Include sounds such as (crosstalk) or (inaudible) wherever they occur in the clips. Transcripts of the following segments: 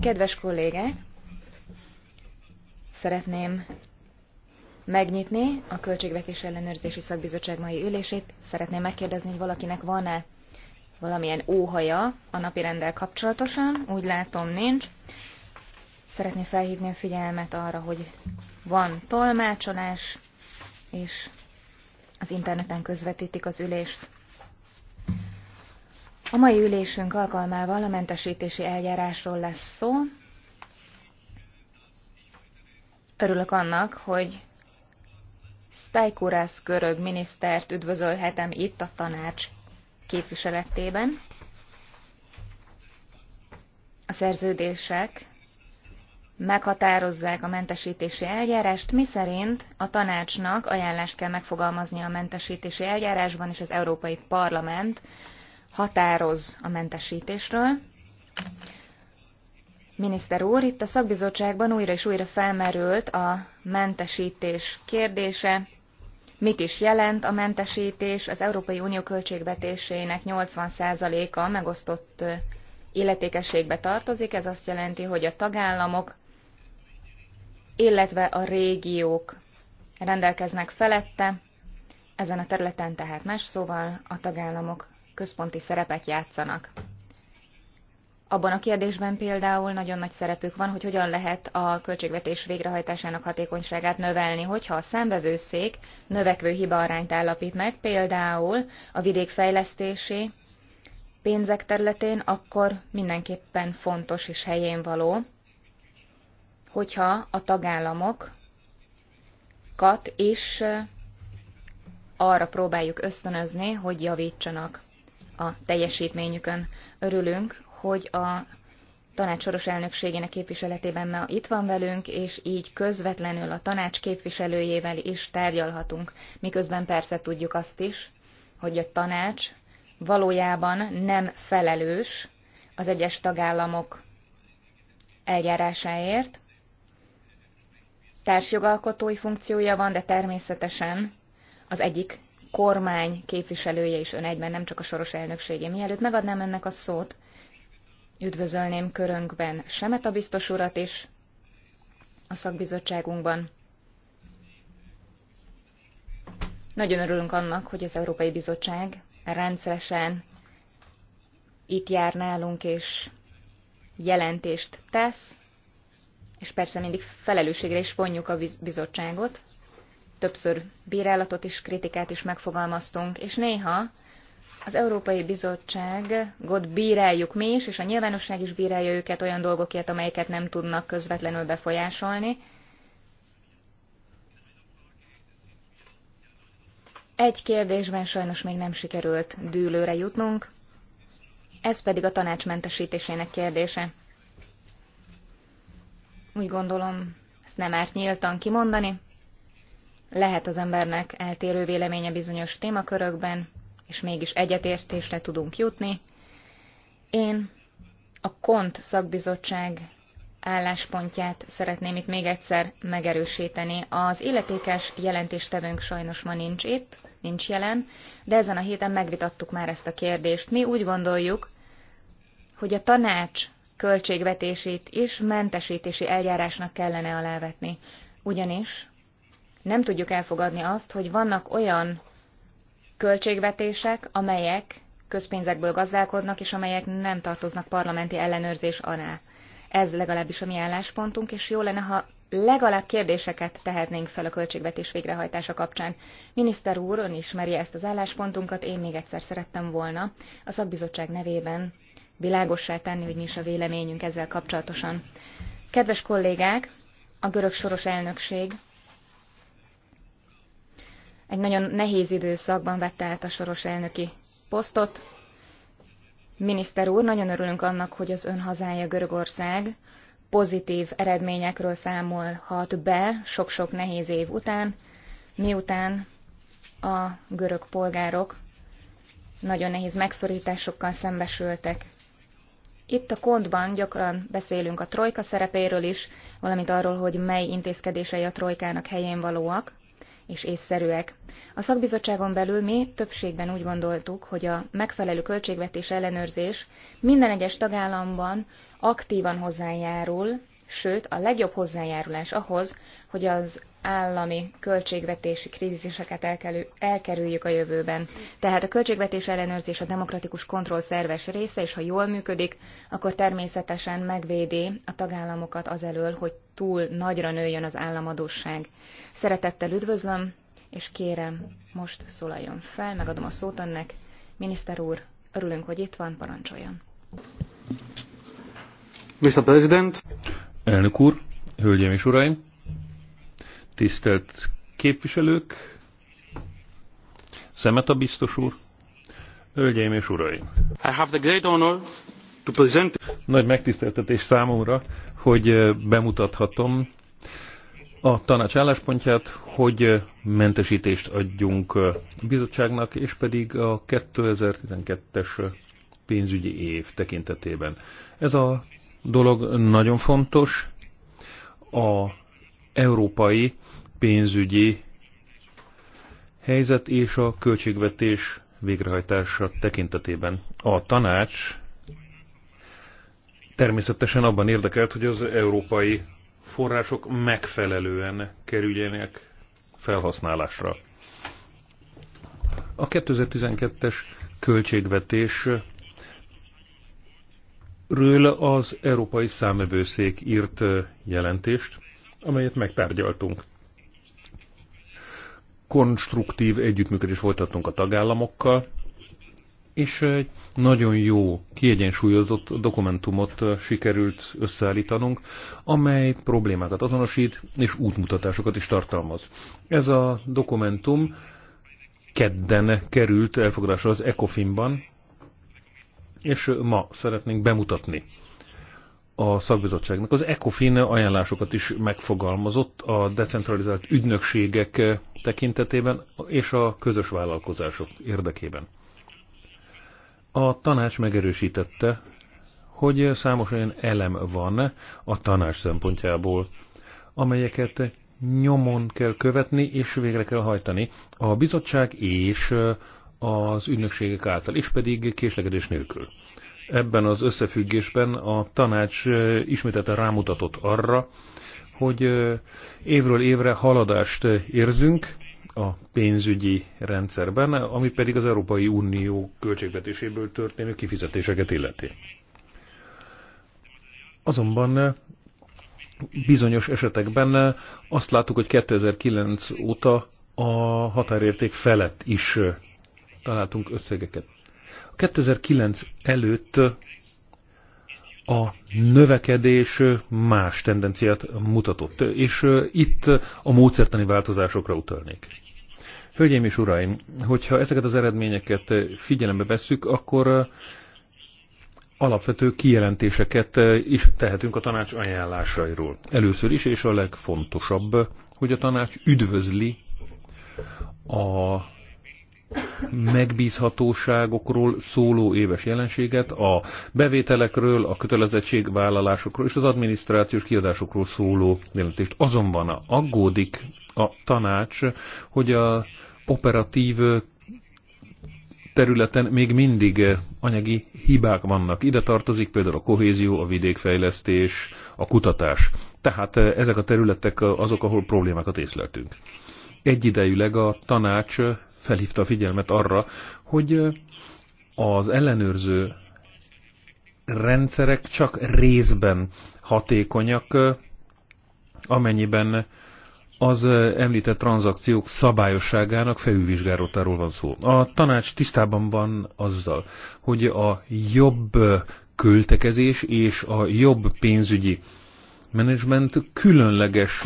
Kedves kollégák, szeretném megnyitni a Költségvetés Ellenőrzési Szakbizottság mai ülését. Szeretném megkérdezni, hogy valakinek van-e valamilyen óhaja a napi rendel kapcsolatosan. Úgy látom, nincs. Szeretném felhívni a figyelmet arra, hogy van tolmácsolás, és az interneten közvetítik az ülést. A mai ülésünk alkalmával a mentesítési eljárásról lesz szó. Örülök annak, hogy Stajkurász görög minisztert üdvözölhetem itt a tanács képviseletében. A szerződések meghatározzák a mentesítési eljárást, miszerint a tanácsnak ajánlást kell megfogalmazni a mentesítési eljárásban, és az Európai Parlament határoz a mentesítésről. Miniszter úr, itt a szakbizottságban újra és újra felmerült a mentesítés kérdése, mit is jelent a mentesítés, az Európai Unió költségvetésének 80%-a megosztott illetékességbe tartozik, ez azt jelenti, hogy a tagállamok, illetve a régiók rendelkeznek felette, ezen a területen tehát más szóval a tagállamok központi szerepet játszanak. Abban a kérdésben például nagyon nagy szerepük van, hogy hogyan lehet a költségvetés végrehajtásának hatékonyságát növelni, hogyha a számbevőszék növekvő hibaarányt állapít meg, például a vidékfejlesztési pénzek területén, akkor mindenképpen fontos és helyén való, hogyha a tagállamokat is arra próbáljuk ösztönözni, hogy javítsanak a teljesítményükön. Örülünk, hogy a tanácsoros elnökségének képviseletében ma itt van velünk, és így közvetlenül a tanács képviselőjével is tárgyalhatunk, miközben persze tudjuk azt is, hogy a tanács valójában nem felelős az egyes tagállamok eljárásáért. Társjogalkotói funkciója van, de természetesen az egyik kormány képviselője is ön egyben, nem csak a soros elnökségé. Mielőtt megadnám ennek a szót, üdvözölném Semet a biztos urat is a szakbizottságunkban. Nagyon örülünk annak, hogy az Európai Bizottság rendszeresen itt jár nálunk, és jelentést tesz, és persze mindig felelősségre is vonjuk a bizottságot, többször bírálatot is, kritikát is megfogalmaztunk, és néha az Európai Bizottságot bíráljuk mi is, és a nyilvánosság is bírálja őket olyan dolgokért, amelyeket nem tudnak közvetlenül befolyásolni. Egy kérdésben sajnos még nem sikerült dűlőre jutnunk, ez pedig a tanács mentesítésének kérdése. Úgy gondolom, ezt nem árt nyíltan kimondani. Lehet az embernek eltérő véleménye bizonyos témakörökben, és mégis egyetértésre tudunk jutni. Én a KONT szakbizottság álláspontját szeretném itt még egyszer megerősíteni. Az illetékes jelentéstevőnk sajnos ma nincs itt, nincs jelen, de ezen a héten megvitattuk már ezt a kérdést. Mi úgy gondoljuk, hogy a tanács költségvetését is mentesítési eljárásnak kellene alávetni. Ugyanis nem tudjuk elfogadni azt, hogy vannak olyan költségvetések, amelyek közpénzekből gazdálkodnak, és amelyek nem tartoznak parlamenti ellenőrzés alá. Ez legalábbis a mi álláspontunk, és jó lenne, ha legalább kérdéseket tehetnénk fel a költségvetés végrehajtása kapcsán. Miniszter úr, ön ismeri ezt az álláspontunkat, én még egyszer szerettem volna a szakbizottság nevében világossá tenni, hogy mi is a véleményünk ezzel kapcsolatosan. Kedves kollégák, a görög soros elnökség egy nagyon nehéz időszakban vette át a soros elnöki posztot. Miniszter úr, nagyon örülünk annak, hogy az ön hazája Görögország pozitív eredményekről számolhat be sok-sok nehéz év után, miután a görög polgárok nagyon nehéz megszorításokkal szembesültek. Itt a kontban gyakran beszélünk a trojka szerepéről is, valamint arról, hogy mely intézkedései a trojkának helyén valóak és észszerűek. A szakbizottságon belül mi többségben úgy gondoltuk, hogy a megfelelő költségvetés ellenőrzés minden egyes tagállamban aktívan hozzájárul, sőt a legjobb hozzájárulás ahhoz, hogy az állami költségvetési kríziseket elkerüljük a jövőben. Tehát a költségvetés ellenőrzés a demokratikus kontroll szerves része, és ha jól működik, akkor természetesen megvédi a tagállamokat azelől, hogy túl nagyra nőjön az államadóság. Szeretettel üdvözlöm, és kérem, most szólaljon fel, megadom a szót önnek. Miniszter úr, örülünk, hogy itt van, parancsoljon. Mr. President. Elnök úr, hölgyeim és uraim, tisztelt képviselők, Szemeta biztos úr, hölgyeim és uraim. I have the great honor to present... Nagy megtiszteltetés számomra, hogy bemutathatom a tanács álláspontját, hogy mentesítést adjunk a bizottságnak, és pedig a 2012-es pénzügyi év tekintetében. Ez a dolog nagyon fontos. A európai pénzügyi helyzet és a költségvetés végrehajtása tekintetében. A tanács természetesen abban érdekelt, hogy az európai források megfelelően kerüljenek felhasználásra. A 2012-es költségvetés ről az Európai Számövőszék írt jelentést, amelyet megtárgyaltunk. Konstruktív együttműködés folytattunk a tagállamokkal, és egy nagyon jó, kiegyensúlyozott dokumentumot sikerült összeállítanunk, amely problémákat azonosít, és útmutatásokat is tartalmaz. Ez a dokumentum kedden került elfogadásra az ECOFIN-ban, és ma szeretnénk bemutatni a szakbizottságnak. Az ECOFIN ajánlásokat is megfogalmazott a decentralizált ügynökségek tekintetében és a közös vállalkozások érdekében. A tanács megerősítette, hogy számos olyan elem van a tanács szempontjából, amelyeket nyomon kell követni és végre kell hajtani a bizottság és az ügynökségek által, és pedig késlekedés nélkül. Ebben az összefüggésben a tanács ismételten rámutatott arra, hogy évről évre haladást érzünk, a pénzügyi rendszerben, ami pedig az Európai Unió költségvetéséből történő kifizetéseket illeti. Azonban bizonyos esetekben azt láttuk, hogy 2009 óta a határérték felett is találtunk összegeket. 2009 előtt a növekedés más tendenciát mutatott, és itt a módszertani változásokra utalnék. Hölgyeim és uraim, hogyha ezeket az eredményeket eh, figyelembe vesszük, akkor eh, alapvető kijelentéseket eh, is tehetünk a tanács ajánlásairól. Először is, és a legfontosabb, hogy a tanács üdvözli a megbízhatóságokról szóló éves jelenséget, a bevételekről, a kötelezettségvállalásokról és az adminisztrációs kiadásokról szóló jelentést. Azonban aggódik a tanács, hogy a operatív területen még mindig anyagi hibák vannak. Ide tartozik például a kohézió, a vidékfejlesztés, a kutatás. Tehát ezek a területek azok, ahol problémákat észleltünk. Egyidejűleg a tanács felhívta a figyelmet arra, hogy az ellenőrző rendszerek csak részben hatékonyak, amennyiben az említett tranzakciók szabályosságának felülvizsgálatáról van szó. A tanács tisztában van azzal, hogy a jobb költekezés és a jobb pénzügyi menedzsment különleges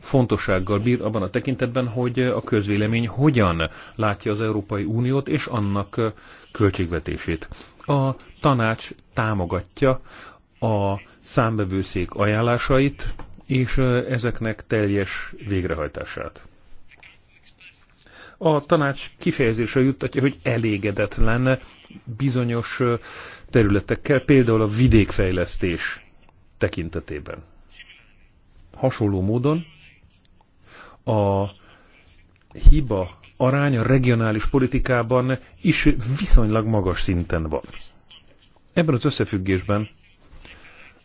fontossággal bír abban a tekintetben, hogy a közvélemény hogyan látja az Európai Uniót és annak költségvetését. A tanács támogatja a számbevőszék ajánlásait, és ezeknek teljes végrehajtását. A tanács kifejezésre juttatja, hogy elégedetlen bizonyos területekkel, például a vidékfejlesztés tekintetében. Hasonló módon a hiba arány a regionális politikában is viszonylag magas szinten van. Ebben az összefüggésben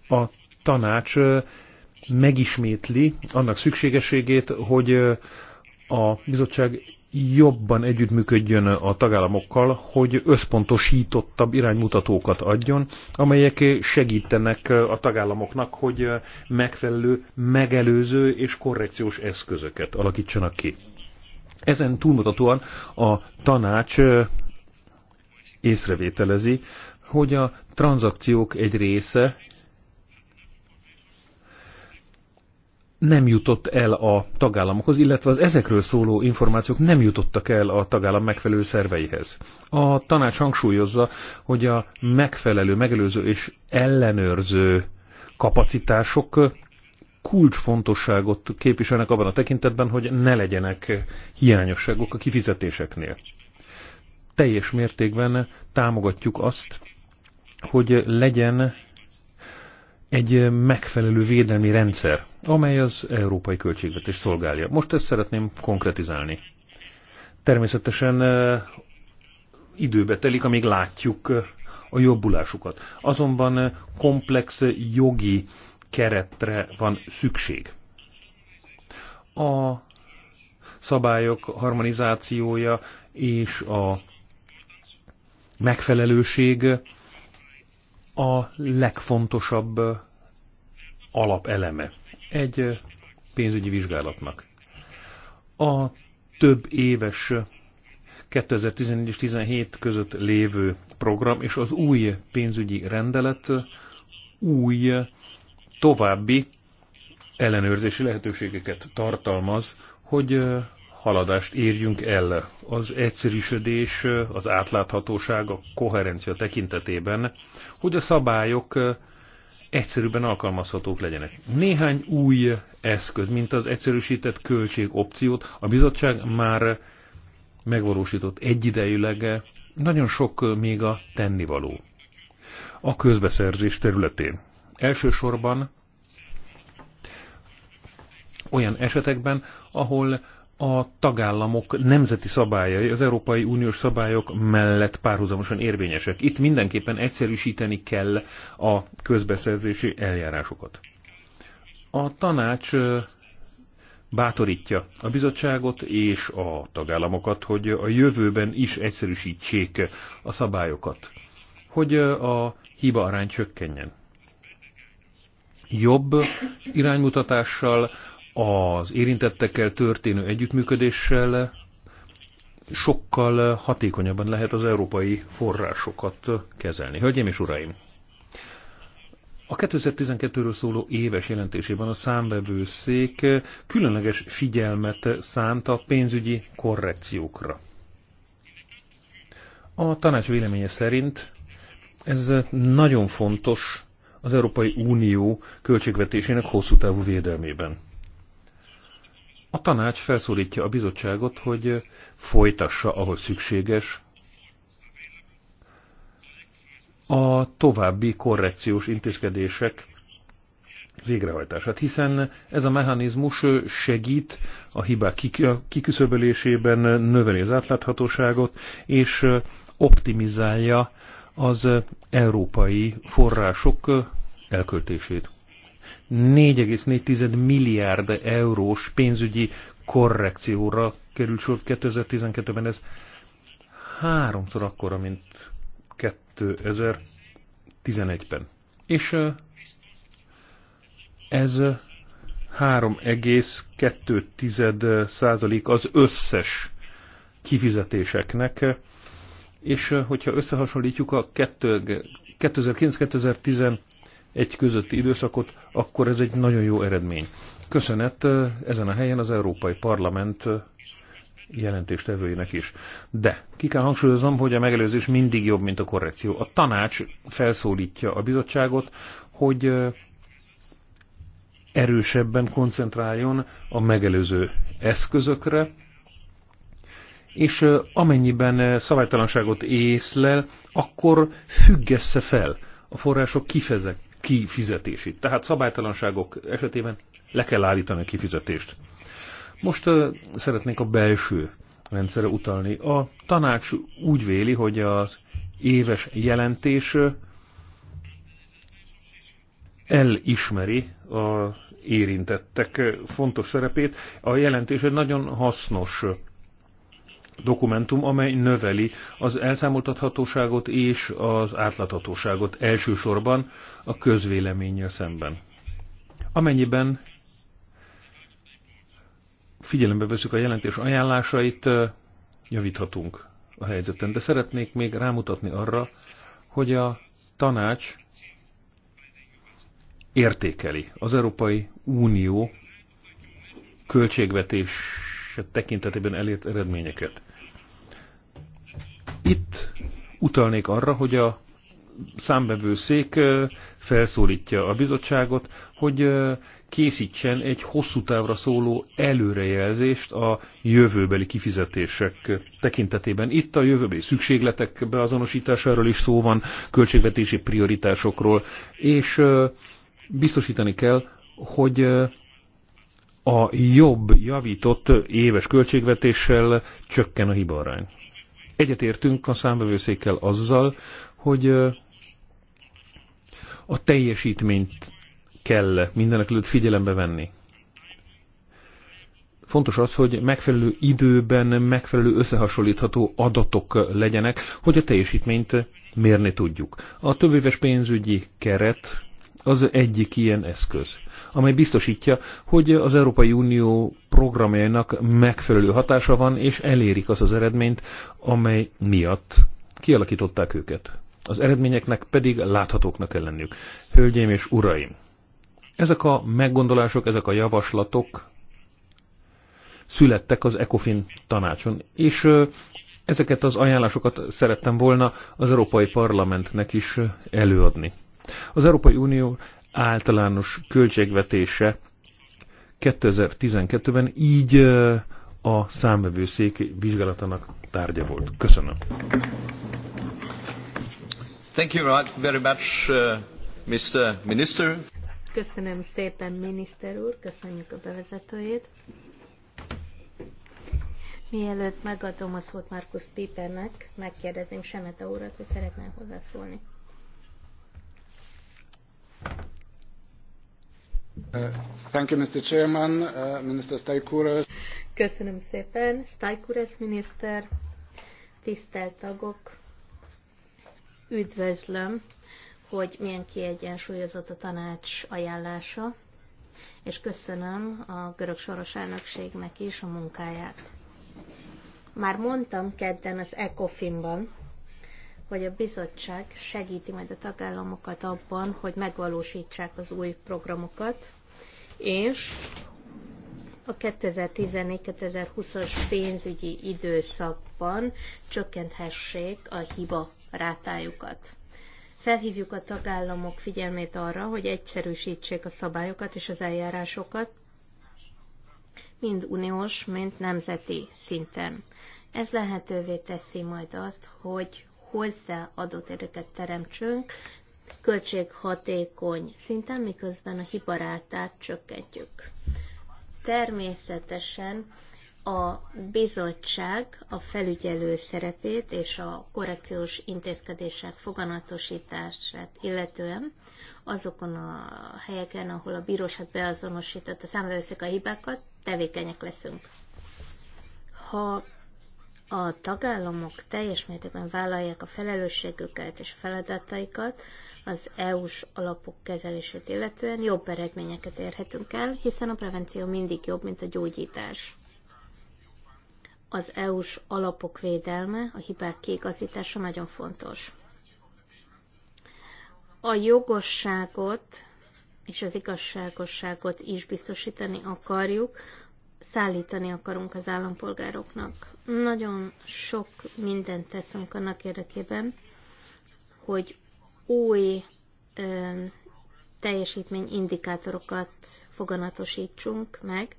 a tanács megismétli annak szükségességét, hogy a bizottság jobban együttműködjön a tagállamokkal, hogy összpontosítottabb iránymutatókat adjon, amelyek segítenek a tagállamoknak, hogy megfelelő, megelőző és korrekciós eszközöket alakítsanak ki. Ezen túlmutatóan a tanács észrevételezi, hogy a tranzakciók egy része nem jutott el a tagállamokhoz, illetve az ezekről szóló információk nem jutottak el a tagállam megfelelő szerveihez. A tanács hangsúlyozza, hogy a megfelelő, megelőző és ellenőrző kapacitások kulcsfontosságot képviselnek abban a tekintetben, hogy ne legyenek hiányosságok a kifizetéseknél. Teljes mértékben támogatjuk azt, hogy legyen egy megfelelő védelmi rendszer, amely az európai költségvetést szolgálja. Most ezt szeretném konkretizálni. Természetesen időbe telik, amíg látjuk a jobbulásukat. Azonban komplex jogi keretre van szükség. A szabályok harmonizációja és a megfelelőség a legfontosabb alapeleme egy pénzügyi vizsgálatnak. A több éves 2014 és 17 között lévő program és az új pénzügyi rendelet új további ellenőrzési lehetőségeket tartalmaz, hogy haladást érjünk el az egyszerűsödés, az átláthatóság, a koherencia tekintetében, hogy a szabályok egyszerűbben alkalmazhatók legyenek. Néhány új eszköz, mint az egyszerűsített költségopciót a bizottság már megvalósított egyidejűleg, nagyon sok még a tennivaló. A közbeszerzés területén. Elsősorban olyan esetekben, ahol a tagállamok nemzeti szabályai az Európai Uniós szabályok mellett párhuzamosan érvényesek. Itt mindenképpen egyszerűsíteni kell a közbeszerzési eljárásokat. A tanács bátorítja a bizottságot és a tagállamokat, hogy a jövőben is egyszerűsítsék a szabályokat, hogy a hiba arány csökkenjen. Jobb iránymutatással az érintettekkel történő együttműködéssel sokkal hatékonyabban lehet az európai forrásokat kezelni. Hölgyeim és uraim! A 2012-ről szóló éves jelentésében a számbevőszék különleges figyelmet szánt a pénzügyi korrekciókra. A tanács véleménye szerint ez nagyon fontos az Európai Unió költségvetésének hosszú távú védelmében. A tanács felszólítja a bizottságot, hogy folytassa, ahol szükséges, a további korrekciós intézkedések végrehajtását, hiszen ez a mechanizmus segít a hibák kiküszöbölésében, növeli az átláthatóságot, és optimizálja az európai források elköltését. 4,4 milliárd eurós pénzügyi korrekcióra kerül sor 2012-ben. Ez háromszor akkora, mint 2011-ben. És ez 3,2 százalék az összes kifizetéseknek, és hogyha összehasonlítjuk a 2009-2010 egy közötti időszakot, akkor ez egy nagyon jó eredmény. Köszönet ezen a helyen az Európai Parlament jelentéstevőjének is. De ki kell hangsúlyoznom, hogy a megelőzés mindig jobb, mint a korrekció. A tanács felszólítja a bizottságot, hogy erősebben koncentráljon a megelőző eszközökre, és amennyiben szabálytalanságot észlel, akkor függesse fel a források kifizetését. Tehát szabálytalanságok esetében le kell állítani a kifizetést. Most uh, szeretnék a belső rendszerre utalni. A tanács úgy véli, hogy az éves jelentés elismeri a érintettek fontos szerepét. A jelentés egy nagyon hasznos dokumentum, amely növeli az elszámoltathatóságot és az átlathatóságot elsősorban a közvéleménnyel szemben. Amennyiben figyelembe veszük a jelentés ajánlásait, javíthatunk a helyzeten. De szeretnék még rámutatni arra, hogy a tanács értékeli az Európai Unió költségvetés megszüntetése tekintetében elért eredményeket. Itt utalnék arra, hogy a számbevőszék felszólítja a bizottságot, hogy készítsen egy hosszú távra szóló előrejelzést a jövőbeli kifizetések tekintetében. Itt a jövőbeli szükségletek beazonosításáról is szó van, költségvetési prioritásokról, és biztosítani kell, hogy a jobb, javított éves költségvetéssel csökken a hibarány. Egyetértünk a számvevőszékkel azzal, hogy a teljesítményt kell mindenek előtt figyelembe venni. Fontos az, hogy megfelelő időben megfelelő összehasonlítható adatok legyenek, hogy a teljesítményt mérni tudjuk. A többéves pénzügyi keret az egyik ilyen eszköz, amely biztosítja, hogy az Európai Unió programjainak megfelelő hatása van, és elérik az az eredményt, amely miatt kialakították őket. Az eredményeknek pedig láthatóknak kell lenniük. Hölgyeim és uraim! Ezek a meggondolások, ezek a javaslatok születtek az ECOFIN tanácson, és ezeket az ajánlásokat szerettem volna az Európai Parlamentnek is előadni. Az Európai Unió általános költségvetése 2012-ben így a számvevőszék vizsgálatának tárgya volt. Köszönöm. Thank you very much, uh, Mr. Minister. Köszönöm szépen, miniszter úr, köszönjük a bevezetőjét. Mielőtt megadom a szót Markus Pipernek, megkérdezném Semeta úrat, hogy szeretnél hozzászólni. Uh, uh, köszönöm szépen, Stajkuras miniszter, tisztelt tagok, üdvözlöm, hogy milyen kiegyensúlyozott a tanács ajánlása, és köszönöm a görög soros elnökségnek is a munkáját. Már mondtam kedden az ECOFIN-ban, hogy a bizottság segíti majd a tagállamokat abban, hogy megvalósítsák az új programokat, és a 2014-2020-as pénzügyi időszakban csökkenthessék a hiba rátájukat. Felhívjuk a tagállamok figyelmét arra, hogy egyszerűsítsék a szabályokat és az eljárásokat, mind uniós, mind nemzeti szinten. Ez lehetővé teszi majd azt, hogy hozzáadott értéket teremtsünk költséghatékony szinten, miközben a hibarátát csökkentjük. Természetesen a bizottság a felügyelő szerepét és a korrekciós intézkedések foganatosítását illetően azokon a helyeken, ahol a bíróság beazonosította számba a hibákat, tevékenyek leszünk. Ha a tagállamok teljes mértékben vállalják a felelősségüket és a feladataikat az EU-s alapok kezelését illetően, jobb eredményeket érhetünk el, hiszen a prevenció mindig jobb, mint a gyógyítás. Az EU-s alapok védelme, a hibák kiigazítása nagyon fontos. A jogosságot és az igazságosságot is biztosítani akarjuk szállítani akarunk az állampolgároknak. Nagyon sok mindent teszünk annak érdekében, hogy új ö, teljesítményindikátorokat foganatosítsunk meg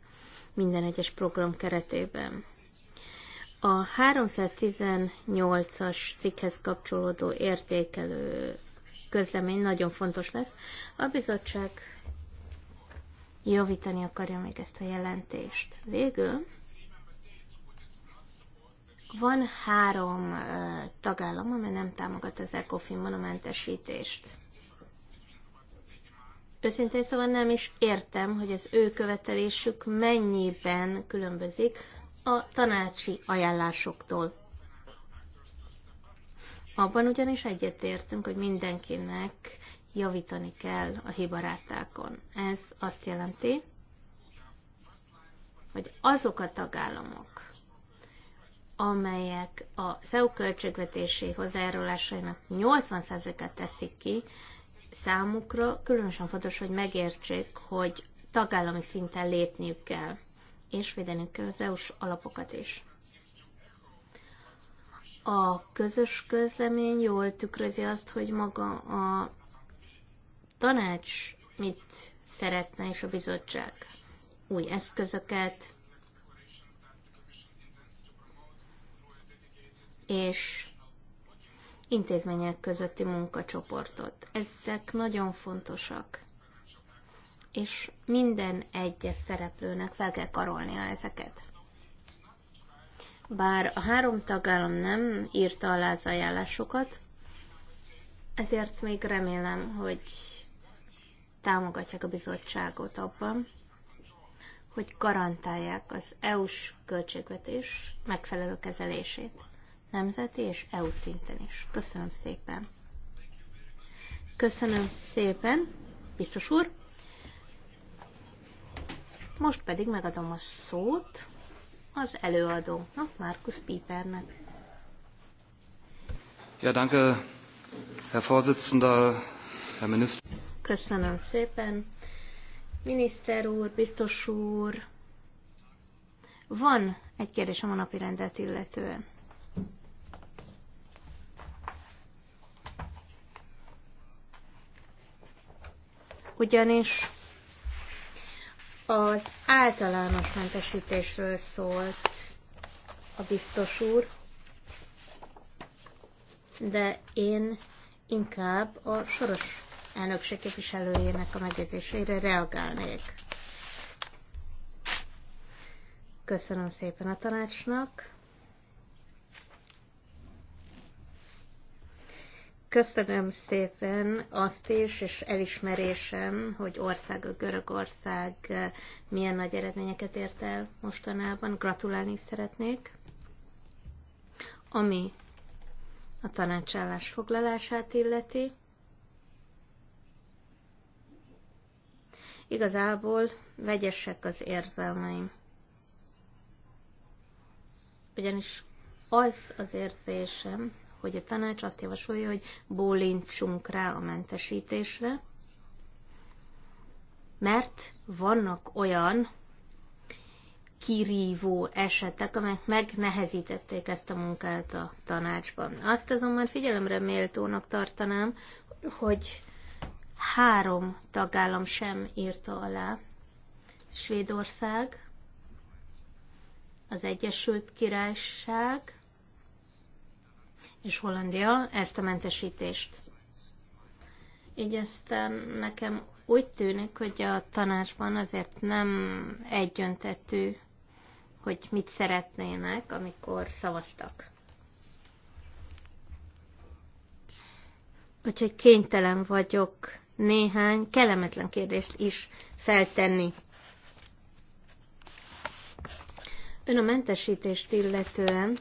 minden egyes program keretében. A 318-as cikkhez kapcsolódó értékelő közlemény nagyon fontos lesz. A bizottság javítani akarja még ezt a jelentést. Végül van három tagállam, amely nem támogat az ECOFIN monumentesítést. Őszintén szóval nem is értem, hogy az ő követelésük mennyiben különbözik a tanácsi ajánlásoktól. Abban ugyanis egyetértünk, hogy mindenkinek javítani kell a hibarátákon. Ez azt jelenti, hogy azok a tagállamok, amelyek az EU költségvetési hozzájárulásainak 80%-át teszik ki, számukra különösen fontos, hogy megértsék, hogy tagállami szinten lépniük kell, és védenünk kell az EU-s alapokat is. A közös közlemény jól tükrözi azt, hogy maga a tanács mit szeretne, és a bizottság új eszközöket, és intézmények közötti munkacsoportot. Ezek nagyon fontosak, és minden egyes szereplőnek fel kell karolnia ezeket. Bár a három tagállam nem írta alá az ajánlásokat, ezért még remélem, hogy támogatják a bizottságot abban, hogy garantálják az EU-s költségvetés megfelelő kezelését, nemzeti és EU szinten is. Köszönöm szépen. Köszönöm szépen, biztos úr. Most pedig megadom a szót az előadónak, Markus Pipernek. Ja, danke, Herr Vorsitzender, Herr Minister. Köszönöm szépen. Miniszter úr, biztos úr, van egy kérdésem a napi rendet illetően. Ugyanis az általános mentesítésről szólt a biztos úr, de én inkább a soros elnökség képviselőjének a megjegyzésére reagálnék. Köszönöm szépen a tanácsnak. Köszönöm szépen azt is, és elismerésem, hogy ország, a Görögország milyen nagy eredményeket ért el mostanában. Gratulálni szeretnék. Ami a tanácsállás foglalását illeti, Igazából vegyesek az érzelmeim. Ugyanis az az érzésem, hogy a tanács azt javasolja, hogy bólintsunk rá a mentesítésre, mert vannak olyan kirívó esetek, amelyek megnehezítették ezt a munkát a tanácsban. Azt azonban figyelemre méltónak tartanám, hogy három tagállam sem írta alá. Svédország, az Egyesült Királyság és Hollandia ezt a mentesítést. Így aztán nekem úgy tűnik, hogy a tanácsban azért nem egyöntetű, hogy mit szeretnének, amikor szavaztak. Úgyhogy kénytelen vagyok néhány kellemetlen kérdést is feltenni. Ön a mentesítést illetően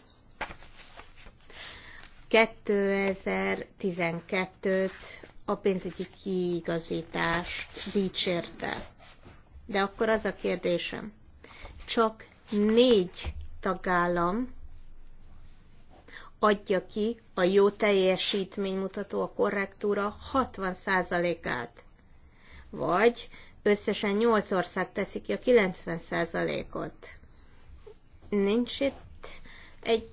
2012-t a pénzügyi kiigazítást dicsérte. De akkor az a kérdésem, csak négy tagállam adja ki a jó teljesítménymutató, a korrektúra 60%-át. Vagy összesen 8 ország teszi ki a 90%-ot. Nincs itt egy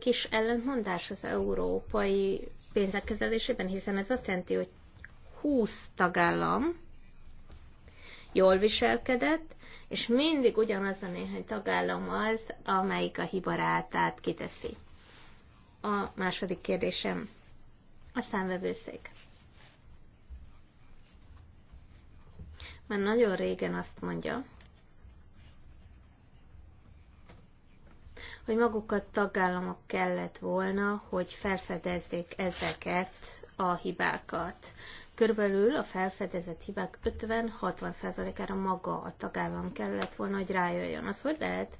kis ellentmondás az európai pénzek kezelésében, hiszen ez azt jelenti, hogy 20 tagállam jól viselkedett, és mindig ugyanaz a néhány tagállam az, amelyik a hibarátát kiteszi a második kérdésem. A számvevőszék. Már nagyon régen azt mondja, hogy magukat tagállamok kellett volna, hogy felfedezzék ezeket a hibákat. Körülbelül a felfedezett hibák 50-60%-ára maga a tagállam kellett volna, hogy rájöjjön. Az hogy lehet?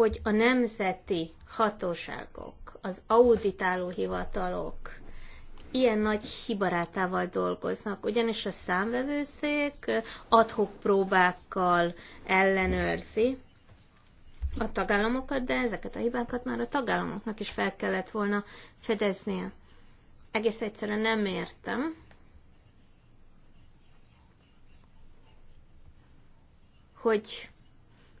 hogy a nemzeti hatóságok, az auditáló hivatalok ilyen nagy hibarátával dolgoznak, ugyanis a számvevőszék adhok próbákkal ellenőrzi a tagállamokat, de ezeket a hibákat már a tagállamoknak is fel kellett volna fedeznie. Egész egyszerűen nem értem, hogy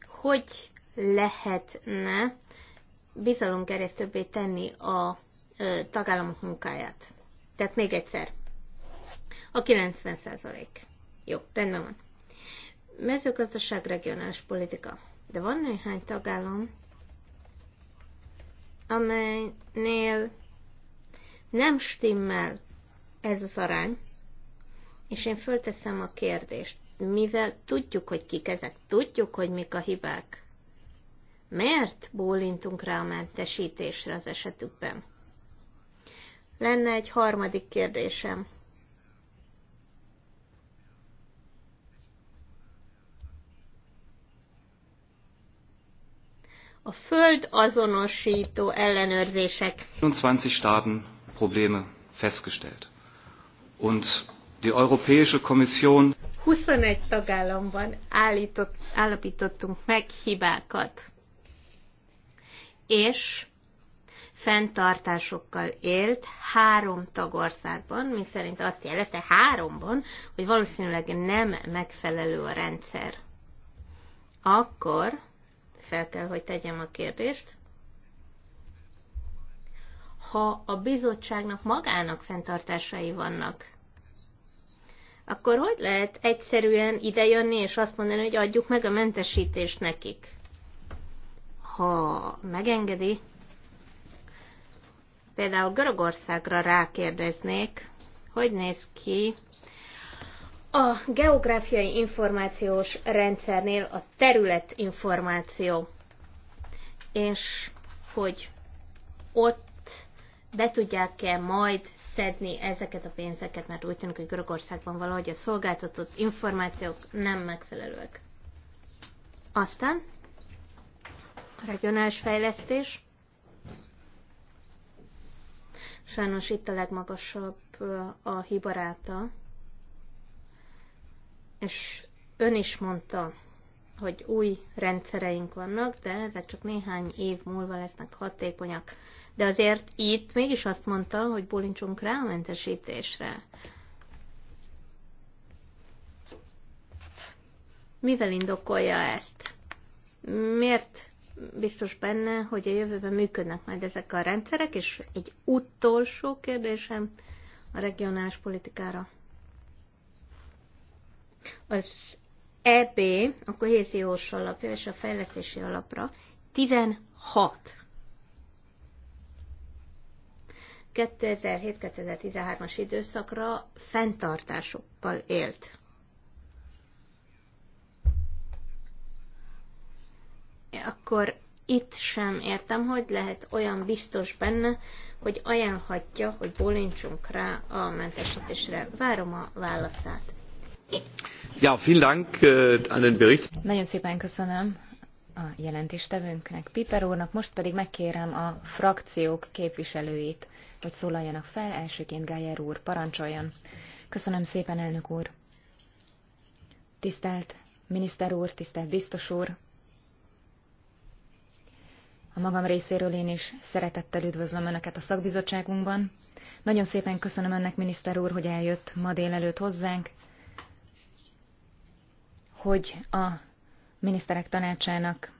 hogy lehetne bizalomgerjesztőbbé tenni a tagállamok munkáját. Tehát még egyszer, a 90 százalék. Jó, rendben van. Mezőgazdaság, regionális politika. De van néhány tagállam, amelynél nem stimmel ez az arány, és én fölteszem a kérdést, mivel tudjuk, hogy kik ezek, tudjuk, hogy mik a hibák, Miért bólintunk rá a mentesítésre az esetükben? Lenne egy harmadik kérdésem. A föld azonosító ellenőrzések. 20 Staaten probléme festgestellt. Und die Europäische Kommission 21 tagállamban állított, állapítottunk meg hibákat és fenntartásokkal élt három tagországban, mi szerint azt jelezte háromban, hogy valószínűleg nem megfelelő a rendszer. Akkor fel kell, hogy tegyem a kérdést, ha a bizottságnak magának fenntartásai vannak, akkor hogy lehet egyszerűen idejönni és azt mondani, hogy adjuk meg a mentesítést nekik? ha megengedi, például Görögországra rákérdeznék, hogy néz ki a geográfiai információs rendszernél a területinformáció, és hogy ott be tudják-e majd szedni ezeket a pénzeket, mert úgy tűnik, hogy Görögországban valahogy a szolgáltatott információk nem megfelelőek. Aztán regionális fejlesztés. Sajnos itt a legmagasabb a hibaráta, és ön is mondta, hogy új rendszereink vannak, de ezek csak néhány év múlva lesznek hatékonyak. De azért itt mégis azt mondta, hogy bulincsunk rá a mentesítésre. Mivel indokolja ezt? Miért biztos benne, hogy a jövőben működnek majd ezek a rendszerek, és egy utolsó kérdésem a regionális politikára. Az EB, a kohéziós alapja és a fejlesztési alapra 16. 2007-2013-as időszakra fenntartásokkal élt. akkor itt sem értem, hogy lehet olyan biztos benne, hogy ajánlhatja, hogy bólintsunk rá a mentesítésre. Várom a válaszát. Ja, vielen Dank äh, an den Bericht. Nagyon szépen köszönöm a jelentéstevőnknek, Piper úrnak. Most pedig megkérem a frakciók képviselőit, hogy szólaljanak fel. Elsőként Gájer úr, parancsoljon. Köszönöm szépen, elnök úr. Tisztelt miniszter úr, tisztelt biztos úr, a magam részéről én is szeretettel üdvözlöm Önöket a szakbizottságunkban. Nagyon szépen köszönöm Önnek, miniszter úr, hogy eljött ma délelőtt hozzánk, hogy a miniszterek tanácsának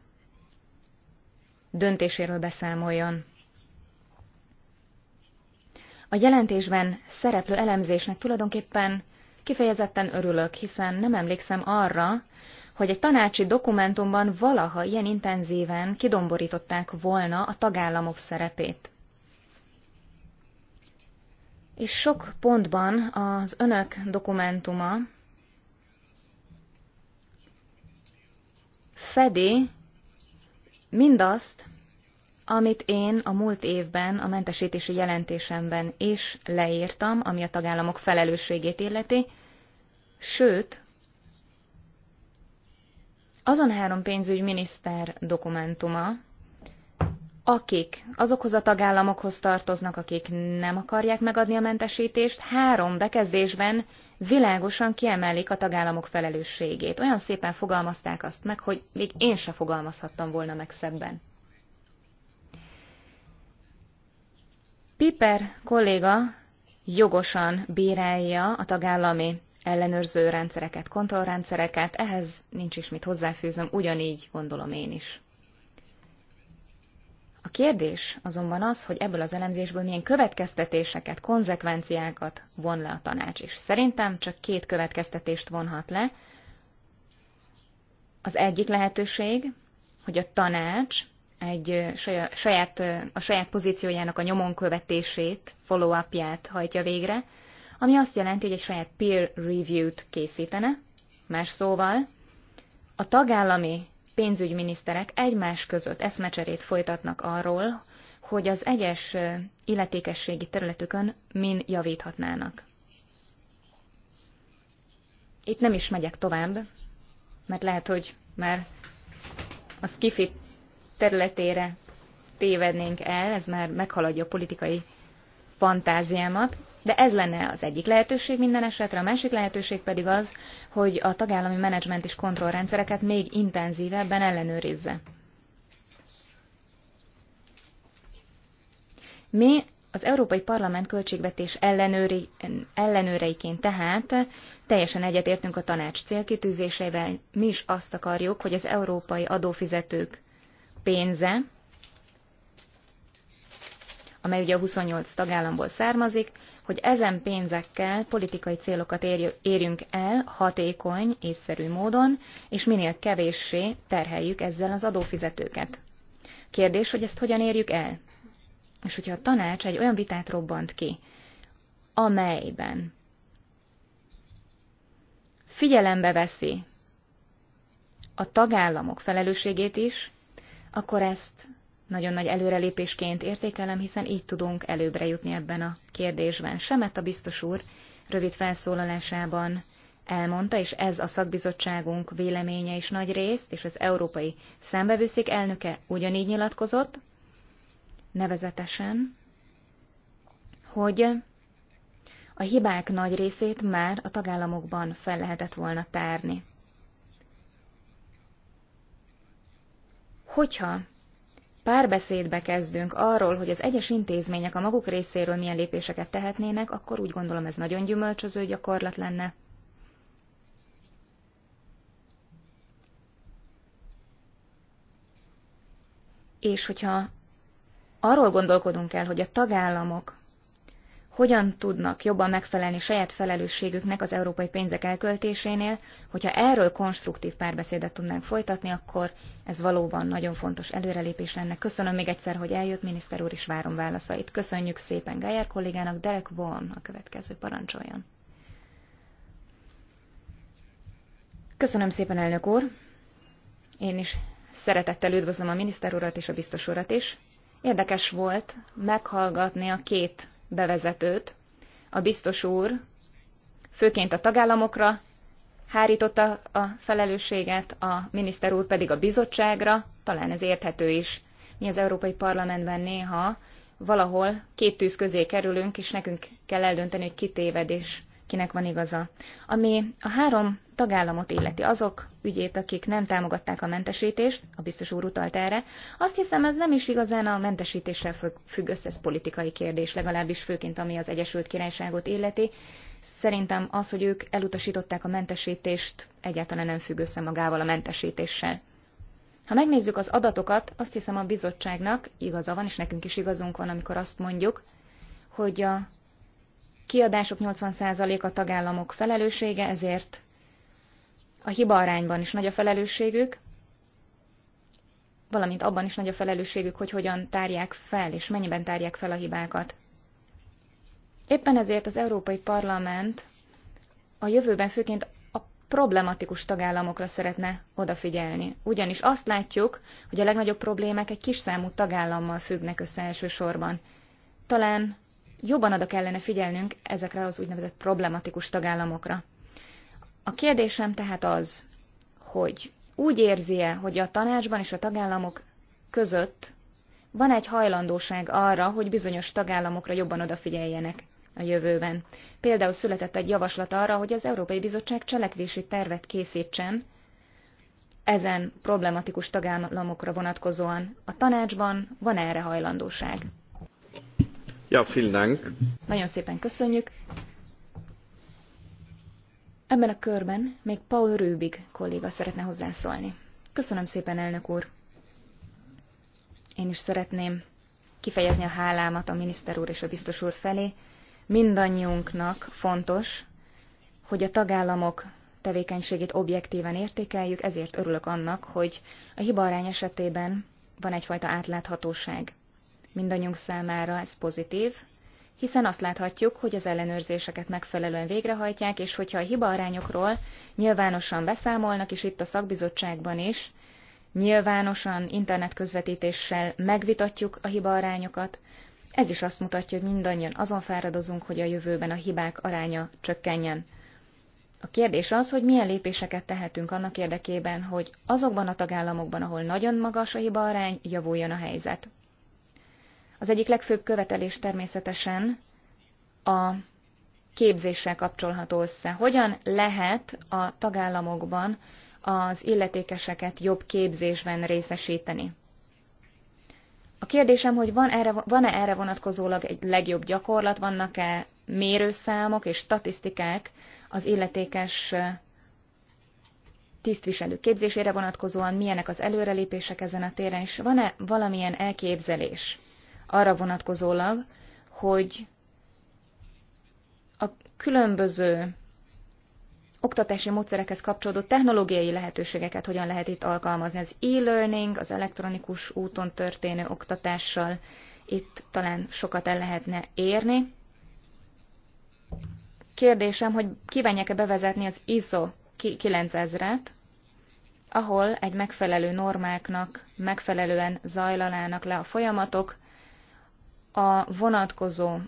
döntéséről beszámoljon. A jelentésben szereplő elemzésnek tulajdonképpen kifejezetten örülök, hiszen nem emlékszem arra, hogy egy tanácsi dokumentumban valaha ilyen intenzíven kidomborították volna a tagállamok szerepét. És sok pontban az önök dokumentuma fedi mindazt, amit én a múlt évben a mentesítési jelentésemben is leírtam, ami a tagállamok felelősségét illeti, sőt, azon három pénzügyminiszter dokumentuma, akik azokhoz a tagállamokhoz tartoznak, akik nem akarják megadni a mentesítést, három bekezdésben világosan kiemelik a tagállamok felelősségét. Olyan szépen fogalmazták azt meg, hogy még én se fogalmazhattam volna meg szebben. Piper kolléga jogosan bírálja a tagállami ellenőrző rendszereket, kontrollrendszereket, ehhez nincs is mit hozzáfűzöm, ugyanígy gondolom én is. A kérdés azonban az, hogy ebből az elemzésből milyen következtetéseket, konzekvenciákat von le a tanács, és szerintem csak két következtetést vonhat le. Az egyik lehetőség, hogy a tanács egy saját, a saját pozíciójának a nyomon követését, follow-upját hajtja végre, ami azt jelenti, hogy egy saját peer review-t készítene, más szóval a tagállami pénzügyminiszterek egymás között eszmecserét folytatnak arról, hogy az egyes illetékességi területükön min javíthatnának. Itt nem is megyek tovább, mert lehet, hogy már a skifi területére tévednénk el, ez már meghaladja a politikai fantáziámat. De ez lenne az egyik lehetőség minden esetre, a másik lehetőség pedig az, hogy a tagállami menedzsment és kontrollrendszereket még intenzívebben ellenőrizze. Mi az Európai Parlament költségvetés ellenőri, ellenőreiként tehát teljesen egyetértünk a tanács célkitűzéseivel, mi is azt akarjuk, hogy az európai adófizetők pénze, amely ugye a 28 tagállamból származik, hogy ezen pénzekkel politikai célokat érjünk el hatékony, észszerű módon, és minél kevéssé terheljük ezzel az adófizetőket. Kérdés, hogy ezt hogyan érjük el? És hogyha a tanács egy olyan vitát robbant ki, amelyben figyelembe veszi a tagállamok felelősségét is, akkor ezt nagyon nagy előrelépésként értékelem, hiszen így tudunk előbbre jutni ebben a kérdésben. Semet a biztos úr rövid felszólalásában elmondta, és ez a szakbizottságunk véleménye is nagy részt, és az Európai Szembevőszék elnöke ugyanígy nyilatkozott, nevezetesen, hogy a hibák nagy részét már a tagállamokban fel lehetett volna tárni. Hogyha párbeszédbe kezdünk arról, hogy az egyes intézmények a maguk részéről milyen lépéseket tehetnének, akkor úgy gondolom ez nagyon gyümölcsöző gyakorlat lenne. És hogyha arról gondolkodunk el, hogy a tagállamok hogyan tudnak jobban megfelelni saját felelősségüknek az európai pénzek elköltésénél, hogyha erről konstruktív párbeszédet tudnánk folytatni, akkor ez valóban nagyon fontos előrelépés lenne. Köszönöm még egyszer, hogy eljött, miniszter úr, is várom válaszait. Köszönjük szépen Gájár kollégának, Derek Vaughan a következő parancsoljon. Köszönöm szépen, elnök úr! Én is szeretettel üdvözlöm a miniszter urat és a biztos urat is. Érdekes volt meghallgatni a két bevezetőt. A biztos úr főként a tagállamokra hárította a felelősséget, a miniszter úr pedig a bizottságra, talán ez érthető is. Mi az Európai Parlamentben néha valahol két tűz közé kerülünk, és nekünk kell eldönteni, hogy kitéved és kinek van igaza. Ami a három tagállamot illeti azok ügyét, akik nem támogatták a mentesítést, a biztos úr utalt erre, azt hiszem ez nem is igazán a mentesítéssel függ össze, ez politikai kérdés, legalábbis főként ami az Egyesült Királyságot illeti. Szerintem az, hogy ők elutasították a mentesítést, egyáltalán nem függ össze magával a mentesítéssel. Ha megnézzük az adatokat, azt hiszem a bizottságnak igaza van, és nekünk is igazunk van, amikor azt mondjuk, hogy a kiadások 80% a tagállamok felelőssége, ezért a hiba arányban is nagy a felelősségük, valamint abban is nagy a felelősségük, hogy hogyan tárják fel, és mennyiben tárják fel a hibákat. Éppen ezért az Európai Parlament a jövőben főként a problematikus tagállamokra szeretne odafigyelni. Ugyanis azt látjuk, hogy a legnagyobb problémák egy kis számú tagállammal függnek össze elsősorban. Talán jobban oda kellene figyelnünk ezekre az úgynevezett problematikus tagállamokra. A kérdésem tehát az, hogy úgy érzi-e, hogy a tanácsban és a tagállamok között van egy hajlandóság arra, hogy bizonyos tagállamokra jobban odafigyeljenek a jövőben. Például született egy javaslat arra, hogy az Európai Bizottság cselekvési tervet készítsen ezen problematikus tagállamokra vonatkozóan. A tanácsban van erre hajlandóság. Ja, vielen Dank. Nagyon szépen köszönjük. Ebben a körben még Paul Rübig kolléga szeretne hozzászólni. Köszönöm szépen, elnök úr. Én is szeretném kifejezni a hálámat a miniszter úr és a biztos úr felé. Mindannyiunknak fontos, hogy a tagállamok tevékenységét objektíven értékeljük, ezért örülök annak, hogy a hibaarány esetében van egyfajta átláthatóság mindannyiunk számára ez pozitív, hiszen azt láthatjuk, hogy az ellenőrzéseket megfelelően végrehajtják, és hogyha a arányokról nyilvánosan beszámolnak, és itt a szakbizottságban is nyilvánosan internetközvetítéssel megvitatjuk a arányokat, ez is azt mutatja, hogy mindannyian azon fáradozunk, hogy a jövőben a hibák aránya csökkenjen. A kérdés az, hogy milyen lépéseket tehetünk annak érdekében, hogy azokban a tagállamokban, ahol nagyon magas a arány, javuljon a helyzet. Az egyik legfőbb követelés természetesen a képzéssel kapcsolható össze. Hogyan lehet a tagállamokban az illetékeseket jobb képzésben részesíteni? A kérdésem, hogy van erre, van-e erre vonatkozólag egy legjobb gyakorlat, vannak-e mérőszámok és statisztikák az illetékes tisztviselő képzésére vonatkozóan, milyenek az előrelépések ezen a téren, és van-e valamilyen elképzelés arra vonatkozólag, hogy a különböző oktatási módszerekhez kapcsolódó technológiai lehetőségeket hogyan lehet itt alkalmazni. Az e-learning, az elektronikus úton történő oktatással itt talán sokat el lehetne érni. Kérdésem, hogy kívánják-e bevezetni az ISO 9000-et, ahol egy megfelelő normáknak megfelelően zajlanának le a folyamatok, a vonatkozó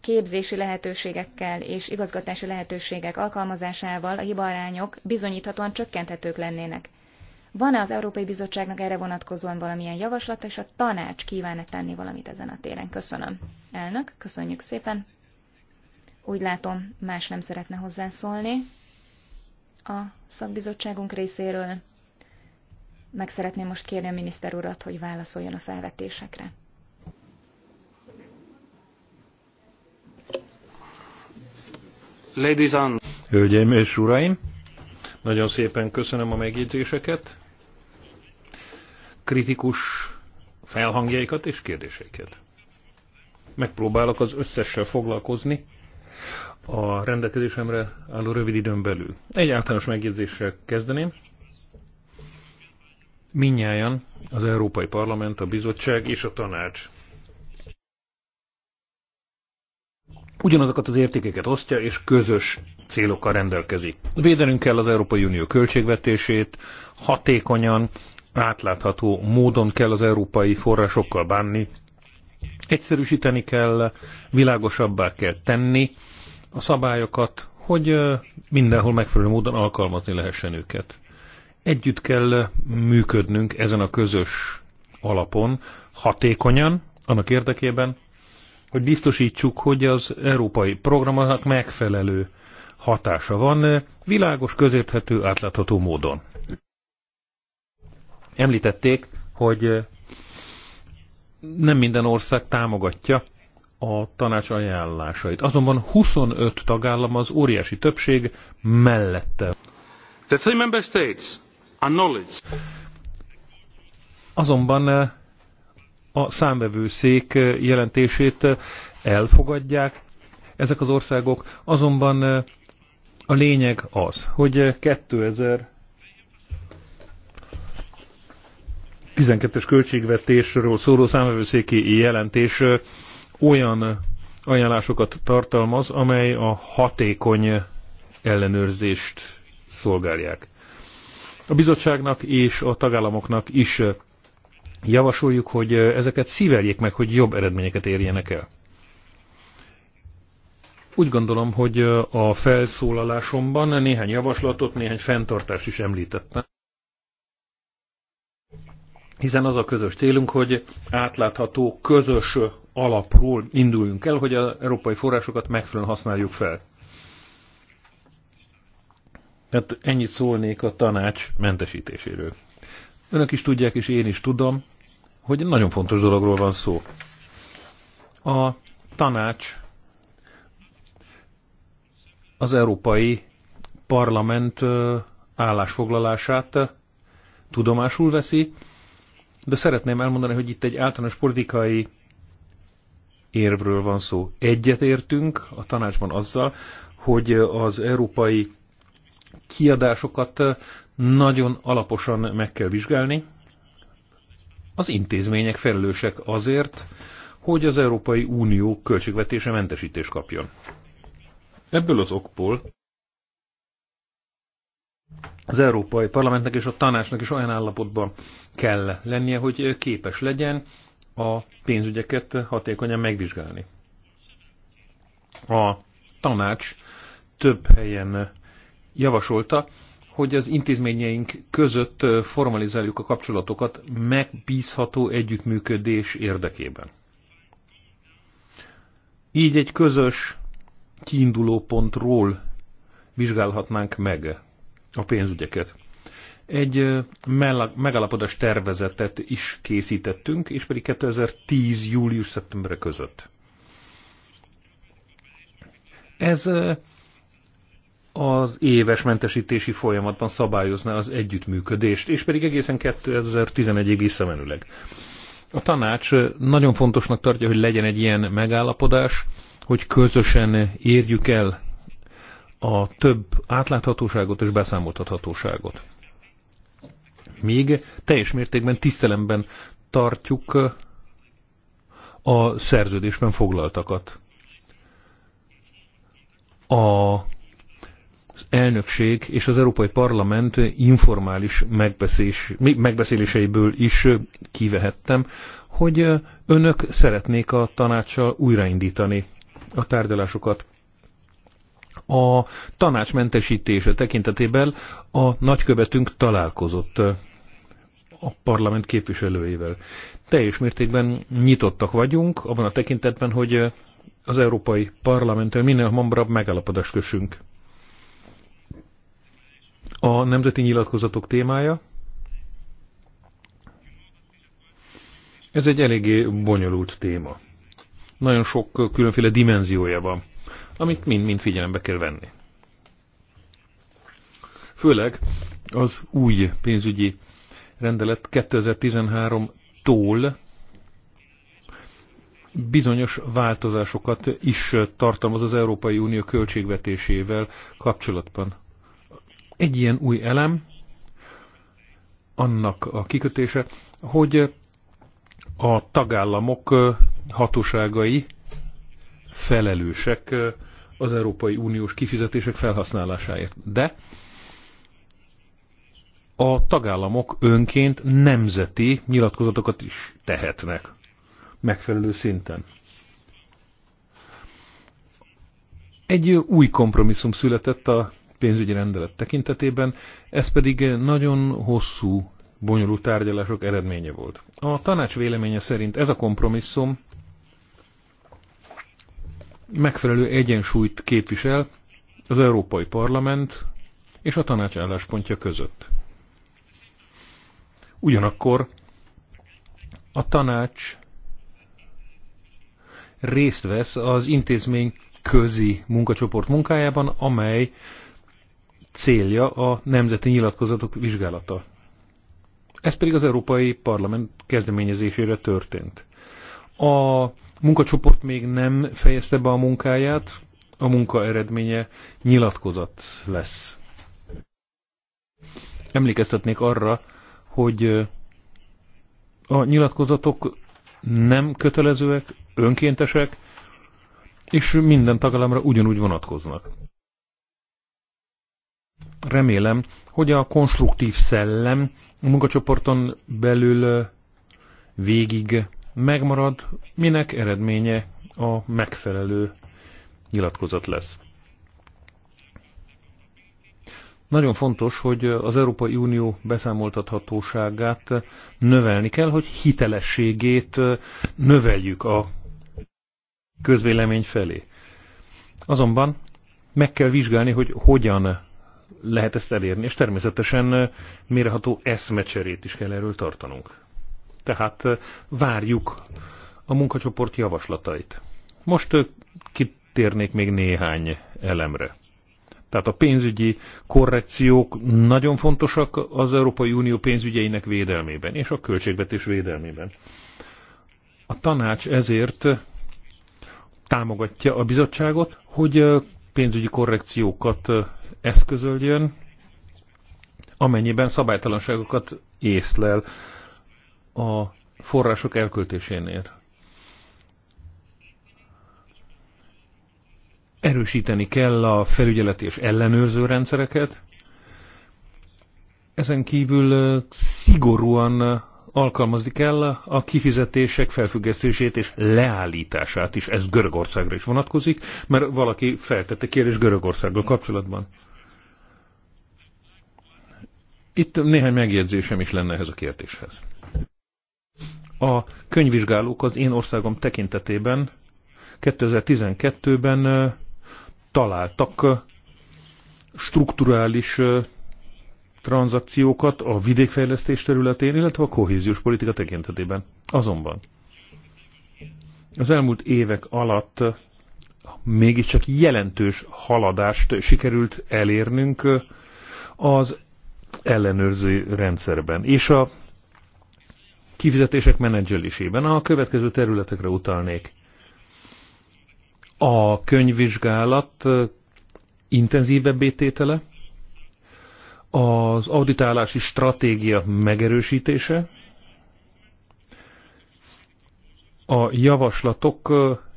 képzési lehetőségekkel és igazgatási lehetőségek alkalmazásával a hibaarányok bizonyíthatóan csökkenthetők lennének. Van-e az Európai Bizottságnak erre vonatkozóan valamilyen javaslat, és a tanács kíván-e tenni valamit ezen a téren? Köszönöm. Elnök, köszönjük szépen. Úgy látom, más nem szeretne hozzászólni a szakbizottságunk részéről. Meg szeretném most kérni a miniszter urat, hogy válaszoljon a felvetésekre. Ladies and... Hölgyeim és uraim, nagyon szépen köszönöm a megjegyzéseket, kritikus felhangjaikat és kérdéseiket. Megpróbálok az összessel foglalkozni a rendelkezésemre álló rövid időn belül. Egy általános megjegyzéssel kezdeném. Minnyáján az Európai Parlament, a Bizottság és a Tanács ugyanazokat az értékeket osztja, és közös célokkal rendelkezik. Védenünk kell az Európai Unió költségvetését, hatékonyan, átlátható módon kell az európai forrásokkal bánni, egyszerűsíteni kell, világosabbá kell tenni a szabályokat, hogy mindenhol megfelelő módon alkalmazni lehessen őket. Együtt kell működnünk ezen a közös alapon, hatékonyan, annak érdekében, hogy biztosítsuk, hogy az európai programnak megfelelő hatása van, világos, közérthető, átlátható módon. Említették, hogy nem minden ország támogatja a tanács ajánlásait. Azonban 25 tagállam az óriási többség mellette. The three member states acknowledge. Azonban a számvevőszék jelentését elfogadják ezek az országok, azonban a lényeg az, hogy 2000 12-es költségvetésről szóló számvevőszéki jelentés olyan ajánlásokat tartalmaz, amely a hatékony ellenőrzést szolgálják. A bizottságnak és a tagállamoknak is javasoljuk, hogy ezeket szíveljék meg, hogy jobb eredményeket érjenek el. Úgy gondolom, hogy a felszólalásomban néhány javaslatot, néhány fenntartást is említettem. Hiszen az a közös célunk, hogy átlátható, közös alapról induljunk el, hogy az európai forrásokat megfelelően használjuk fel. Hát ennyit szólnék a tanács mentesítéséről. Önök is tudják, és én is tudom, hogy nagyon fontos dologról van szó. A tanács az Európai Parlament állásfoglalását tudomásul veszi, de szeretném elmondani, hogy itt egy általános politikai érvről van szó. Egyetértünk a tanácsban azzal, hogy az európai kiadásokat nagyon alaposan meg kell vizsgálni. Az intézmények felelősek azért, hogy az Európai Unió költségvetése mentesítést kapjon. Ebből az okból az Európai Parlamentnek és a tanácsnak is olyan állapotban kell lennie, hogy képes legyen a pénzügyeket hatékonyan megvizsgálni. A tanács több helyen javasolta, hogy az intézményeink között formalizáljuk a kapcsolatokat megbízható együttműködés érdekében. Így egy közös kiinduló pontról vizsgálhatnánk meg a pénzügyeket. Egy megalapodás tervezetet is készítettünk, és pedig 2010. július-szeptember között. Ez az éves mentesítési folyamatban szabályozná az együttműködést, és pedig egészen 2011-ig visszamenőleg. A tanács nagyon fontosnak tartja, hogy legyen egy ilyen megállapodás, hogy közösen érjük el a több átláthatóságot és beszámoltathatóságot. Még teljes mértékben tisztelemben tartjuk a szerződésben foglaltakat. A elnökség és az Európai Parlament informális megbeszélés, megbeszéléseiből is kivehettem, hogy önök szeretnék a tanácssal újraindítani a tárgyalásokat. A tanács mentesítése tekintetében a nagykövetünk találkozott a parlament képviselőivel. Teljes mértékben nyitottak vagyunk abban a tekintetben, hogy az Európai Parlamenttől minél hamarabb megállapodást kössünk a nemzeti nyilatkozatok témája. Ez egy eléggé bonyolult téma. Nagyon sok különféle dimenziója van, amit mind-mind figyelembe kell venni. Főleg az új pénzügyi rendelet 2013-tól bizonyos változásokat is tartalmaz az Európai Unió költségvetésével kapcsolatban. Egy ilyen új elem annak a kikötése, hogy a tagállamok hatóságai felelősek az Európai Uniós kifizetések felhasználásáért. De a tagállamok önként nemzeti nyilatkozatokat is tehetnek megfelelő szinten. Egy új kompromisszum született a pénzügyi rendelet tekintetében, ez pedig nagyon hosszú, bonyolult tárgyalások eredménye volt. A tanács véleménye szerint ez a kompromisszum megfelelő egyensúlyt képvisel az Európai Parlament és a tanács álláspontja között. Ugyanakkor a tanács részt vesz az intézmény közi munkacsoport munkájában, amely célja a nemzeti nyilatkozatok vizsgálata. Ez pedig az Európai Parlament kezdeményezésére történt. A munkacsoport még nem fejezte be a munkáját, a munka eredménye nyilatkozat lesz. Emlékeztetnék arra, hogy a nyilatkozatok nem kötelezőek, önkéntesek, és minden tagállamra ugyanúgy vonatkoznak. Remélem, hogy a konstruktív szellem a munkacsoporton belül végig megmarad, minek eredménye a megfelelő nyilatkozat lesz. Nagyon fontos, hogy az Európai Unió beszámoltathatóságát növelni kell, hogy hitelességét növeljük a közvélemény felé. Azonban meg kell vizsgálni, hogy hogyan lehet ezt elérni, és természetesen mérható eszmecserét is kell erről tartanunk. Tehát várjuk a munkacsoport javaslatait. Most kitérnék még néhány elemre. Tehát a pénzügyi korrekciók nagyon fontosak az Európai Unió pénzügyeinek védelmében és a költségvetés védelmében. A tanács ezért támogatja a bizottságot, hogy pénzügyi korrekciókat eszközöljön, amennyiben szabálytalanságokat észlel a források elköltésénél. Erősíteni kell a felügyeleti és ellenőrző rendszereket, ezen kívül szigorúan alkalmazni kell a kifizetések felfüggesztését és leállítását is. Ez Görögországra is vonatkozik, mert valaki feltette kérdés Görögországgal kapcsolatban. Itt néhány megjegyzésem is lenne ehhez a kérdéshez. A könyvvizsgálók az én országom tekintetében 2012-ben találtak strukturális tranzakciókat a vidékfejlesztés területén, illetve a kohéziós politika tekintetében. Azonban az elmúlt évek alatt mégiscsak jelentős haladást sikerült elérnünk az ellenőrző rendszerben és a kifizetések menedzselésében. A következő területekre utalnék. A könyvvizsgálat intenzívebb tétele, az auditálási stratégia megerősítése, a javaslatok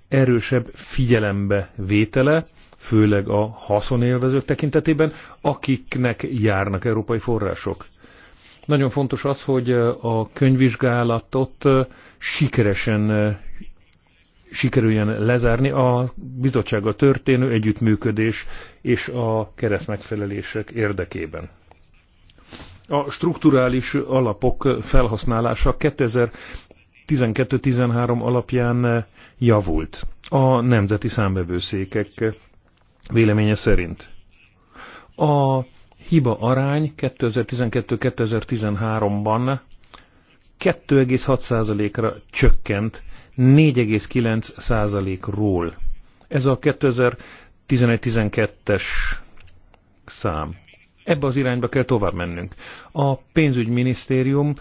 erősebb figyelembe vétele, főleg a haszonélvezők tekintetében, akiknek járnak európai források. Nagyon fontos az, hogy a könyvvizsgálatot sikeresen sikerüljen lezárni a bizottsággal történő együttműködés és a keresztmegfelelések érdekében a strukturális alapok felhasználása 2012-13 alapján javult a nemzeti számbevőszékek véleménye szerint. A hiba arány 2012-2013-ban 2,6%-ra csökkent 4,9%-ról. Ez a 2011-12-es szám. Ebbe az irányba kell tovább mennünk. A pénzügyminisztérium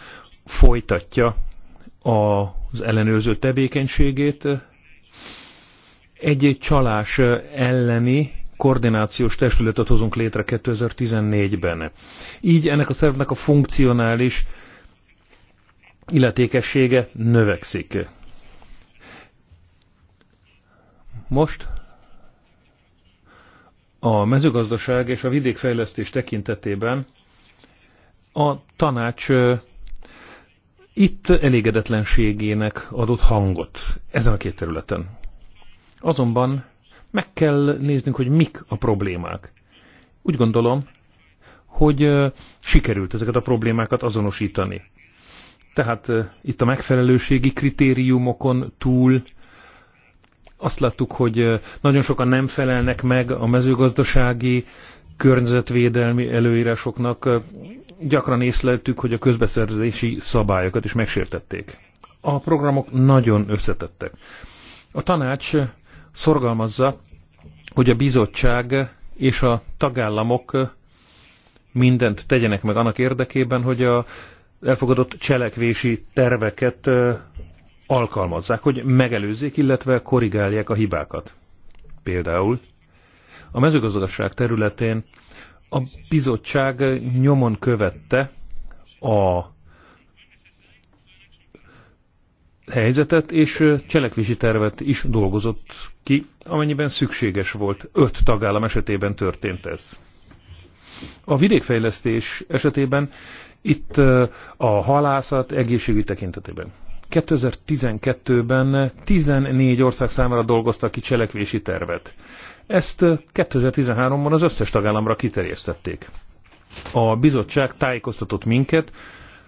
folytatja az ellenőrző tevékenységét. Egy, -egy csalás elleni koordinációs testületet hozunk létre 2014-ben. Így ennek a szervnek a funkcionális illetékessége növekszik. Most a mezőgazdaság és a vidékfejlesztés tekintetében a tanács itt elégedetlenségének adott hangot ezen a két területen. Azonban meg kell néznünk, hogy mik a problémák. Úgy gondolom, hogy sikerült ezeket a problémákat azonosítani. Tehát itt a megfelelőségi kritériumokon túl azt láttuk, hogy nagyon sokan nem felelnek meg a mezőgazdasági, környezetvédelmi előírásoknak. Gyakran észleltük, hogy a közbeszerzési szabályokat is megsértették. A programok nagyon összetettek. A tanács szorgalmazza, hogy a bizottság és a tagállamok mindent tegyenek meg annak érdekében, hogy a elfogadott cselekvési terveket alkalmazzák, hogy megelőzzék, illetve korrigálják a hibákat. Például a mezőgazdaság területén a bizottság nyomon követte a helyzetet, és cselekvési tervet is dolgozott ki, amennyiben szükséges volt. Öt tagállam esetében történt ez. A vidékfejlesztés esetében itt a halászat egészségügy tekintetében. 2012-ben 14 ország számára dolgoztak ki cselekvési tervet. Ezt 2013-ban az összes tagállamra kiterjesztették. A bizottság tájékoztatott minket,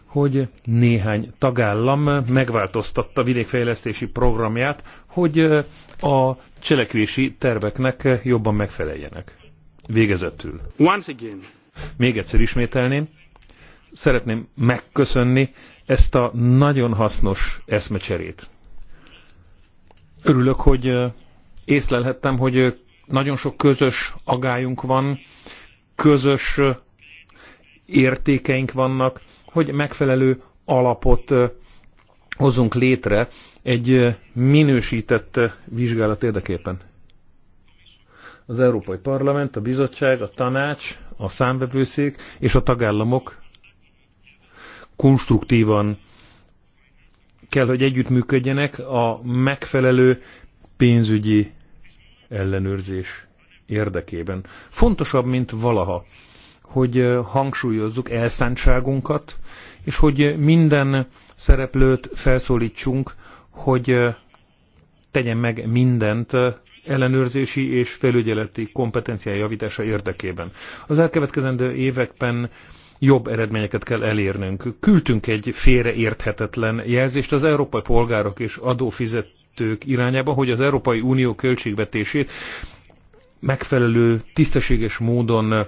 hogy néhány tagállam megváltoztatta vidékfejlesztési programját, hogy a cselekvési terveknek jobban megfeleljenek. Végezetül. Once again. Még egyszer ismételném, szeretném megköszönni ezt a nagyon hasznos eszmecserét. Örülök, hogy észlelhettem, hogy nagyon sok közös agályunk van, közös értékeink vannak, hogy megfelelő alapot hozzunk létre egy minősített vizsgálat érdekében. Az Európai Parlament, a Bizottság, a Tanács, a Számvevőszék és a tagállamok konstruktívan kell, hogy együttműködjenek a megfelelő pénzügyi ellenőrzés érdekében. Fontosabb, mint valaha, hogy hangsúlyozzuk elszántságunkat, és hogy minden szereplőt felszólítsunk, hogy tegyen meg mindent ellenőrzési és felügyeleti kompetenciája javítása érdekében. Az elkövetkezendő években jobb eredményeket kell elérnünk. Küldtünk egy félreérthetetlen jelzést az európai polgárok és adófizetők irányába, hogy az Európai Unió költségvetését megfelelő, tisztességes módon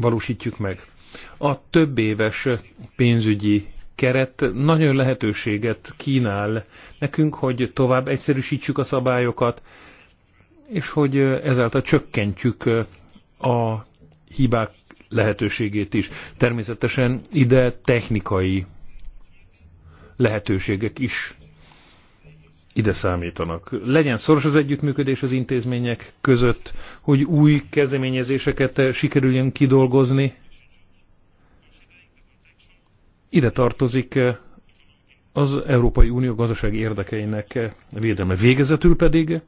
valósítjuk meg. A több éves pénzügyi keret nagyon lehetőséget kínál nekünk, hogy tovább egyszerűsítsük a szabályokat, és hogy ezáltal csökkentjük a hibák lehetőségét is. Természetesen ide technikai lehetőségek is ide számítanak. Legyen szoros az együttműködés az intézmények között, hogy új kezdeményezéseket sikerüljön kidolgozni. Ide tartozik az Európai Unió gazdasági érdekeinek védelme. Végezetül pedig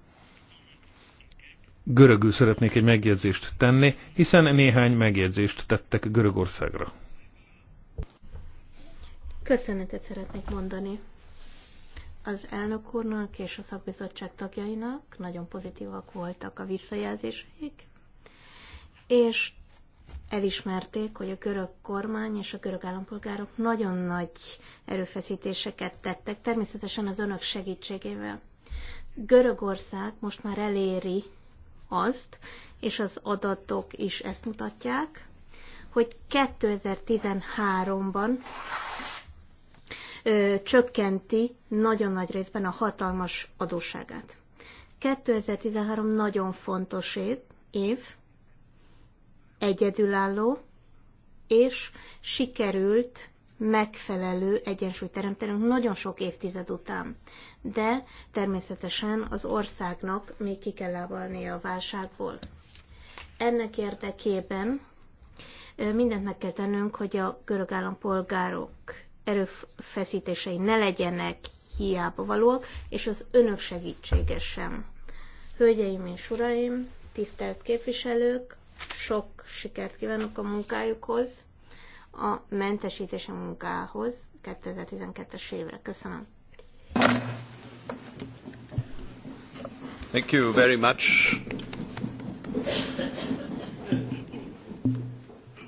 Görögül szeretnék egy megjegyzést tenni, hiszen néhány megjegyzést tettek Görögországra. Köszönetet szeretnék mondani az elnök úrnak és a szakbizottság tagjainak, nagyon pozitívak voltak a visszajelzéseik, és elismerték, hogy a görög kormány és a görög állampolgárok nagyon nagy erőfeszítéseket tettek, természetesen az önök segítségével. Görögország most már eléri azt, és az adatok is ezt mutatják, hogy 2013-ban ö, csökkenti nagyon nagy részben a hatalmas adósságát. 2013 nagyon fontos év, év egyedülálló, és sikerült megfelelő egyensúlyt teremtenünk nagyon sok évtized után. De természetesen az országnak még ki kell lábalnia a válságból. Ennek érdekében mindent meg kell tennünk, hogy a görög állampolgárok erőfeszítései ne legyenek hiába valók, és az önök segítsége sem. Hölgyeim és uraim, tisztelt képviselők, sok sikert kívánok a munkájukhoz, a mentesítés a munkához 2012-es évre. Köszönöm. Thank you very much.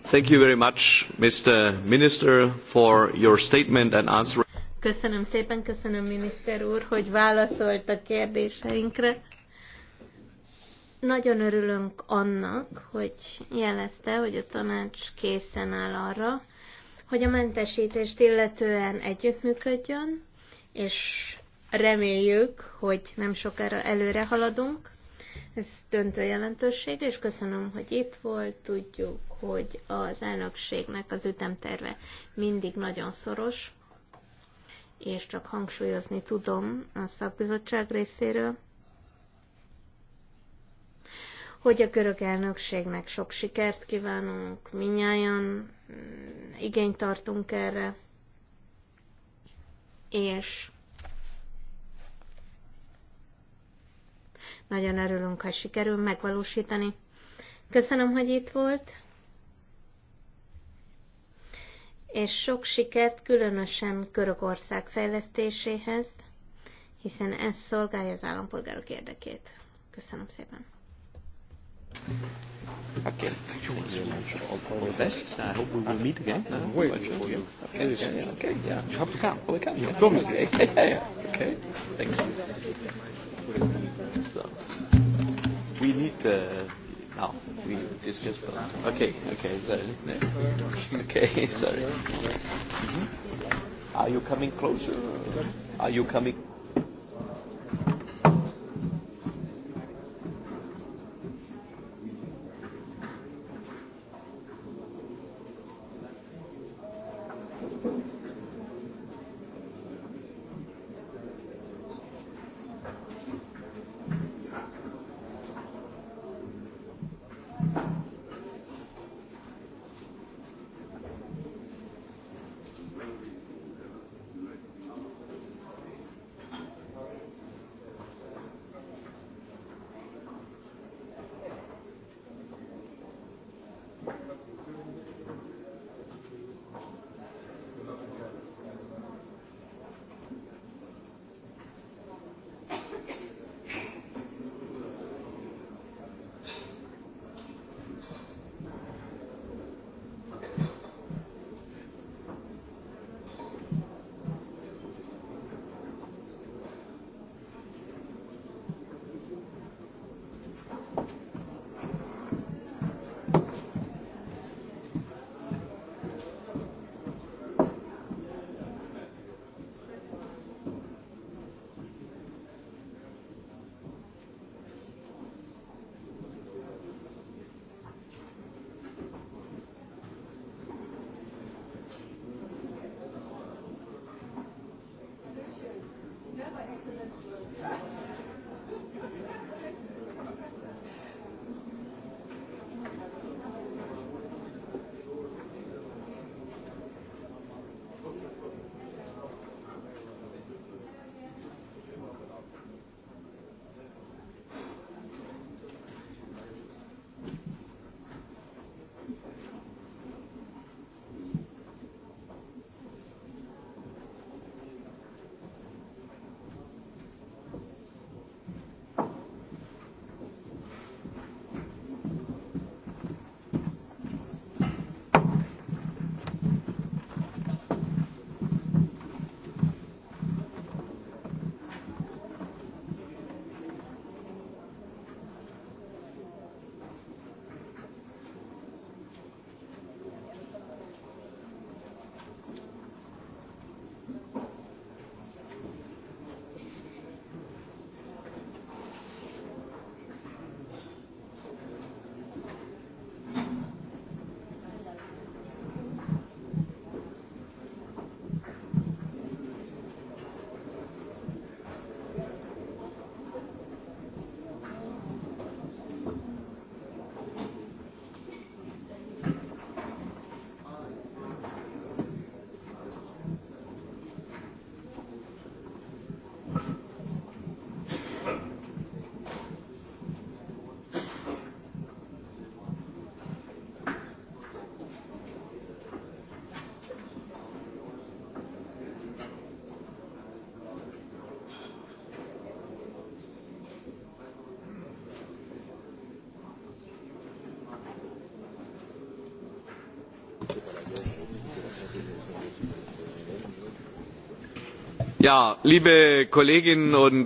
Thank you very much, Mr. Minister, for your statement and answer. Köszönöm szépen, köszönöm miniszter úr, hogy válaszolt a kérdéseinkre. Nagyon örülünk annak, hogy jelezte, hogy a tanács készen áll arra, hogy a mentesítést illetően együttműködjön, és reméljük, hogy nem sokára előre haladunk. Ez döntő jelentőség, és köszönöm, hogy itt volt. Tudjuk, hogy az elnökségnek az ütemterve mindig nagyon szoros, és csak hangsúlyozni tudom a szakbizottság részéről, hogy a görög elnökségnek sok sikert kívánunk, minnyáján mm, igényt tartunk erre, és nagyon örülünk, ha sikerül megvalósítani. Köszönöm, hogy itt volt, és sok sikert különösen Görögország fejlesztéséhez, hiszen ez szolgálja az állampolgárok érdekét. Köszönöm szépen! Okay. Thank you once much. All the best. I hope we will meet again. No? Wait. Okay. Okay. okay. Yeah. You have to come. Oh, I come. You eh? (laughs) Yeah, yeah. okay. Thanks. So we need uh, now. We it's just for that. Okay. Okay. Sorry. (laughs) Okay. Sorry. Mm-hmm. Are you coming closer? Are you coming?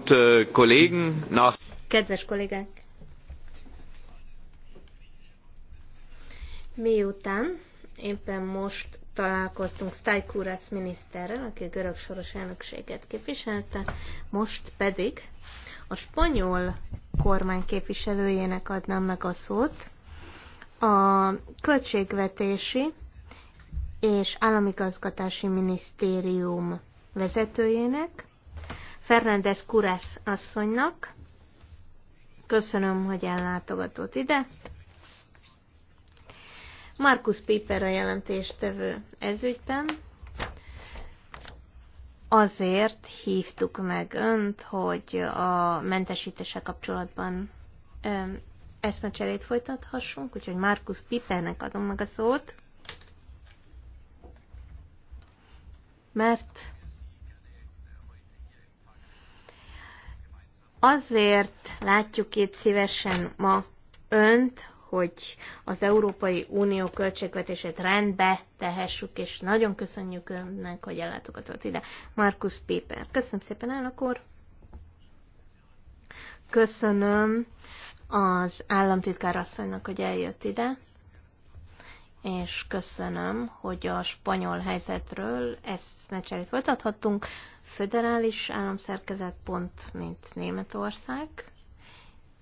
Äh, Kedves kollégák! Miután éppen most találkoztunk Stajkúrász miniszterrel, aki a görög soros elnökséget képviselte, most pedig a spanyol kormány képviselőjének adnám meg a szót. A költségvetési és államigazgatási minisztérium vezetőjének, Fernández Kuresz asszonynak. Köszönöm, hogy ellátogatott ide. Markus Piper a jelentéstevő ezügyben. Azért hívtuk meg önt, hogy a mentesítése kapcsolatban eszmecserét folytathassunk, úgyhogy Markus Pipernek adom meg a szót. Mert Azért látjuk itt szívesen ma önt, hogy az Európai Unió költségvetését rendbe tehessük, és nagyon köszönjük önnek, hogy ellátogatott ide. Markus Piper. Köszönöm szépen, elnök úr. Köszönöm az államtitkár asszonynak, hogy eljött ide, és köszönöm, hogy a spanyol helyzetről ezt mecserét folytathattunk föderális államszerkezet pont, mint Németország,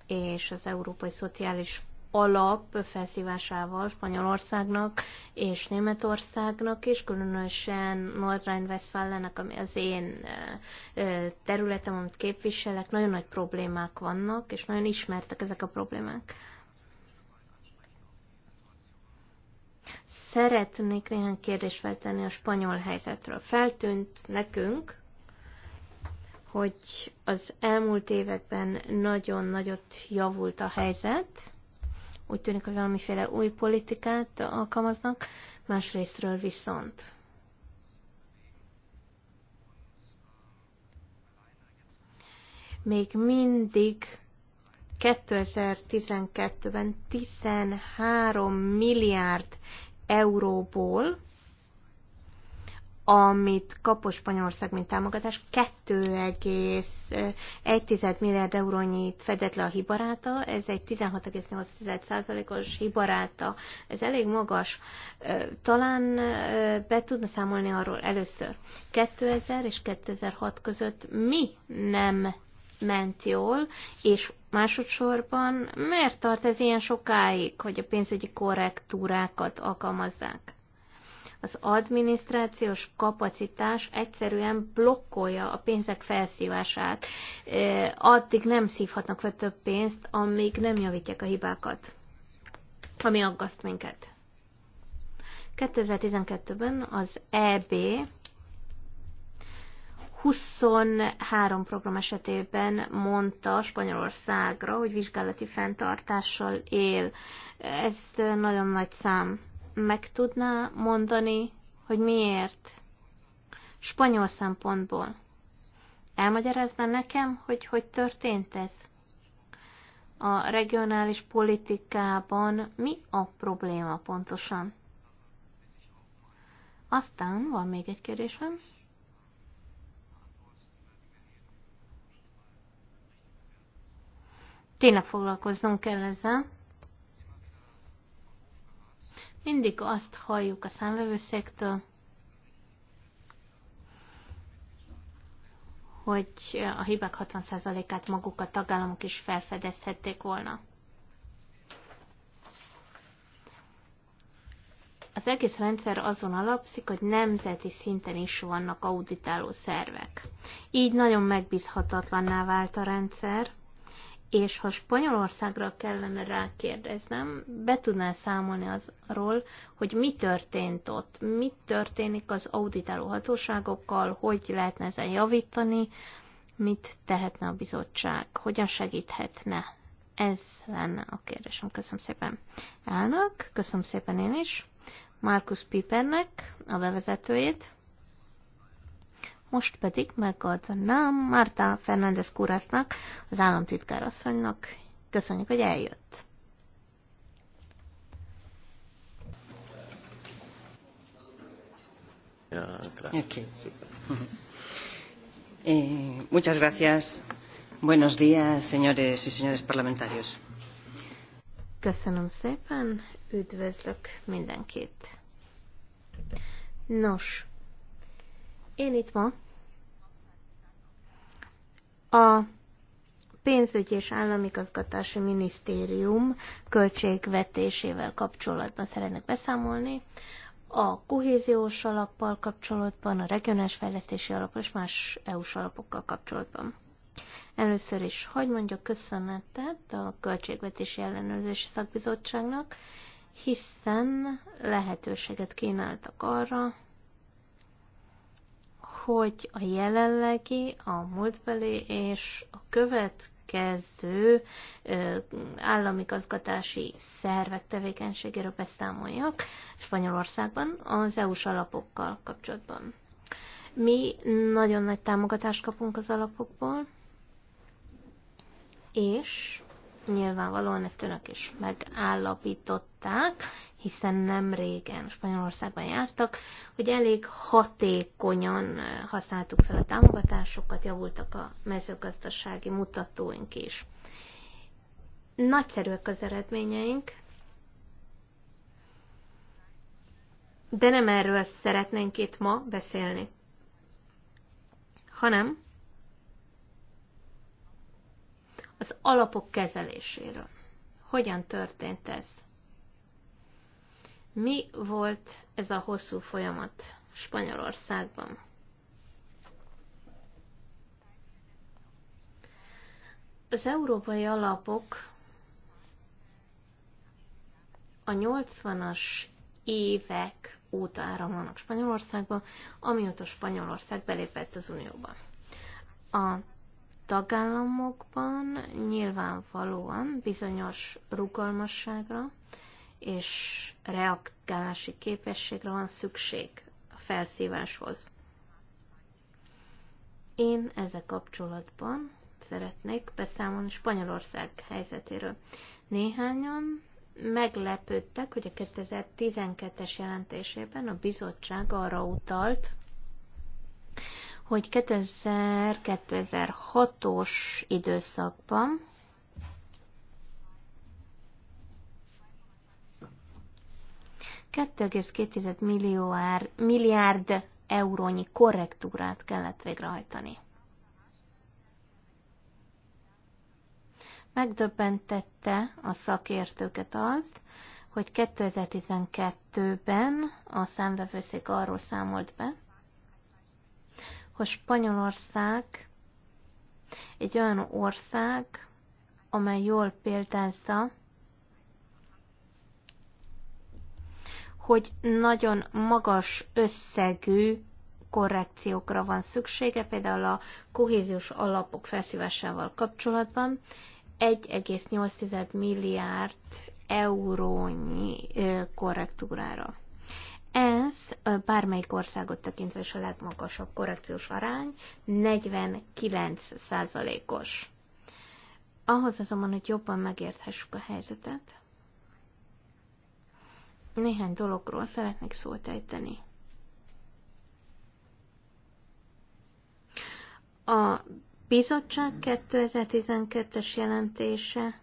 és az Európai Szociális alap felszívásával Spanyolországnak és Németországnak, és különösen Nordrhein-Westfalennek, ami az én területem, amit képviselek, nagyon nagy problémák vannak, és nagyon ismertek ezek a problémák. Szeretnék néhány kérdést feltenni a spanyol helyzetről. Feltűnt nekünk, hogy az elmúlt években nagyon nagyot javult a helyzet, úgy tűnik, hogy valamiféle új politikát alkalmaznak, másrésztről viszont. Még mindig 2012-ben 13 milliárd euróból amit kapott Spanyolország, mint támogatás, 2,1 milliárd eurónyit fedett le a hibaráta, ez egy 16,8%-os hibaráta, ez elég magas. Talán be tudna számolni arról először. 2000 és 2006 között mi nem ment jól, és másodszorban miért tart ez ilyen sokáig, hogy a pénzügyi korrektúrákat alkalmazzák? az adminisztrációs kapacitás egyszerűen blokkolja a pénzek felszívását. Addig nem szívhatnak fel több pénzt, amíg nem javítják a hibákat, ami aggaszt minket. 2012-ben az EB 23 program esetében mondta Spanyolországra, hogy vizsgálati fenntartással él. Ez nagyon nagy szám meg tudná mondani, hogy miért? Spanyol szempontból. Elmagyarázná nekem, hogy hogy történt ez? A regionális politikában mi a probléma pontosan? Aztán van még egy kérdésem. Tényleg foglalkoznunk kell ezzel. Mindig azt halljuk a számvevőszektől, hogy a hibák 60%-át maguk a tagállamok is felfedezhették volna. Az egész rendszer azon alapszik, hogy nemzeti szinten is vannak auditáló szervek. Így nagyon megbízhatatlanná vált a rendszer, és ha Spanyolországra kellene rákérdeznem, be tudnál számolni azról, hogy mi történt ott, mi történik az auditáló hatóságokkal, hogy lehetne ezen javítani, mit tehetne a bizottság, hogyan segíthetne. Ez lenne a kérdésem. Köszönöm szépen elnök, köszönöm szépen én is, Markus Pipernek a bevezetőjét. Most pedig megadnám Márta Fernández Kurásznak, az államtitkárasszonynak. Köszönjük, hogy eljött. okay. eh, muchas gracias. Buenos días, señores y señores parlamentarios. Köszönöm szépen, üdvözlök mindenkit. Nos, én itt ma a pénzügyi és államigazgatási minisztérium költségvetésével kapcsolatban szeretnek beszámolni, a kohéziós alappal kapcsolatban, a regionális fejlesztési alap és más EU-s alapokkal kapcsolatban. Először is, hogy mondjak köszönetet a Költségvetési Ellenőrzési Szakbizottságnak, hiszen lehetőséget kínáltak arra, hogy a jelenlegi, a múltbeli és a következő állami gazgatási szervek tevékenységéről beszámoljak Spanyolországban az EU-s alapokkal kapcsolatban. Mi nagyon nagy támogatást kapunk az alapokból, és Nyilvánvalóan ezt önök is megállapították, hiszen nem régen Spanyolországban jártak, hogy elég hatékonyan használtuk fel a támogatásokat, javultak a mezőgazdasági mutatóink is. Nagyszerűek az eredményeink, de nem erről szeretnénk itt ma beszélni, hanem az alapok kezeléséről. Hogyan történt ez? Mi volt ez a hosszú folyamat Spanyolországban? Az európai alapok a 80-as évek óta áramlanak Spanyolországban, amióta Spanyolország belépett az Unióba. A tagállamokban nyilvánvalóan bizonyos rugalmasságra és reagálási képességre van szükség a felszíváshoz. Én ezzel kapcsolatban szeretnék beszámolni Spanyolország helyzetéről. Néhányan meglepődtek, hogy a 2012-es jelentésében a bizottság arra utalt, hogy 2006 os időszakban milliárd, milliárd eurónyi korrektúrát kellett végrehajtani. Megdöbbentette a szakértőket azt, hogy 2012-ben a számvevőszék arról számolt be, hogy Spanyolország egy olyan ország, amely jól példázza, hogy nagyon magas összegű korrekciókra van szüksége, például a kohéziós alapok felszívásával kapcsolatban 1,8 milliárd eurónyi korrektúrára. Ez bármelyik országot tekintve is a legmagasabb korrekciós arány, 49%-os. Ahhoz azonban, hogy jobban megérthessük a helyzetet, néhány dologról szeretnék szót ejteni. A bizottság 2012-es jelentése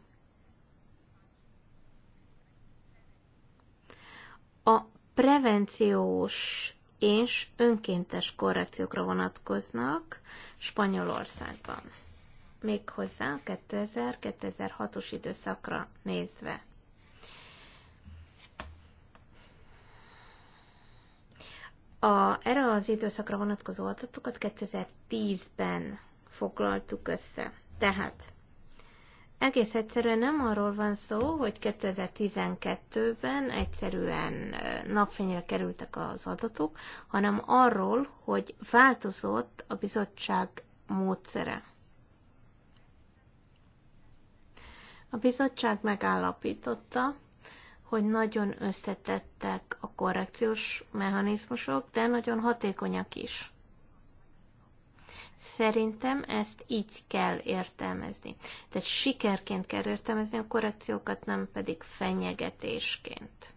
a prevenciós és önkéntes korrekciókra vonatkoznak Spanyolországban. Méghozzá 2000-2006-os időszakra nézve. A, erre az időszakra vonatkozó adatokat 2010-ben foglaltuk össze. Tehát egész egyszerűen nem arról van szó, hogy 2012-ben egyszerűen napfényre kerültek az adatok, hanem arról, hogy változott a bizottság módszere. A bizottság megállapította, hogy nagyon összetettek a korrekciós mechanizmusok, de nagyon hatékonyak is. Szerintem ezt így kell értelmezni. Tehát sikerként kell értelmezni a korrekciókat, nem pedig fenyegetésként.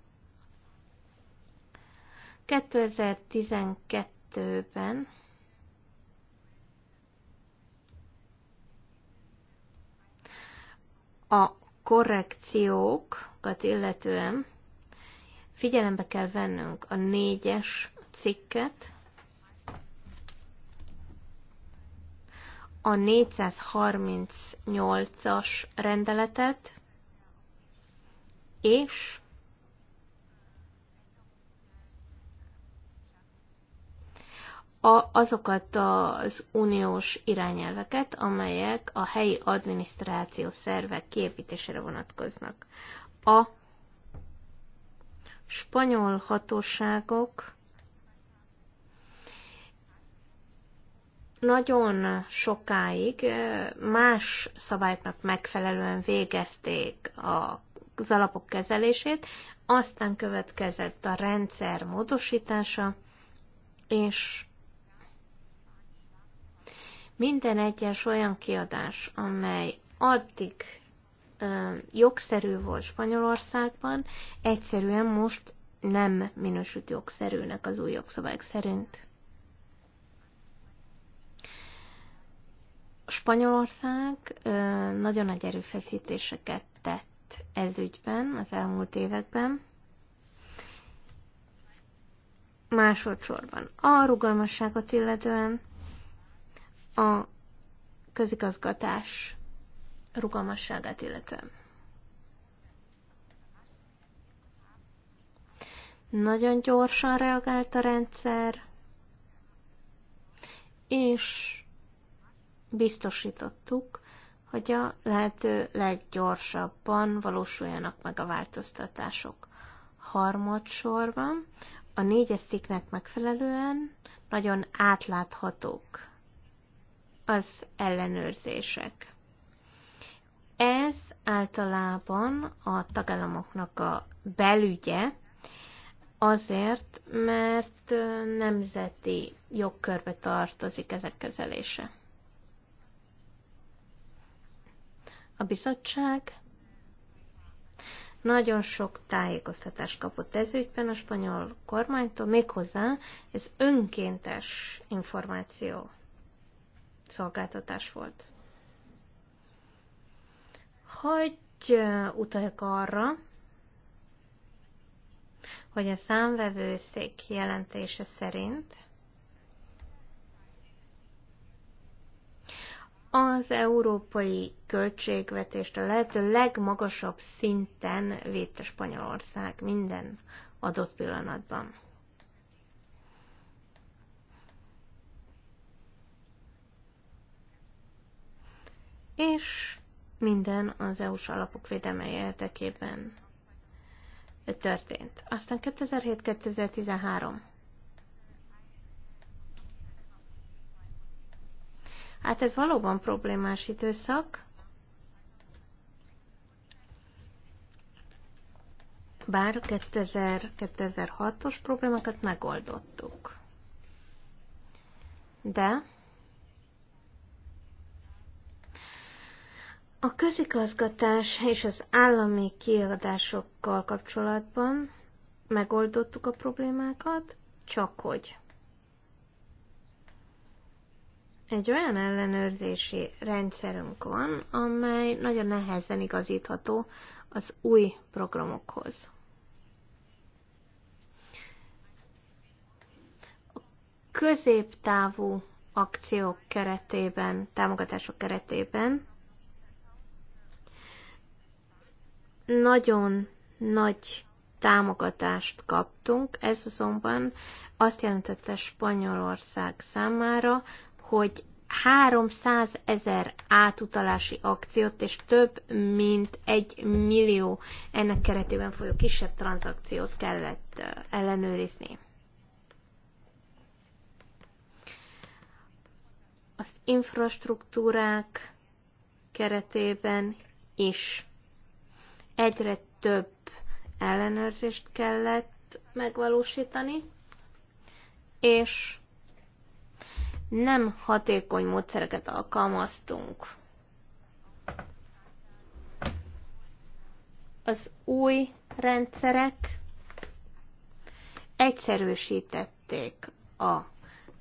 2012-ben a korrekciókat illetően figyelembe kell vennünk a négyes cikket, a 438-as rendeletet, és a, azokat az uniós irányelveket, amelyek a helyi adminisztráció szervek kiépítésére vonatkoznak. A spanyol hatóságok nagyon sokáig más szabályoknak megfelelően végezték az alapok kezelését, aztán következett a rendszer módosítása, és minden egyes olyan kiadás, amely addig ö, jogszerű volt Spanyolországban, egyszerűen most nem minősült jogszerűnek az új jogszabályok szerint. Spanyolország nagyon nagy erőfeszítéseket tett ez ügyben az elmúlt években. Másodszorban a rugalmasságot illetően a közigazgatás rugalmasságát illetően. Nagyon gyorsan reagált a rendszer, és biztosítottuk, hogy a lehető leggyorsabban valósuljanak meg a változtatások. Harmadsorban a négyes cikknek megfelelően nagyon átláthatók az ellenőrzések. Ez általában a tagállamoknak a belügye, azért, mert nemzeti jogkörbe tartozik ezek kezelése. A bizottság nagyon sok tájékoztatást kapott ez ügyben a spanyol kormánytól, méghozzá ez önkéntes információ szolgáltatás volt. Hogy utaljak arra, hogy a számvevőszék jelentése szerint az európai költségvetést a lehető legmagasabb szinten védte Spanyolország minden adott pillanatban. És minden az EU-s alapok védelme érdekében történt. Aztán 2007-2013. Hát ez valóban problémás időszak. Bár 2006 os problémákat megoldottuk. De a közigazgatás és az állami kiadásokkal kapcsolatban megoldottuk a problémákat, csak hogy egy olyan ellenőrzési rendszerünk van, amely nagyon nehezen igazítható az új programokhoz. A középtávú akciók keretében, támogatások keretében nagyon nagy támogatást kaptunk, ez azonban azt jelentette Spanyolország számára, hogy 300 ezer átutalási akciót és több mint egy millió ennek keretében folyó kisebb tranzakciót kellett ellenőrizni. Az infrastruktúrák keretében is egyre több ellenőrzést kellett megvalósítani, és nem hatékony módszereket alkalmaztunk. Az új rendszerek egyszerűsítették a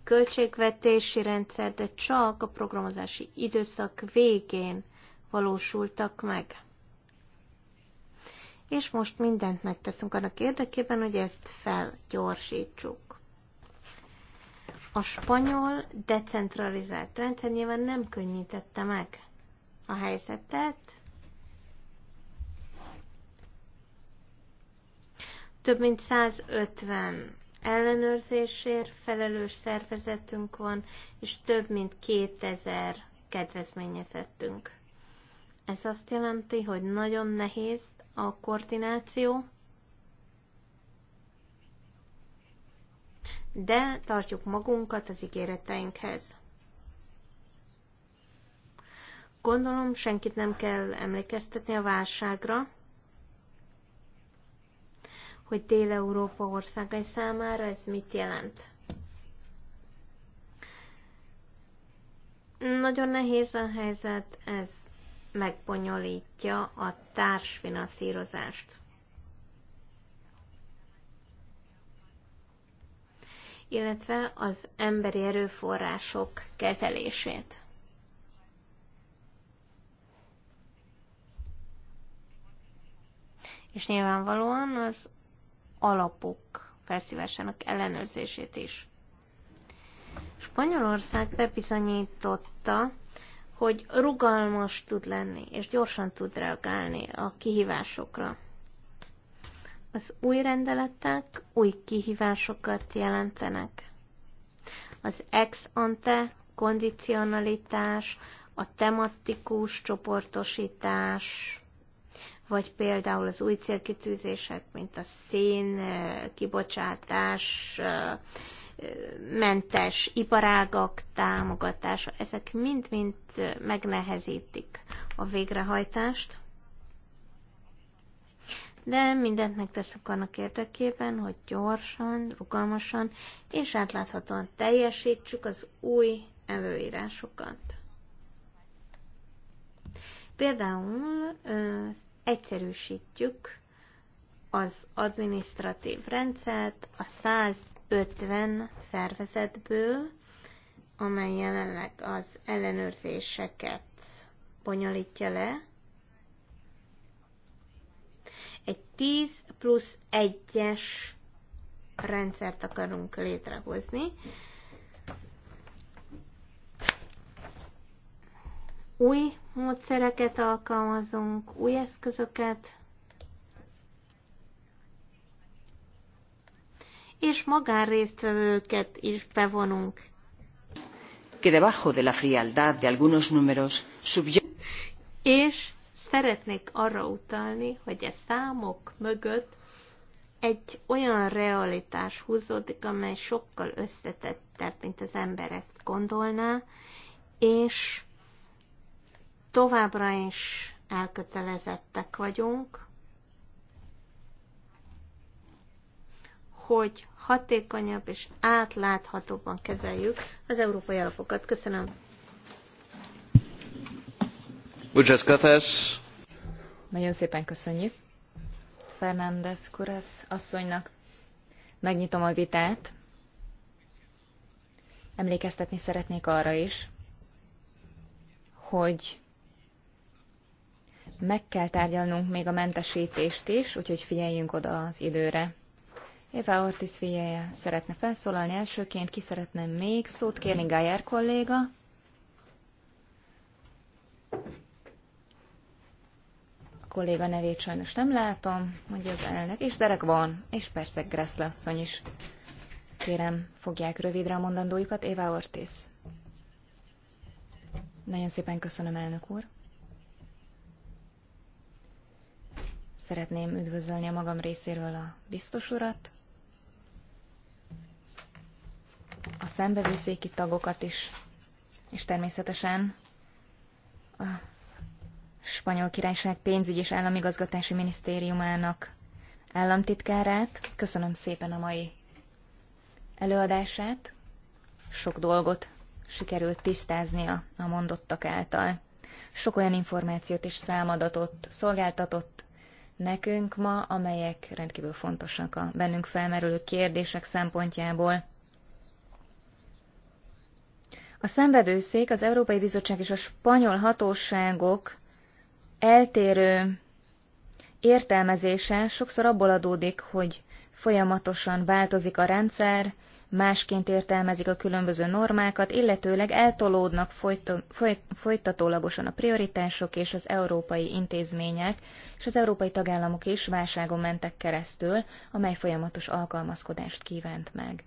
költségvetési rendszer, de csak a programozási időszak végén valósultak meg. És most mindent megteszünk annak érdekében, hogy ezt felgyorsítsuk. A spanyol decentralizált rendszer nyilván nem könnyítette meg a helyzetet. Több mint 150 ellenőrzésért felelős szervezetünk van, és több mint 2000 kedvezményezettünk. Ez azt jelenti, hogy nagyon nehéz a koordináció, de tartjuk magunkat az ígéreteinkhez. Gondolom, senkit nem kell emlékeztetni a válságra, hogy Dél-Európa országai számára ez mit jelent. Nagyon nehéz a helyzet, ez megbonyolítja a társfinanszírozást. illetve az emberi erőforrások kezelését. És nyilvánvalóan az alapok felszívásának ellenőrzését is. Spanyolország bebizonyította, hogy rugalmas tud lenni, és gyorsan tud reagálni a kihívásokra. Az új rendeletek új kihívásokat jelentenek. Az ex ante kondicionalitás, a tematikus csoportosítás, vagy például az új célkitűzések, mint a szén kibocsátás, mentes iparágak támogatása, ezek mind-mind megnehezítik a végrehajtást de mindent megteszek annak érdekében, hogy gyorsan, rugalmasan és átláthatóan teljesítsük az új előírásokat. Például ö, egyszerűsítjük az adminisztratív rendszert a 150 szervezetből, amely jelenleg az ellenőrzéseket bonyolítja le, 10 plusz 1-es rendszert akarunk létrehozni. Új módszereket alkalmazunk, új eszközöket, és magánrésztvevőket is bevonunk. Que debajo de la frialdad de algunos números és szeretnék arra utalni, hogy a e számok mögött egy olyan realitás húzódik, amely sokkal összetettebb, mint az ember ezt gondolná, és továbbra is elkötelezettek vagyunk, hogy hatékonyabb és átláthatóban kezeljük az európai alapokat. Köszönöm. Muchas Nagyon szépen köszönjük. Fernández Kurász asszonynak megnyitom a vitát. Emlékeztetni szeretnék arra is, hogy meg kell tárgyalnunk még a mentesítést is, úgyhogy figyeljünk oda az időre. Éva Ortiz figyelje szeretne felszólalni elsőként, ki szeretne még szót kérni, Gájer kolléga. kolléga nevét sajnos nem látom, mondja az elnök, és Derek van, és persze Gressle asszony is. Kérem, fogják rövidre a mondandójukat, Éva Ortiz. Nagyon szépen köszönöm, elnök úr. Szeretném üdvözölni a magam részéről a biztos urat, a szembevőszéki tagokat is, és természetesen a Spanyol Királyság pénzügy és államigazgatási minisztériumának államtitkárát. Köszönöm szépen a mai előadását. Sok dolgot sikerült tisztáznia a mondottak által. Sok olyan információt és számadatot szolgáltatott nekünk ma, amelyek rendkívül fontosak a bennünk felmerülő kérdések szempontjából. A szembevőszék, az Európai Bizottság és a spanyol hatóságok eltérő értelmezése sokszor abból adódik, hogy folyamatosan változik a rendszer, másként értelmezik a különböző normákat, illetőleg eltolódnak folytatólagosan a prioritások és az európai intézmények, és az európai tagállamok is válságon mentek keresztül, amely folyamatos alkalmazkodást kívánt meg,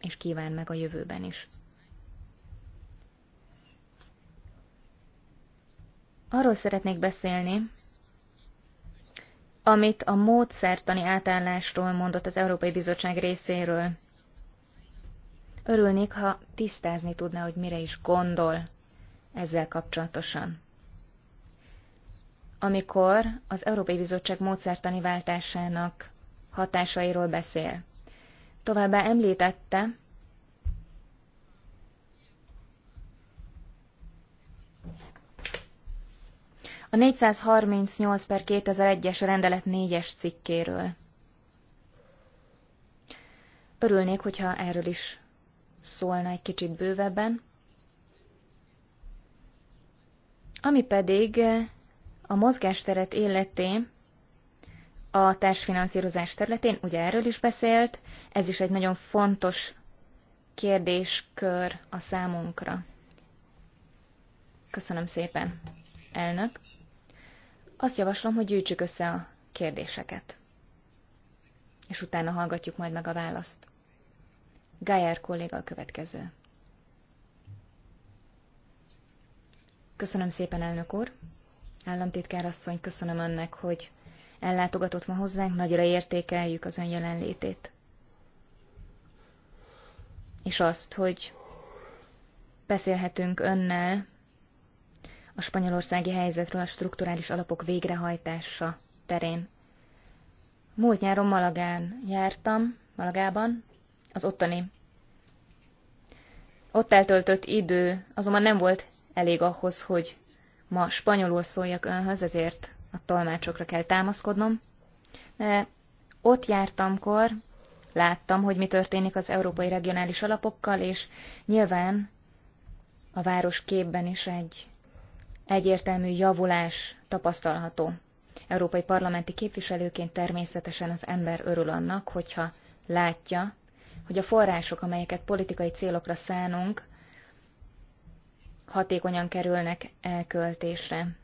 és kíván meg a jövőben is. Arról szeretnék beszélni, amit a módszertani átállásról mondott az Európai Bizottság részéről. Örülnék, ha tisztázni tudná, hogy mire is gondol ezzel kapcsolatosan. Amikor az Európai Bizottság módszertani váltásának hatásairól beszél. Továbbá említette, a 438 per 2001-es rendelet 4-es cikkéről. Örülnék, hogyha erről is szólna egy kicsit bővebben. Ami pedig a mozgásteret életé a társfinanszírozás területén, ugye erről is beszélt, ez is egy nagyon fontos kérdéskör a számunkra. Köszönöm szépen, elnök. Azt javaslom, hogy gyűjtsük össze a kérdéseket, és utána hallgatjuk majd meg a választ. Gájár kolléga a következő. Köszönöm szépen, elnök úr. Államtitkár asszony, köszönöm önnek, hogy ellátogatott ma hozzánk, nagyra értékeljük az ön jelenlétét. És azt, hogy beszélhetünk önnel a spanyolországi helyzetről a strukturális alapok végrehajtása terén. Múlt nyáron Malagán jártam, Malagában, az ottani. Ott eltöltött idő azonban nem volt elég ahhoz, hogy ma spanyolul szóljak önhöz, ezért a tolmácsokra kell támaszkodnom. De ott jártamkor láttam, hogy mi történik az európai regionális alapokkal, és nyilván a város képben is egy egyértelmű javulás tapasztalható. Európai parlamenti képviselőként természetesen az ember örül annak, hogyha látja, hogy a források, amelyeket politikai célokra szánunk, hatékonyan kerülnek elköltésre.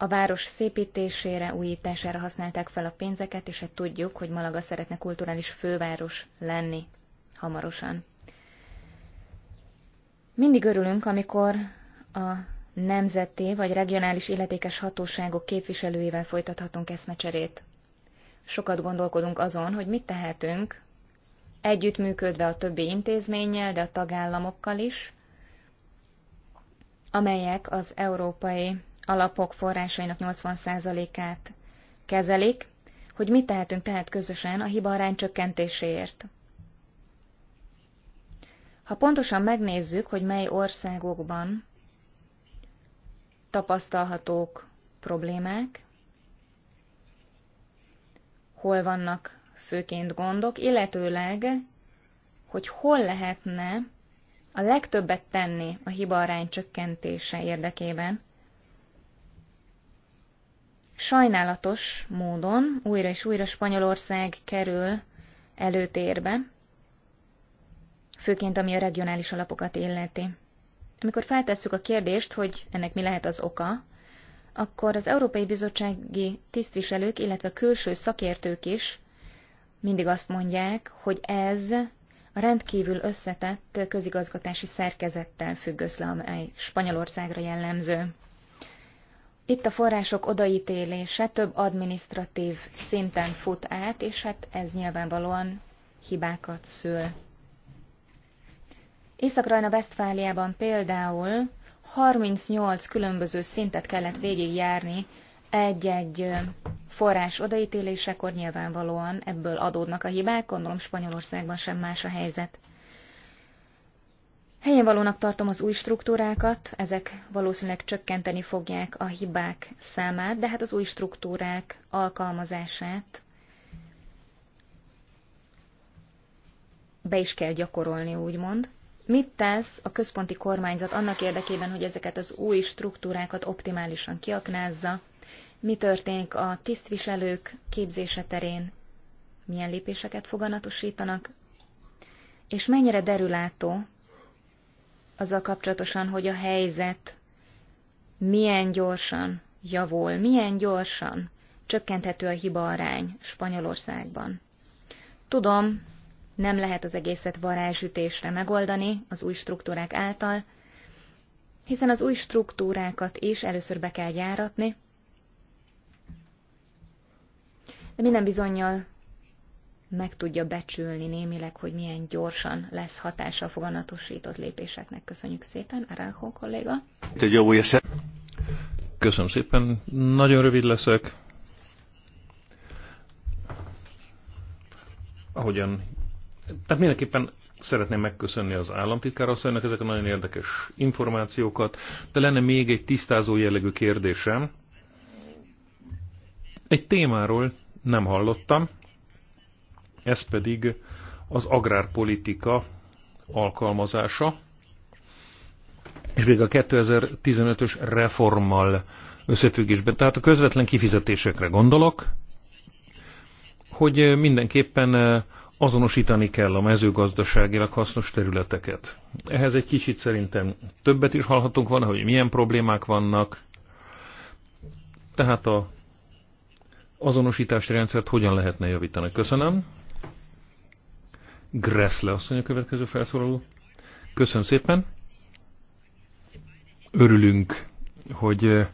A város szépítésére, újítására használták fel a pénzeket, és hát tudjuk, hogy Malaga szeretne kulturális főváros lenni hamarosan. Mindig örülünk, amikor a nemzeti vagy regionális illetékes hatóságok képviselőivel folytathatunk eszmecserét. Sokat gondolkodunk azon, hogy mit tehetünk, együttműködve a többi intézménnyel, de a tagállamokkal is, amelyek az európai alapok forrásainak 80%-át kezelik, hogy mit tehetünk tehát közösen a hiba arány csökkentéséért. Ha pontosan megnézzük, hogy mely országokban tapasztalhatók problémák, hol vannak főként gondok, illetőleg, hogy hol lehetne a legtöbbet tenni a hibaarány csökkentése érdekében. Sajnálatos módon újra és újra Spanyolország kerül előtérbe, főként ami a regionális alapokat illeti. Amikor feltesszük a kérdést, hogy ennek mi lehet az oka, akkor az Európai Bizottsági tisztviselők, illetve külső szakértők is mindig azt mondják, hogy ez a rendkívül összetett közigazgatási szerkezettel függ össze, amely Spanyolországra jellemző. Itt a források odaítélése több administratív szinten fut át, és hát ez nyilvánvalóan hibákat szül. Észak-Rajna-Vesztfáliában például 38 különböző szintet kellett végigjárni egy-egy forrás odaítélésekor nyilvánvalóan ebből adódnak a hibák, gondolom Spanyolországban sem más a helyzet. Helyen valónak tartom az új struktúrákat, ezek valószínűleg csökkenteni fogják a hibák számát, de hát az új struktúrák alkalmazását be is kell gyakorolni, úgymond. Mit tesz a központi kormányzat annak érdekében, hogy ezeket az új struktúrákat optimálisan kiaknázza? Mi történik a tisztviselők képzése terén? Milyen lépéseket foganatosítanak? És mennyire derülátó azzal kapcsolatosan, hogy a helyzet milyen gyorsan javul, milyen gyorsan csökkenthető a hiba arány Spanyolországban? Tudom, nem lehet az egészet varázsütésre megoldani az új struktúrák által, hiszen az új struktúrákat is először be kell járatni, de minden bizonyal meg tudja becsülni némileg, hogy milyen gyorsan lesz hatása a foganatosított lépéseknek. Köszönjük szépen, Aránkó kolléga. Köszönöm szépen, nagyon rövid leszek. Ahogyan tehát mindenképpen szeretném megköszönni az államtitkár asszonynak ezek a nagyon érdekes információkat, de lenne még egy tisztázó jellegű kérdésem. Egy témáról nem hallottam, ez pedig az agrárpolitika alkalmazása, és még a 2015-ös reformmal összefüggésben. Tehát a közvetlen kifizetésekre gondolok, hogy mindenképpen azonosítani kell a mezőgazdaságilag hasznos területeket. Ehhez egy kicsit szerintem többet is hallhatunk van, hogy milyen problémák vannak, tehát a azonosítási rendszert hogyan lehetne javítani. Köszönöm. Gressle asszony a következő felszólaló. Köszönöm szépen. Örülünk, hogy eh,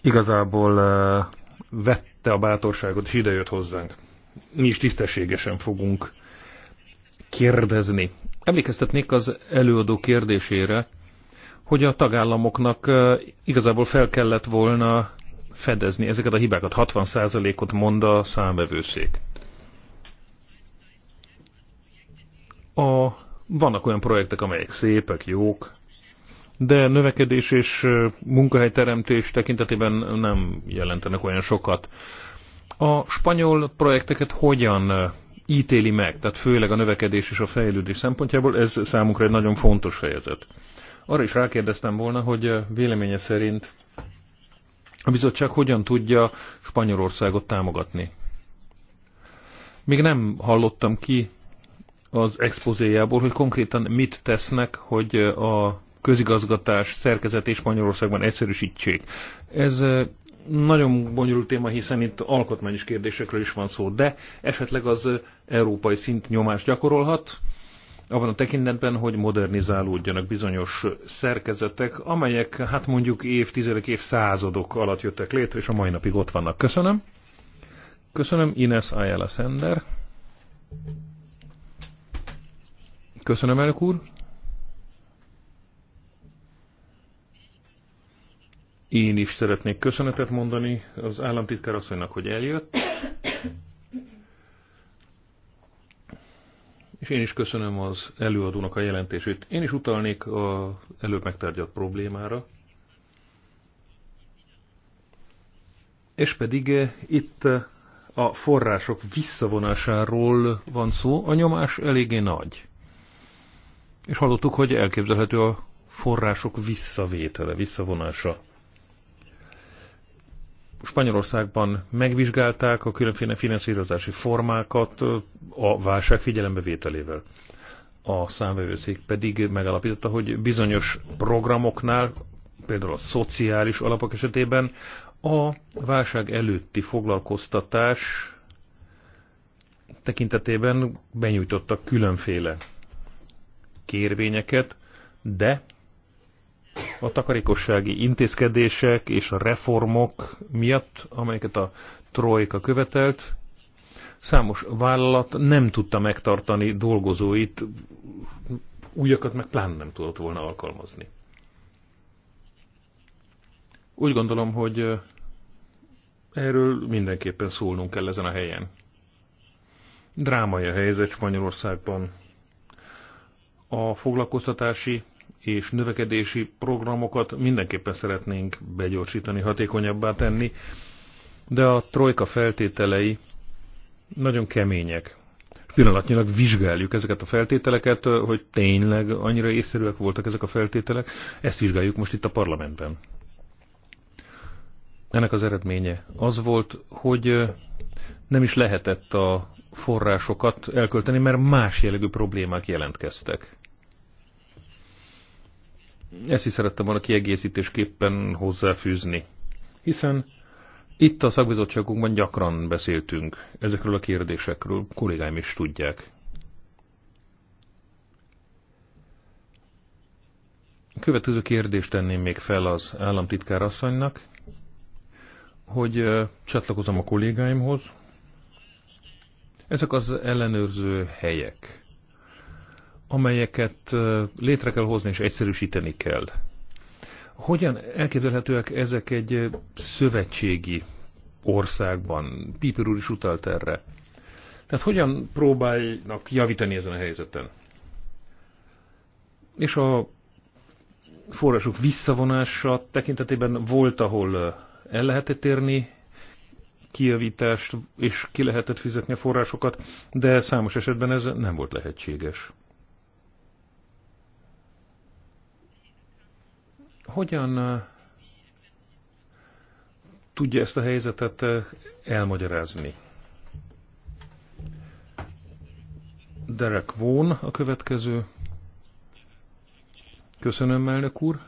igazából eh, vette a bátorságot, és idejött hozzánk mi is tisztességesen fogunk kérdezni. Emlékeztetnék az előadó kérdésére, hogy a tagállamoknak igazából fel kellett volna fedezni ezeket a hibákat. 60%-ot mond a számvevőszék. A, vannak olyan projektek, amelyek szépek, jók, de növekedés és munkahelyteremtés tekintetében nem jelentenek olyan sokat. A spanyol projekteket hogyan ítéli meg, tehát főleg a növekedés és a fejlődés szempontjából, ez számunkra egy nagyon fontos fejezet. Arra is rákérdeztem volna, hogy véleménye szerint a bizottság hogyan tudja Spanyolországot támogatni. Még nem hallottam ki az expozéjából, hogy konkrétan mit tesznek, hogy a közigazgatás szerkezetét Spanyolországban egyszerűsítsék. Ez nagyon bonyolult téma, hiszen itt alkotmányos kérdésekről is van szó, de esetleg az európai szint nyomást gyakorolhat, abban a tekintetben, hogy modernizálódjanak bizonyos szerkezetek, amelyek hát mondjuk évtizedek, évszázadok alatt jöttek létre, és a mai napig ott vannak. Köszönöm. Köszönöm Ines Ayala Sender. Köszönöm, elnök úr. Én is szeretnék köszönetet mondani az államtitkár asszonynak, hogy eljött. És én is köszönöm az előadónak a jelentését. Én is utalnék az előbb megtárgyalt problémára. És pedig eh, itt eh, a források visszavonásáról van szó, a nyomás eléggé nagy. És hallottuk, hogy elképzelhető a források visszavétele, visszavonása. Spanyolországban megvizsgálták a különféle finanszírozási formákat a válság figyelembevételével. A számvevőszék pedig megalapította, hogy bizonyos programoknál, például a szociális alapok esetében a válság előtti foglalkoztatás tekintetében benyújtottak különféle kérvényeket, de a takarékossági intézkedések és a reformok miatt, amelyeket a trojka követelt, számos vállalat nem tudta megtartani dolgozóit, újakat meg plán nem tudott volna alkalmazni. Úgy gondolom, hogy erről mindenképpen szólnunk kell ezen a helyen. Drámai a helyzet Spanyolországban. A foglalkoztatási és növekedési programokat mindenképpen szeretnénk begyorsítani, hatékonyabbá tenni, de a trojka feltételei nagyon kemények. Pillanatnyilag vizsgáljuk ezeket a feltételeket, hogy tényleg annyira észszerűek voltak ezek a feltételek, ezt vizsgáljuk most itt a parlamentben. Ennek az eredménye az volt, hogy nem is lehetett a forrásokat elkölteni, mert más jellegű problémák jelentkeztek. Ezt is szerettem volna kiegészítésképpen hozzáfűzni, hiszen itt a szakbizottságunkban gyakran beszéltünk ezekről a kérdésekről, kollégáim is tudják. A következő kérdést tenném még fel az államtitkár asszonynak, hogy csatlakozom a kollégáimhoz. Ezek az ellenőrző helyek amelyeket létre kell hozni és egyszerűsíteni kell. Hogyan elképzelhetőek ezek egy szövetségi országban? Piper úr is utalt erre. Tehát hogyan próbálnak javítani ezen a helyzeten? És a források visszavonása tekintetében volt, ahol el lehetett térni kijavítást, és ki lehetett fizetni a forrásokat, de számos esetben ez nem volt lehetséges. Hogyan eh, tudja ezt a helyzetet eh, elmagyarázni? Derek Vaughan a következő. Köszönöm, elnök úr.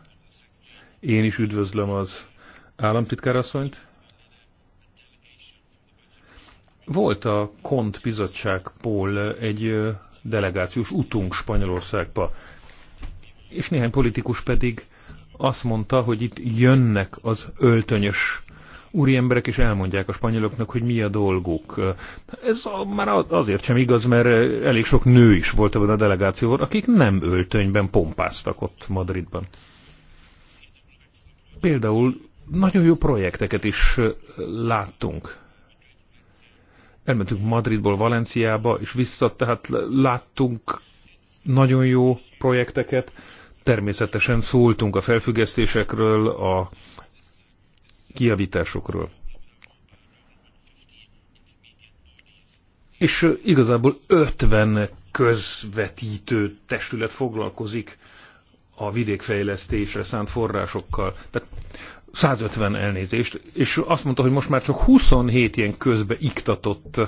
Én is üdvözlöm az államtitkárasszonyt. Volt a Kont Pól egy eh, delegációs utunk Spanyolországba, és néhány politikus pedig azt mondta, hogy itt jönnek az öltönyös úriemberek, és elmondják a spanyoloknak, hogy mi a dolguk. Ez már azért sem igaz, mert elég sok nő is volt ebben a delegációban, akik nem öltönyben pompáztak ott Madridban. Például nagyon jó projekteket is láttunk. Elmentünk Madridból Valenciába, és vissza, tehát láttunk nagyon jó projekteket, Természetesen szóltunk a felfüggesztésekről, a kiavításokról. És igazából 50 közvetítő testület foglalkozik a vidékfejlesztésre szánt forrásokkal. Tehát 150 elnézést, és azt mondta, hogy most már csak 27 ilyen közbe iktatott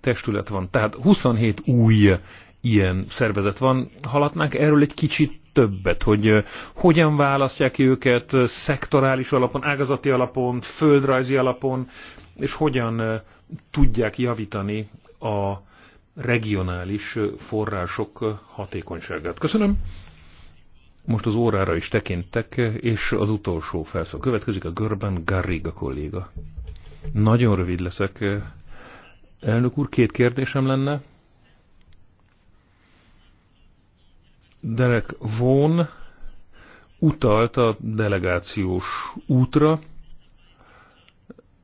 testület van. Tehát 27 új ilyen szervezet van. Haladnánk erről egy kicsit többet, hogy hogyan választják ki őket szektorális alapon, ágazati alapon, földrajzi alapon, és hogyan tudják javítani a regionális források hatékonyságát. Köszönöm. Most az órára is tekintek, és az utolsó felszó következik a Görben Garriga kolléga. Nagyon rövid leszek. Elnök úr, két kérdésem lenne. Derek Vaughan utalt a delegációs útra,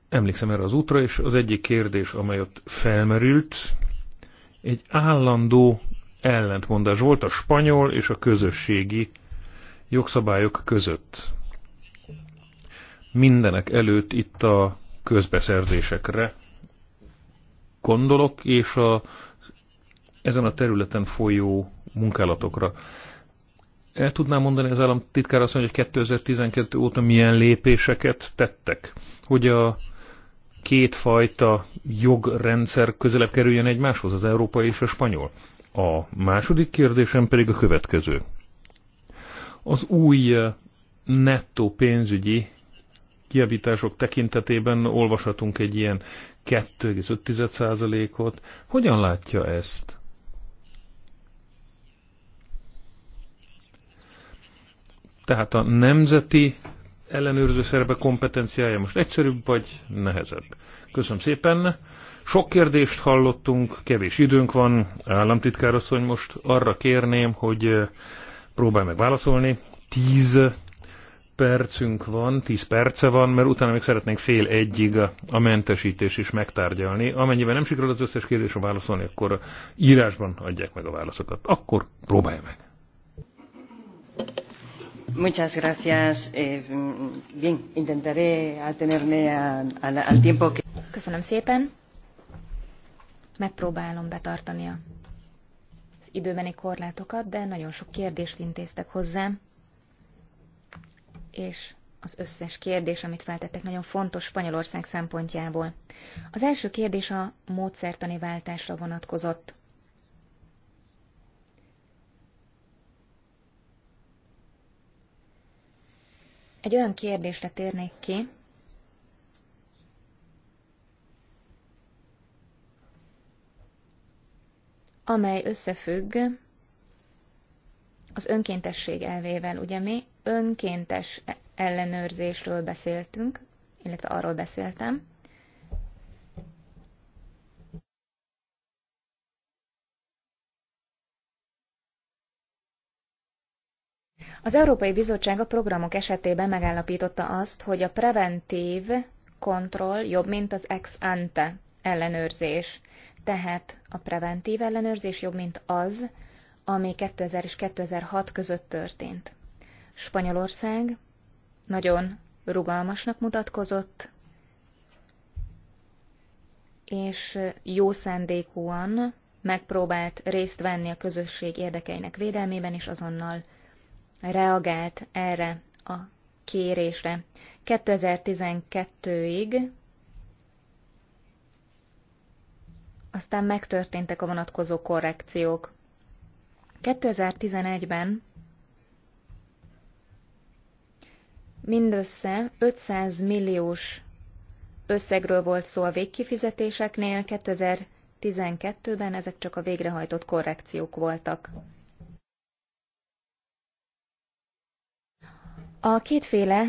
emlékszem erre az útra, és az egyik kérdés, amely ott felmerült, egy állandó ellentmondás volt a spanyol és a közösségi jogszabályok között. Mindenek előtt itt a közbeszerzésekre gondolok, és a ezen a területen folyó munkálatokra. El tudnám mondani az államtitkár azt, mondja, hogy 2012 óta milyen lépéseket tettek, hogy a kétfajta jogrendszer közelebb kerüljön egymáshoz, az európai és a spanyol. A második kérdésem pedig a következő. Az új eh, nettó pénzügyi kiavítások tekintetében olvashatunk egy ilyen 2,5%-ot. Hogyan látja ezt? Tehát a nemzeti ellenőrző szerepe kompetenciája most egyszerűbb vagy nehezebb? Köszönöm szépen. Sok kérdést hallottunk, kevés időnk van. Államtitkár asszony most arra kérném, hogy eh, próbálj meg válaszolni. Tíz percünk van, tíz perce van, mert utána még szeretnénk fél egyig a mentesítés is megtárgyalni. Amennyiben nem sikerül az összes kérdésre válaszolni, akkor írásban adják meg a válaszokat. Akkor próbálj meg. Muchas gracias. Eh, bien, intentaré atenerme a, a, al tiempo que... Köszönöm szépen. Megpróbálom betartani az időbeni korlátokat, de nagyon sok kérdést intéztek hozzám. És az összes kérdés, amit feltettek, nagyon fontos Spanyolország szempontjából. Az első kérdés a módszertani váltásra vonatkozott. Egy olyan kérdésre térnék ki, amely összefügg az önkéntesség elvével. Ugye mi önkéntes ellenőrzésről beszéltünk, illetve arról beszéltem, Az Európai Bizottság a programok esetében megállapította azt, hogy a preventív kontroll jobb, mint az ex ante ellenőrzés. Tehát a preventív ellenőrzés jobb, mint az, ami 2000 és 2006 között történt. Spanyolország nagyon rugalmasnak mutatkozott, és jó szándékúan megpróbált részt venni a közösség érdekeinek védelmében, és azonnal reagált erre a kérésre. 2012-ig aztán megtörténtek a vonatkozó korrekciók. 2011-ben mindössze 500 milliós összegről volt szó a végkifizetéseknél, 2012-ben ezek csak a végrehajtott korrekciók voltak. A kétféle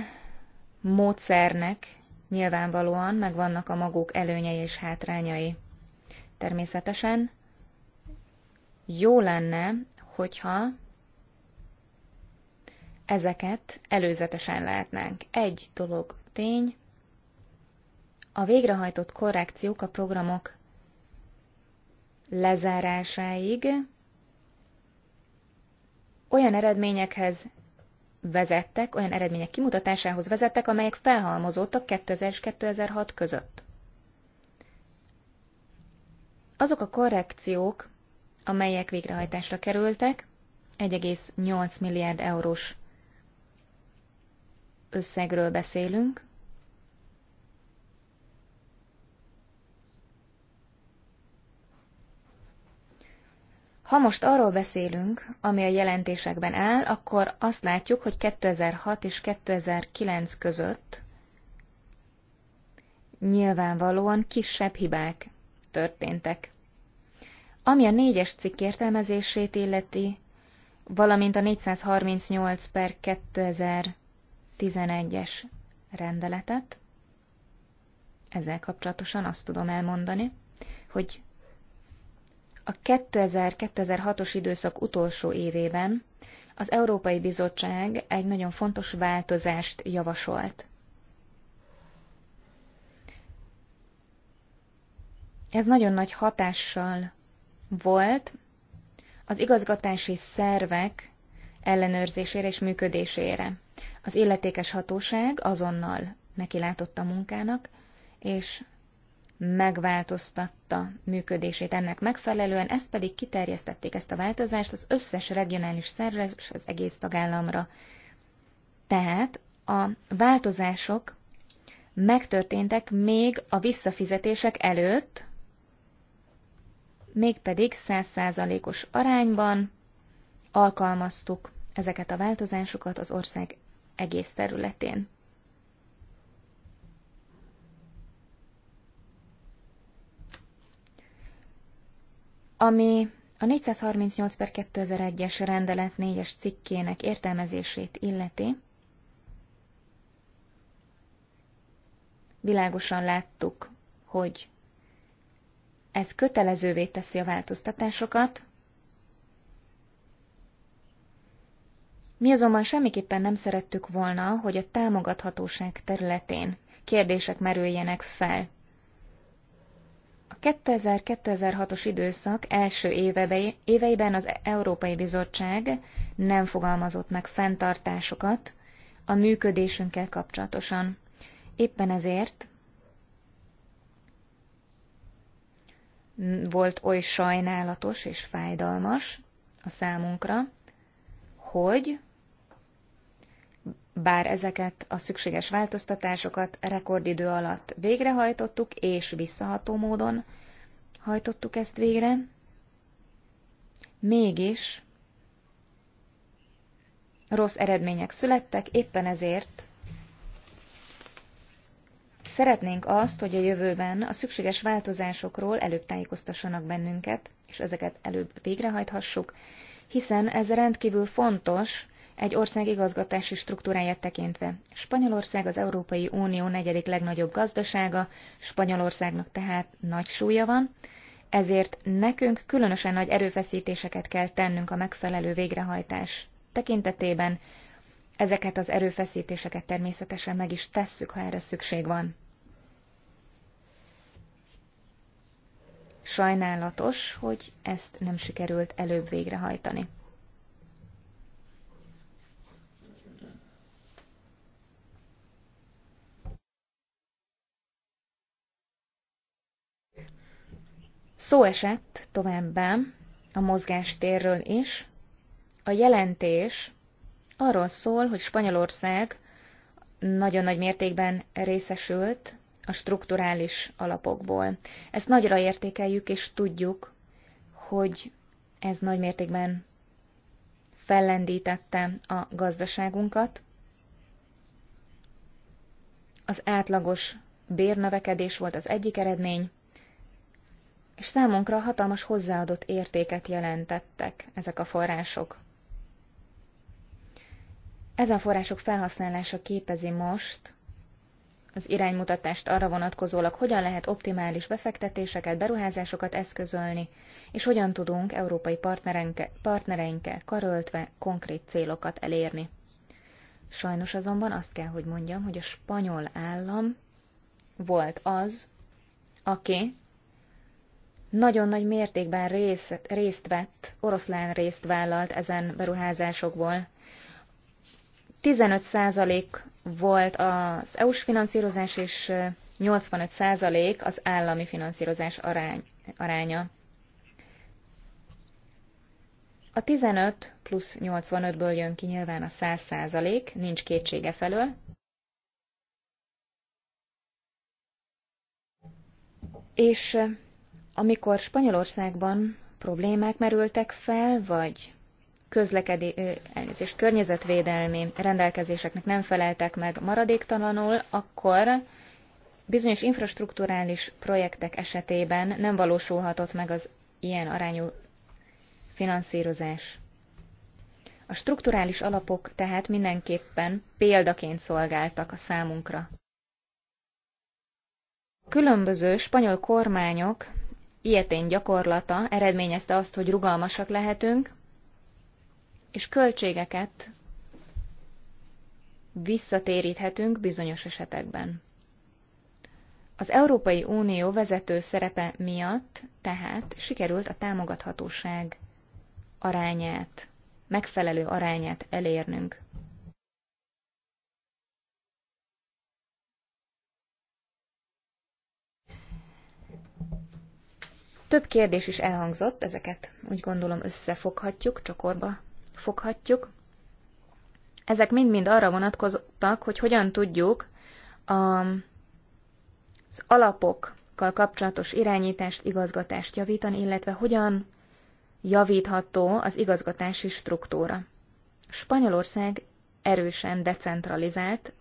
módszernek nyilvánvalóan megvannak a maguk előnyei és hátrányai. Természetesen jó lenne, hogyha ezeket előzetesen látnánk. Egy dolog tény, a végrehajtott korrekciók a programok lezárásáig olyan eredményekhez vezettek, olyan eredmények kimutatásához vezettek, amelyek felhalmozódtak 2000 és 2006 között. Azok a korrekciók, amelyek végrehajtásra kerültek, 1,8 milliárd eurós összegről beszélünk, Ha most arról beszélünk, ami a jelentésekben áll, akkor azt látjuk, hogy 2006 és 2009 között nyilvánvalóan kisebb hibák történtek. Ami a négyes cikk értelmezését illeti, valamint a 438 per 2011-es rendeletet, ezzel kapcsolatosan azt tudom elmondani, hogy a 2000-2006-os időszak utolsó évében az Európai Bizottság egy nagyon fontos változást javasolt. Ez nagyon nagy hatással volt az igazgatási szervek ellenőrzésére és működésére. Az illetékes hatóság azonnal neki látott a munkának, és megváltoztatta működését ennek megfelelően, ezt pedig kiterjesztették ezt a változást az összes regionális szervezés, és az egész tagállamra. Tehát a változások megtörténtek még a visszafizetések előtt, mégpedig 100%-os arányban alkalmaztuk ezeket a változásokat az ország egész területén. ami a 438 per 2001-es rendelet 4-es cikkének értelmezését illeti. Világosan láttuk, hogy ez kötelezővé teszi a változtatásokat, Mi azonban semmiképpen nem szerettük volna, hogy a támogathatóság területén kérdések merüljenek fel. A 2000-2006-os időszak első éveiben az Európai Bizottság nem fogalmazott meg fenntartásokat a működésünkkel kapcsolatosan. Éppen ezért volt oly sajnálatos és fájdalmas a számunkra, hogy bár ezeket a szükséges változtatásokat rekordidő alatt végrehajtottuk, és visszaható módon hajtottuk ezt végre, mégis rossz eredmények születtek, éppen ezért Szeretnénk azt, hogy a jövőben a szükséges változásokról előbb tájékoztassanak bennünket, és ezeket előbb végrehajthassuk, hiszen ez rendkívül fontos egy ország igazgatási struktúráját tekintve. Spanyolország az Európai Unió negyedik legnagyobb gazdasága, Spanyolországnak tehát nagy súlya van, ezért nekünk különösen nagy erőfeszítéseket kell tennünk a megfelelő végrehajtás tekintetében, ezeket az erőfeszítéseket természetesen meg is tesszük, ha erre szükség van. Sajnálatos, hogy ezt nem sikerült előbb végrehajtani. Szó esett továbbá a mozgástérről is. A jelentés arról szól, hogy Spanyolország nagyon nagy mértékben részesült a strukturális alapokból. Ezt nagyra értékeljük, és tudjuk, hogy ez nagy mértékben fellendítette a gazdaságunkat. Az átlagos bérnövekedés volt az egyik eredmény, és számunkra hatalmas hozzáadott értéket jelentettek ezek a források. Ezen források felhasználása képezi most az iránymutatást arra vonatkozólag, hogyan lehet optimális befektetéseket, beruházásokat eszközölni, és hogyan tudunk európai partnereinkkel karöltve konkrét célokat elérni. Sajnos azonban azt kell, hogy mondjam, hogy a spanyol állam volt az, aki nagyon nagy mértékben részt, részt vett, oroszlán részt vállalt ezen beruházásokból. 15% volt az EU-s finanszírozás, és 85% az állami finanszírozás arány, aránya. A 15 plusz 85-ből jön ki nyilván a 100 százalék, nincs kétsége felől. És amikor Spanyolországban problémák merültek fel, vagy közlekedés, környezetvédelmi rendelkezéseknek nem feleltek meg maradéktalanul, akkor bizonyos infrastruktúrális projektek esetében nem valósulhatott meg az ilyen arányú finanszírozás. A strukturális alapok tehát mindenképpen példaként szolgáltak a számunkra. Különböző spanyol kormányok ilyetén gyakorlata eredményezte azt, hogy rugalmasak lehetünk, és költségeket visszatéríthetünk bizonyos esetekben. Az Európai Unió vezető szerepe miatt tehát sikerült a támogathatóság arányát, megfelelő arányát elérnünk. Több kérdés is elhangzott, ezeket úgy gondolom összefoghatjuk, csokorba foghatjuk. Ezek mind-mind arra vonatkoztak, hogy hogyan tudjuk a, az alapokkal kapcsolatos irányítást, igazgatást javítani, illetve hogyan javítható az igazgatási struktúra. Spanyolország erősen decentralizált,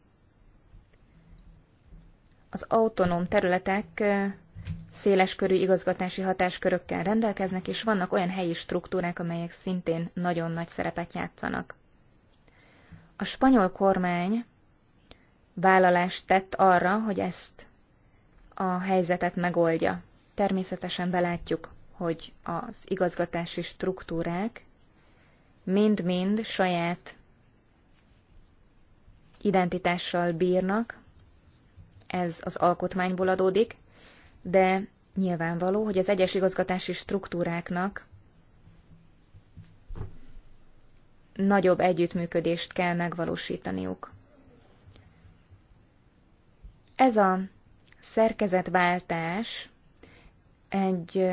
az autonóm területek széleskörű igazgatási hatáskörökkel rendelkeznek, és vannak olyan helyi struktúrák, amelyek szintén nagyon nagy szerepet játszanak. A spanyol kormány vállalást tett arra, hogy ezt a helyzetet megoldja. Természetesen belátjuk, hogy az igazgatási struktúrák mind-mind saját identitással bírnak, ez az alkotmányból adódik, de nyilvánvaló, hogy az egyes igazgatási struktúráknak nagyobb együttműködést kell megvalósítaniuk. Ez a szerkezetváltás egy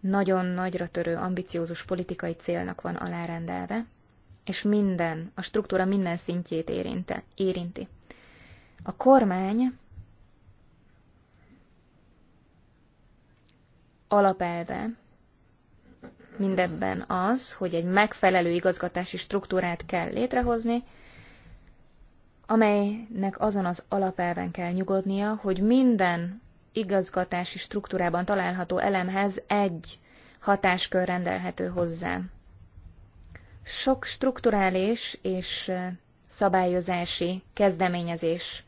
nagyon nagyra törő, ambiciózus politikai célnak van alárendelve, és minden, a struktúra minden szintjét érinte, érinti. A kormány alapelve mindebben az, hogy egy megfelelő igazgatási struktúrát kell létrehozni, amelynek azon az alapelven kell nyugodnia, hogy minden igazgatási struktúrában található elemhez egy hatáskör rendelhető hozzá. Sok strukturális és szabályozási kezdeményezés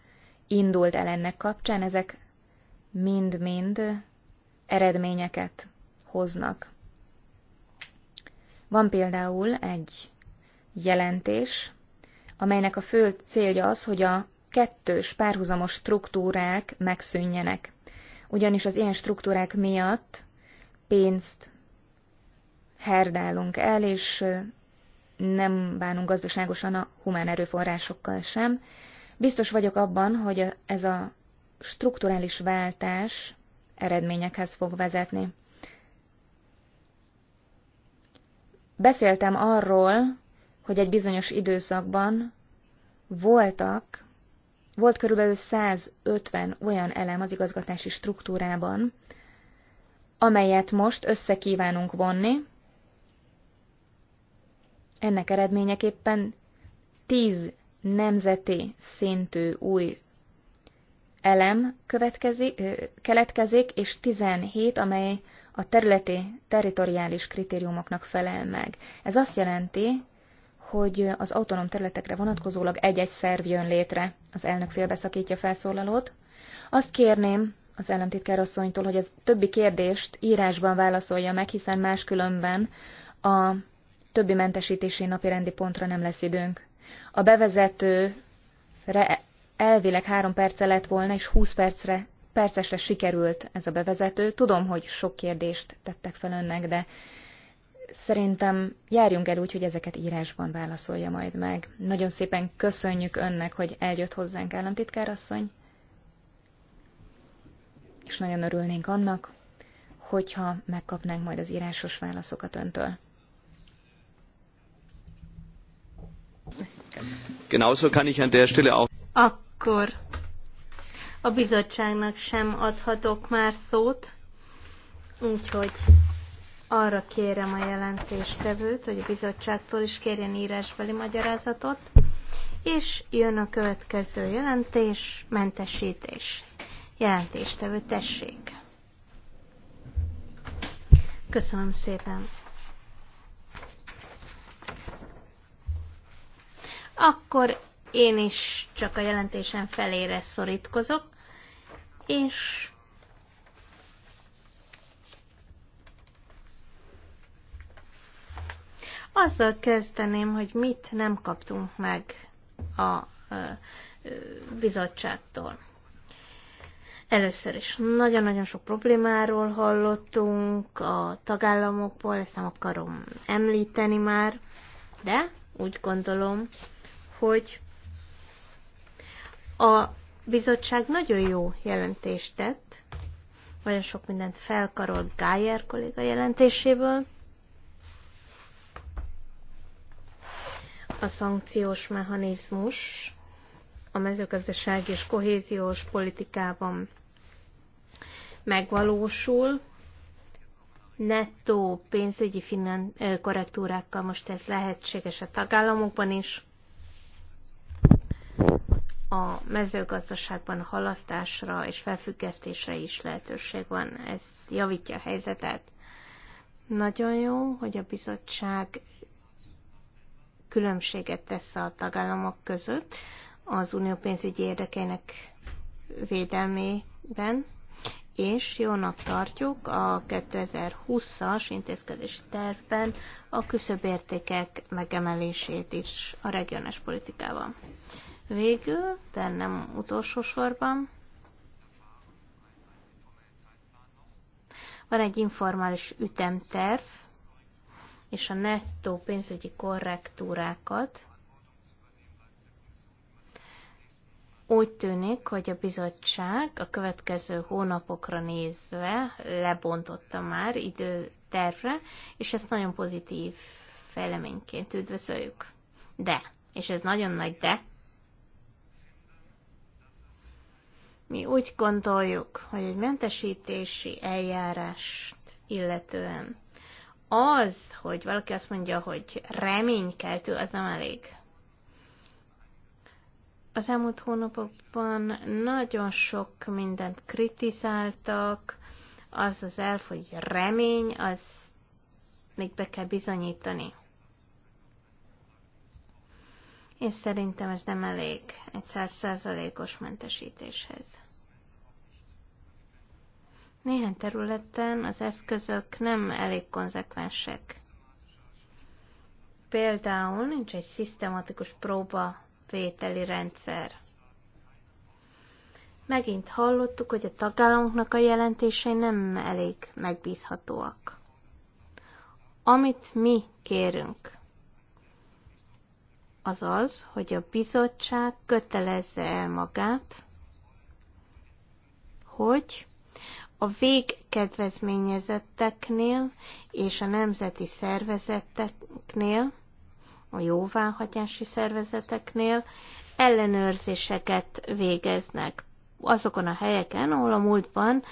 indult el ennek kapcsán, ezek mind-mind eredményeket hoznak. Van például egy jelentés, amelynek a fő célja az, hogy a kettős párhuzamos struktúrák megszűnjenek. Ugyanis az ilyen struktúrák miatt pénzt herdálunk el, és nem bánunk gazdaságosan a humán erőforrásokkal sem. Biztos vagyok abban, hogy ez a strukturális váltás eredményekhez fog vezetni. Beszéltem arról, hogy egy bizonyos időszakban voltak, volt körülbelül 150 olyan elem az igazgatási struktúrában, amelyet most összekívánunk vonni. Ennek eredményeképpen 10 nemzeti szintű új elem következik, keletkezik, és 17, amely a területi, territoriális kritériumoknak felel meg. Ez azt jelenti, hogy az autonóm területekre vonatkozólag egy-egy szerv jön létre. Az elnök félbeszakítja felszólalót. Azt kérném az államtitkár asszonytól, hogy ez többi kérdést írásban válaszolja meg, hiszen máskülönben a többi mentesítési napi rendi pontra nem lesz időnk. A bevezető elvileg három perce lett volna, és 20 percre, percesre sikerült ez a bevezető. Tudom, hogy sok kérdést tettek fel önnek, de szerintem járjunk el úgy, hogy ezeket írásban válaszolja majd meg. Nagyon szépen köszönjük önnek, hogy eljött hozzánk államtitkárasszony, és nagyon örülnénk annak, hogyha megkapnánk majd az írásos válaszokat öntől. Genauso kann ich an der Stelle auch akkor a bizottságnak sem adhatok már szót, úgyhogy arra kérem a jelentéstevőt, hogy a bizottságtól is kérjen írásbeli magyarázatot, és jön a következő jelentés, mentesítés. Jelentéstevő, tessék! Köszönöm szépen! Akkor én is csak a jelentésem felére szorítkozok, és azzal kezdeném, hogy mit nem kaptunk meg a bizottságtól. Először is nagyon-nagyon sok problémáról hallottunk a tagállamokból, ezt nem akarom említeni már, de úgy gondolom, hogy a bizottság nagyon jó jelentést tett, nagyon sok mindent felkarolt Gájer kolléga jelentéséből. A szankciós mechanizmus a mezőgazdaság és kohéziós politikában megvalósul. Nettó pénzügyi finan- korrektúrákkal most ez lehetséges a tagállamokban is a mezőgazdaságban halasztásra és felfüggesztésre is lehetőség van. Ez javítja a helyzetet. Nagyon jó, hogy a bizottság különbséget tesz a tagállamok között az unió pénzügyi érdekeinek védelmében, és jónak tartjuk a 2020-as intézkedési tervben a küszöbértékek megemelését is a regionális politikában. Végül, de nem utolsó sorban, van egy informális ütemterv, és a nettó pénzügyi korrektúrákat úgy tűnik, hogy a bizottság a következő hónapokra nézve lebontotta már időtervre, és ezt nagyon pozitív fejleményként üdvözöljük. De, és ez nagyon nagy de, Mi úgy gondoljuk, hogy egy mentesítési eljárást illetően az, hogy valaki azt mondja, hogy reménykeltő, az nem elég. Az elmúlt hónapokban nagyon sok mindent kritizáltak, az az elf, hogy remény, az még be kell bizonyítani. Én szerintem ez nem elég egy százszázalékos mentesítéshez. Néhány területen az eszközök nem elég konzekvensek. Például nincs egy szisztematikus vételi rendszer. Megint hallottuk, hogy a tagállamoknak a jelentései nem elég megbízhatóak. Amit mi kérünk, az az, hogy a bizottság kötelezze el magát, hogy a végkedvezményezetteknél és a nemzeti szervezeteknél, a jóváhagyási szervezeteknél ellenőrzéseket végeznek azokon a helyeken, ahol a múltban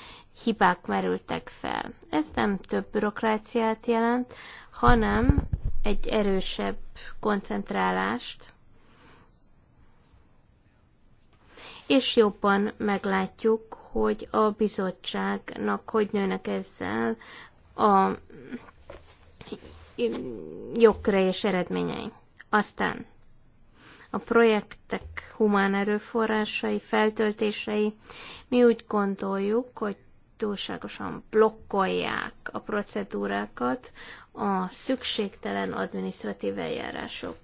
hibák merültek fel. Ez nem több bürokráciát jelent, hanem egy erősebb koncentrálást, és jobban meglátjuk, hogy a bizottságnak hogy nőnek ezzel a jogköre és eredményei. Aztán a projektek humán erőforrásai, feltöltései. Mi úgy gondoljuk, hogy túlságosan blokkolják a procedúrákat a szükségtelen adminisztratív eljárások.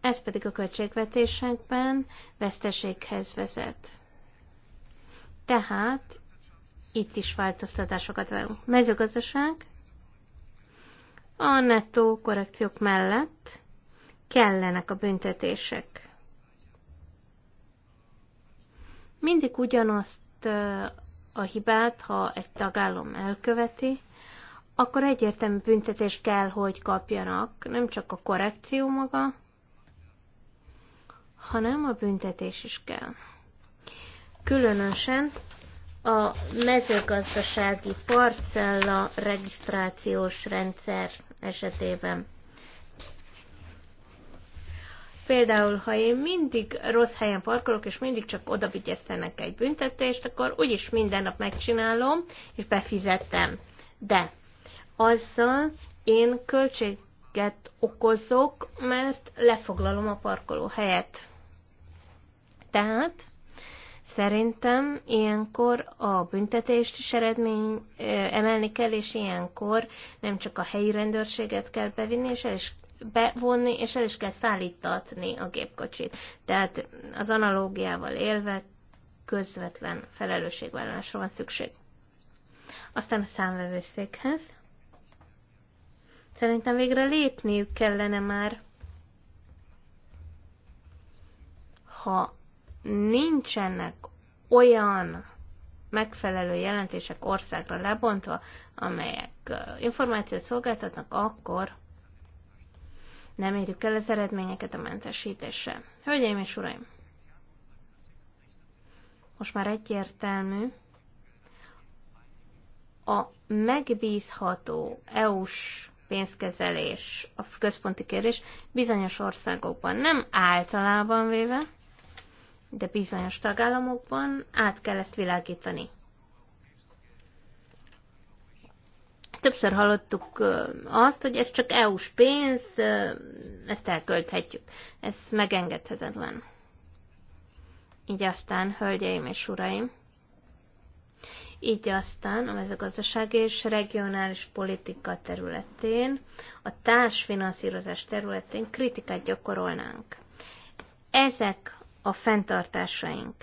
Ez pedig a költségvetésekben veszteséghez vezet. Tehát itt is változtatásokat várunk. Mezőgazdaság a nettó korrekciók mellett kellenek a büntetések. Mindig ugyanazt a hibát, ha egy tagállam elköveti, akkor egyértelmű büntetést kell, hogy kapjanak, nem csak a korrekció maga, hanem a büntetés is kell. Különösen a mezőgazdasági parcella regisztrációs rendszer esetében. Például, ha én mindig rossz helyen parkolok, és mindig csak oda vigyeztenek egy büntetést, akkor úgyis minden nap megcsinálom, és befizettem. De azzal én költséget okozok, mert lefoglalom a parkoló helyet. Tehát Szerintem ilyenkor a büntetést is eredmény, emelni kell, és ilyenkor nem csak a helyi rendőrséget kell bevinni, és el is bevonni, és el is kell szállítatni a gépkocsit. Tehát az analógiával élve közvetlen felelősségvállalásra van szükség. Aztán a számvevőszékhez. Szerintem végre lépniük kellene már, ha nincsenek olyan megfelelő jelentések országra lebontva, amelyek információt szolgáltatnak, akkor nem érjük el az eredményeket a mentesítéssel. Hölgyeim és uraim! Most már egyértelmű, a megbízható EU-s pénzkezelés, a központi kérés bizonyos országokban nem általában véve, de bizonyos tagállamokban át kell ezt világítani. Többször hallottuk azt, hogy ez csak EU-s pénz, ezt elkölthetjük. Ez megengedhetetlen. Így aztán, hölgyeim és uraim, így aztán a mezőgazdaság és regionális politika területén, a társfinanszírozás területén kritikát gyakorolnánk. Ezek a fenntartásaink.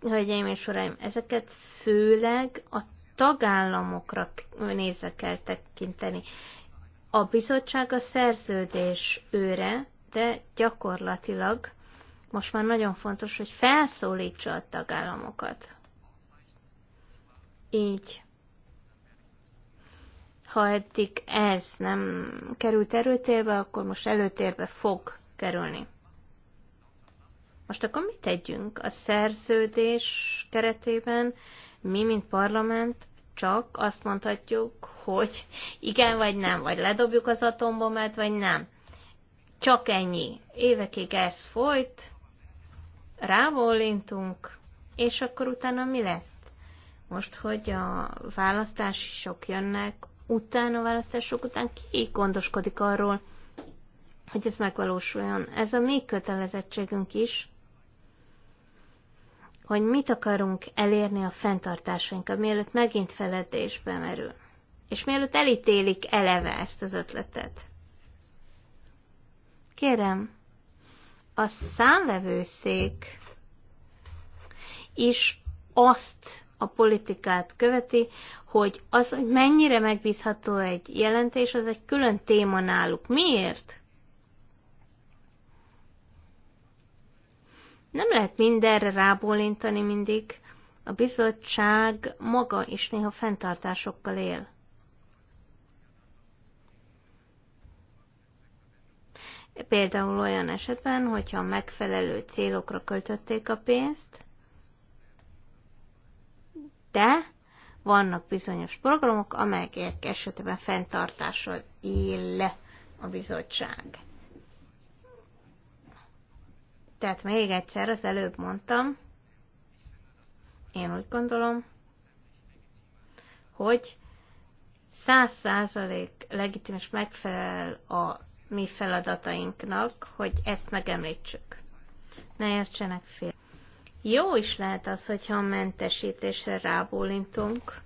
Hölgyeim és uraim, ezeket főleg a tagállamokra nézve kell tekinteni. A bizottság a szerződés őre, de gyakorlatilag most már nagyon fontos, hogy felszólítsa a tagállamokat. Így ha eddig ez nem került erőtérbe, akkor most előtérbe fog kerülni. Most akkor mit tegyünk? A szerződés keretében mi, mint parlament, csak azt mondhatjuk, hogy igen vagy nem, vagy ledobjuk az atombombát, vagy nem. Csak ennyi. Évekig ez folyt, rávólintunk, és akkor utána mi lesz? Most, hogy a választási sok jönnek, utána a választások után ki gondoskodik arról, hogy ez megvalósuljon. Ez a mi kötelezettségünk is, hogy mit akarunk elérni a fenntartásainkkal, mielőtt megint feledésbe merül. És mielőtt elítélik eleve ezt az ötletet. Kérem, a számvevőszék is azt a politikát követi, hogy az, hogy mennyire megbízható egy jelentés, az egy külön téma náluk. Miért? Nem lehet mindenre rábólintani mindig. A bizottság maga is néha fenntartásokkal él. Például olyan esetben, hogyha megfelelő célokra költötték a pénzt, de vannak bizonyos programok, amelyek esetében fenntartással él a bizottság. Tehát még egyszer, az előbb mondtam, én úgy gondolom, hogy száz százalék legitimus megfelel a mi feladatainknak, hogy ezt megemlítsük. Ne értsenek fél. Jó is lehet az, hogyha a mentesítésre rábólintunk,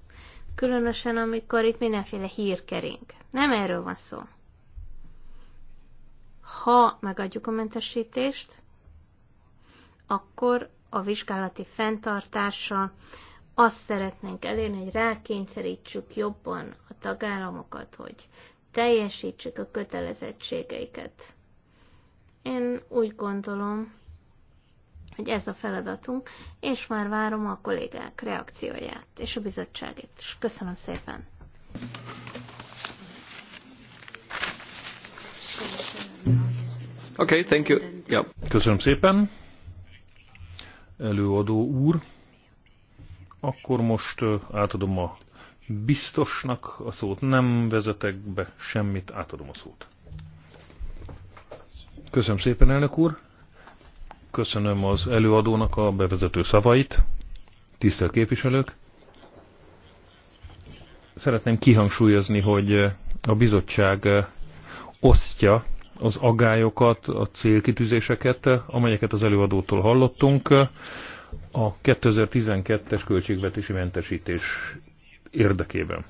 különösen amikor itt mindenféle hír Nem erről van szó. Ha megadjuk a mentesítést, akkor a vizsgálati fenntartással azt szeretnénk elérni, hogy rákényszerítsük jobban a tagállamokat, hogy teljesítsék a kötelezettségeiket. Én úgy gondolom, hogy ez a feladatunk, és már várom a kollégák reakcióját és a bizottságét. És köszönöm szépen! Okay, thank you. Yeah. Köszönöm szépen! előadó úr. Akkor most átadom a biztosnak a szót. Nem vezetek be semmit, átadom a szót. Köszönöm szépen, elnök úr. Köszönöm az előadónak a bevezető szavait. Tisztelt képviselők! Szeretném kihangsúlyozni, hogy a bizottság osztja az agályokat, a célkitűzéseket, amelyeket az előadótól hallottunk. A 2012-es költségvetési mentesítés érdekében.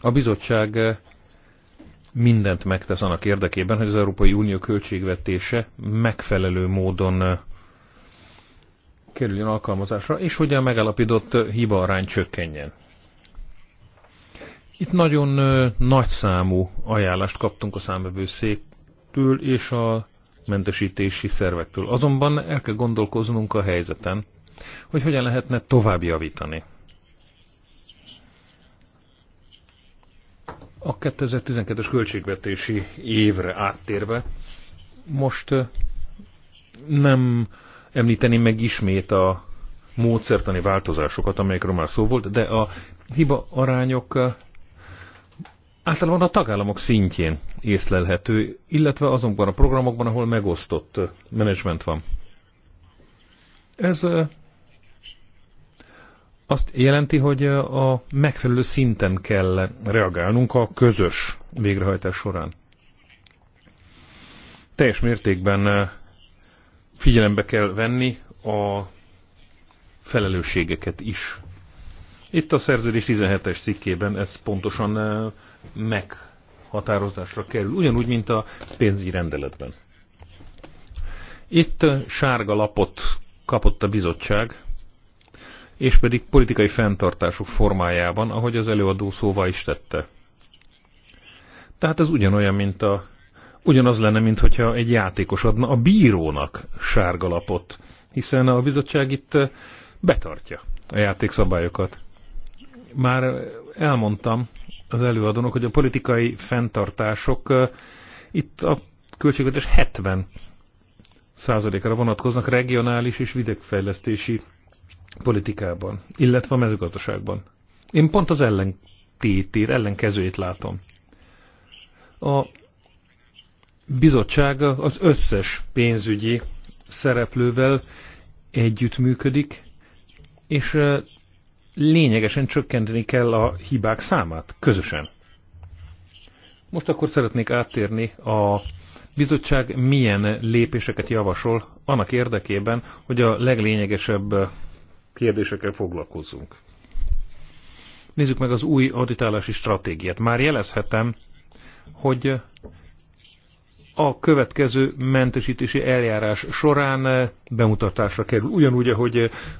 A bizottság mindent megtesz annak érdekében, hogy az Európai Unió költségvetése megfelelő módon kerüljön alkalmazásra, és hogy a megalapított hibaarány csökkenjen. Itt nagyon nagy számú ajánlást kaptunk a számbevőszéktől és a mentesítési szervektől. Azonban el kell gondolkoznunk a helyzeten, hogy hogyan lehetne tovább javítani. A 2012-es költségvetési évre áttérve most nem említeni meg ismét a módszertani változásokat, amelyekről már szó volt, de a hiba arányok általában a tagállamok szintjén észlelhető, illetve azonban a programokban, ahol megosztott menedzsment van. Ez azt jelenti, hogy a megfelelő szinten kell reagálnunk a közös végrehajtás során. Teljes mértékben figyelembe kell venni a felelősségeket is. Itt a szerződés 17-es cikkében ez pontosan meghatározásra kerül, ugyanúgy, mint a pénzügyi rendeletben. Itt sárga lapot kapott a bizottság, és pedig politikai fenntartások formájában, ahogy az előadó szóval is tette. Tehát ez ugyanolyan, mint a, ugyanaz lenne, mint hogyha egy játékos adna a bírónak sárga lapot, hiszen a bizottság itt betartja a játékszabályokat. Már elmondtam az előadónak, hogy a politikai fenntartások itt a költségvetés 70 százalékra vonatkoznak regionális és vidékfejlesztési politikában, illetve a mezőgazdaságban. Én pont az ellentétét, ellenkezőjét látom. A bizottság az összes pénzügyi szereplővel együttműködik, és lényegesen csökkenteni kell a hibák számát közösen. Most akkor szeretnék áttérni a bizottság milyen lépéseket javasol annak érdekében, hogy a leglényegesebb kérdésekkel foglalkozzunk. Nézzük meg az új auditálási stratégiát. Már jelezhetem, hogy a következő mentesítési eljárás során bemutatásra kerül, ugyanúgy, ahogy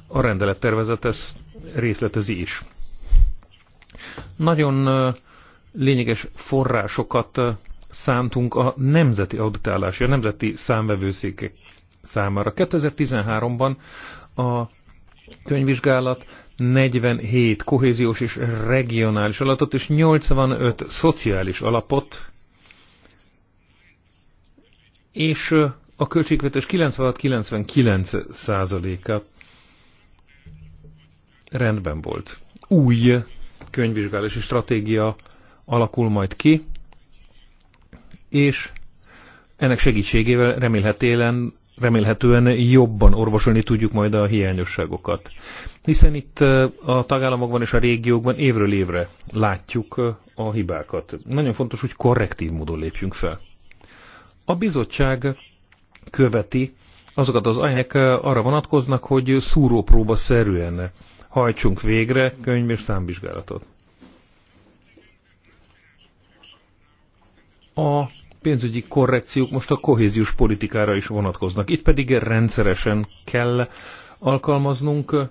a rendelettervezet ezt részletezi is. Nagyon lényeges forrásokat szántunk a nemzeti auditálásra, a nemzeti számvevőszékek számára. 2013-ban a könyvvizsgálat 47 kohéziós és regionális alapot és 85 szociális alapot, és a költségvetés 96-99 százaléka rendben volt. Új könyvvizsgálási stratégia alakul majd ki, és ennek segítségével remélhetően, remélhetően jobban orvosolni tudjuk majd a hiányosságokat. Hiszen itt a tagállamokban és a régiókban évről évre látjuk a hibákat. Nagyon fontos, hogy korrektív módon lépjünk fel. A bizottság követi azokat az ajánlók arra vonatkoznak, hogy szúrópróba szerűen hajtsunk végre könyv és számvizsgálatot. A pénzügyi korrekciók most a kohéziós politikára is vonatkoznak. Itt pedig rendszeresen kell alkalmaznunk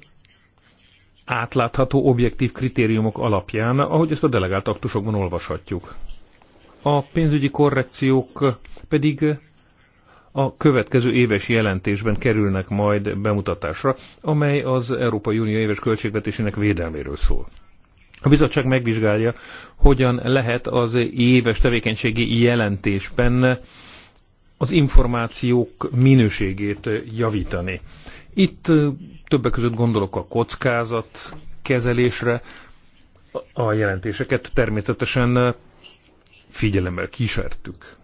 átlátható objektív kritériumok alapján, ahogy ezt a delegált aktusokban olvashatjuk. A pénzügyi korrekciók pedig a következő éves jelentésben kerülnek majd bemutatásra, amely az Európai Unió éves költségvetésének védelméről szól. A bizottság megvizsgálja, hogyan lehet az éves tevékenységi jelentésben az információk minőségét javítani. Itt többek között gondolok a kockázat kezelésre, a jelentéseket természetesen figyelemmel kísértük.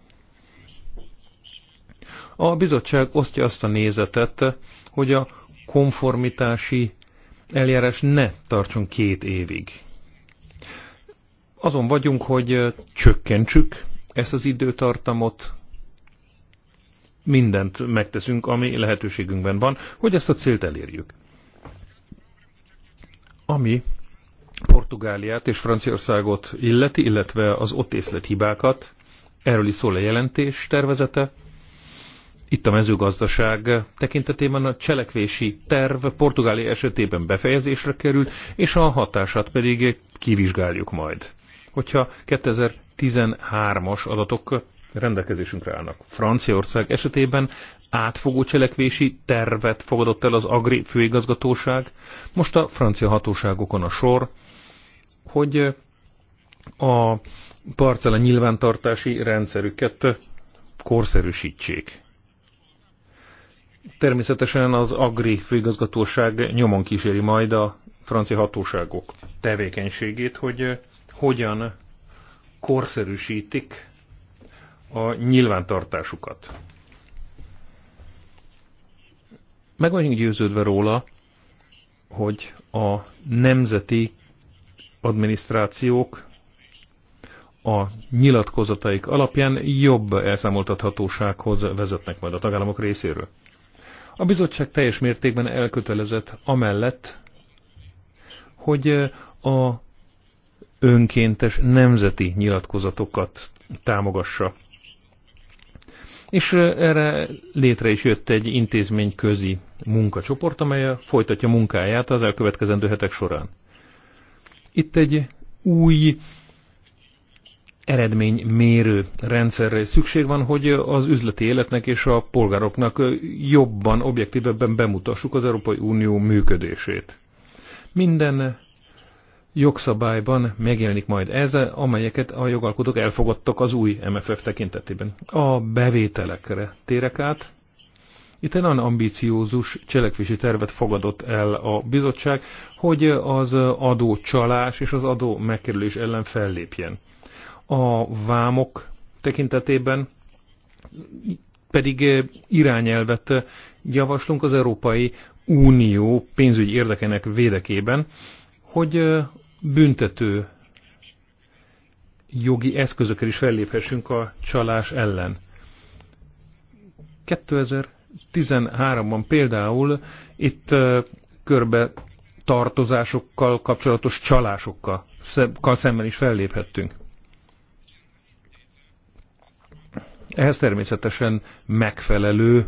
A bizottság osztja azt a nézetet, hogy a konformitási eljárás ne tartson két évig. Azon vagyunk, hogy csökkentsük ezt az időtartamot, mindent megteszünk, ami lehetőségünkben van, hogy ezt a célt elérjük. Ami Portugáliát és Franciaországot illeti, illetve az ott észlet hibákat, erről is szól a jelentés tervezete, itt a mezőgazdaság tekintetében a cselekvési terv Portugália esetében befejezésre került és a hatását pedig kivizsgáljuk majd. Hogyha 2013-as adatok rendelkezésünkre állnak. Franciaország esetében átfogó cselekvési tervet fogadott el az Agri főigazgatóság. Most a francia hatóságokon a sor, hogy a parcella nyilvántartási rendszerüket korszerűsítsék. Természetesen az Agri főigazgatóság nyomon kíséri majd a francia hatóságok tevékenységét, hogy eh, hogyan korszerűsítik a nyilvántartásukat. Meg vagyunk győződve róla, hogy a nemzeti adminisztrációk a nyilatkozataik alapján jobb elszámoltathatósághoz vezetnek majd a tagállamok részéről. A bizottság teljes mértékben elkötelezett amellett, hogy a önkéntes nemzeti nyilatkozatokat támogassa. És erre létre is jött egy intézmény közi munkacsoport, amely folytatja munkáját az elkövetkezendő hetek során. Itt egy új eredménymérő rendszerre szükség van, hogy az üzleti életnek és a polgároknak jobban, objektívebben bemutassuk az Európai Unió működését. Minden jogszabályban megjelenik majd ez, amelyeket a jogalkotók elfogadtak az új MFF tekintetében. A bevételekre térek át. Itt egy nagyon ambiciózus cselekvési tervet fogadott el a bizottság, hogy az adócsalás és az adó megkerülés ellen fellépjen a vámok tekintetében pedig eh, irányelvet eh, javaslunk az Európai Unió pénzügyi érdekenek védekében, hogy eh, büntető jogi eszközökkel is felléphessünk a csalás ellen. 2013-ban például itt körbe tartozásokkal kapcsolatos csalásokkal szemben is felléphettünk. Ehhez természetesen megfelelő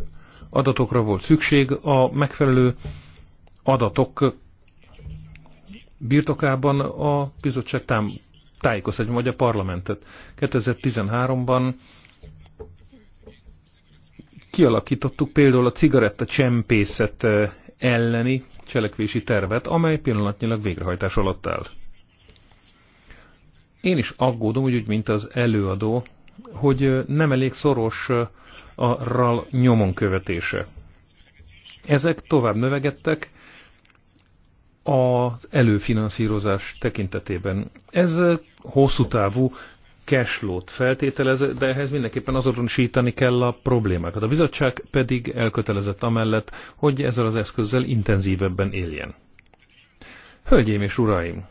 adatokra volt szükség, a megfelelő adatok birtokában a bizottság tám tájékoztatja majd a parlamentet. 2013-ban kialakítottuk például a cigaretta csempészet eh, elleni cselekvési tervet, amely pillanatnyilag végrehajtás alatt áll. Én is aggódom, úgy, mint az előadó, hogy nem elég szoros a RAL nyomon követése. Ezek tovább növegettek az előfinanszírozás tekintetében. Ez hosszú távú cashflow-t feltételez, de ehhez mindenképpen azonosítani kell a problémákat. A bizottság pedig elkötelezett amellett, hogy ezzel az eszközzel intenzívebben éljen. Hölgyeim és uraim!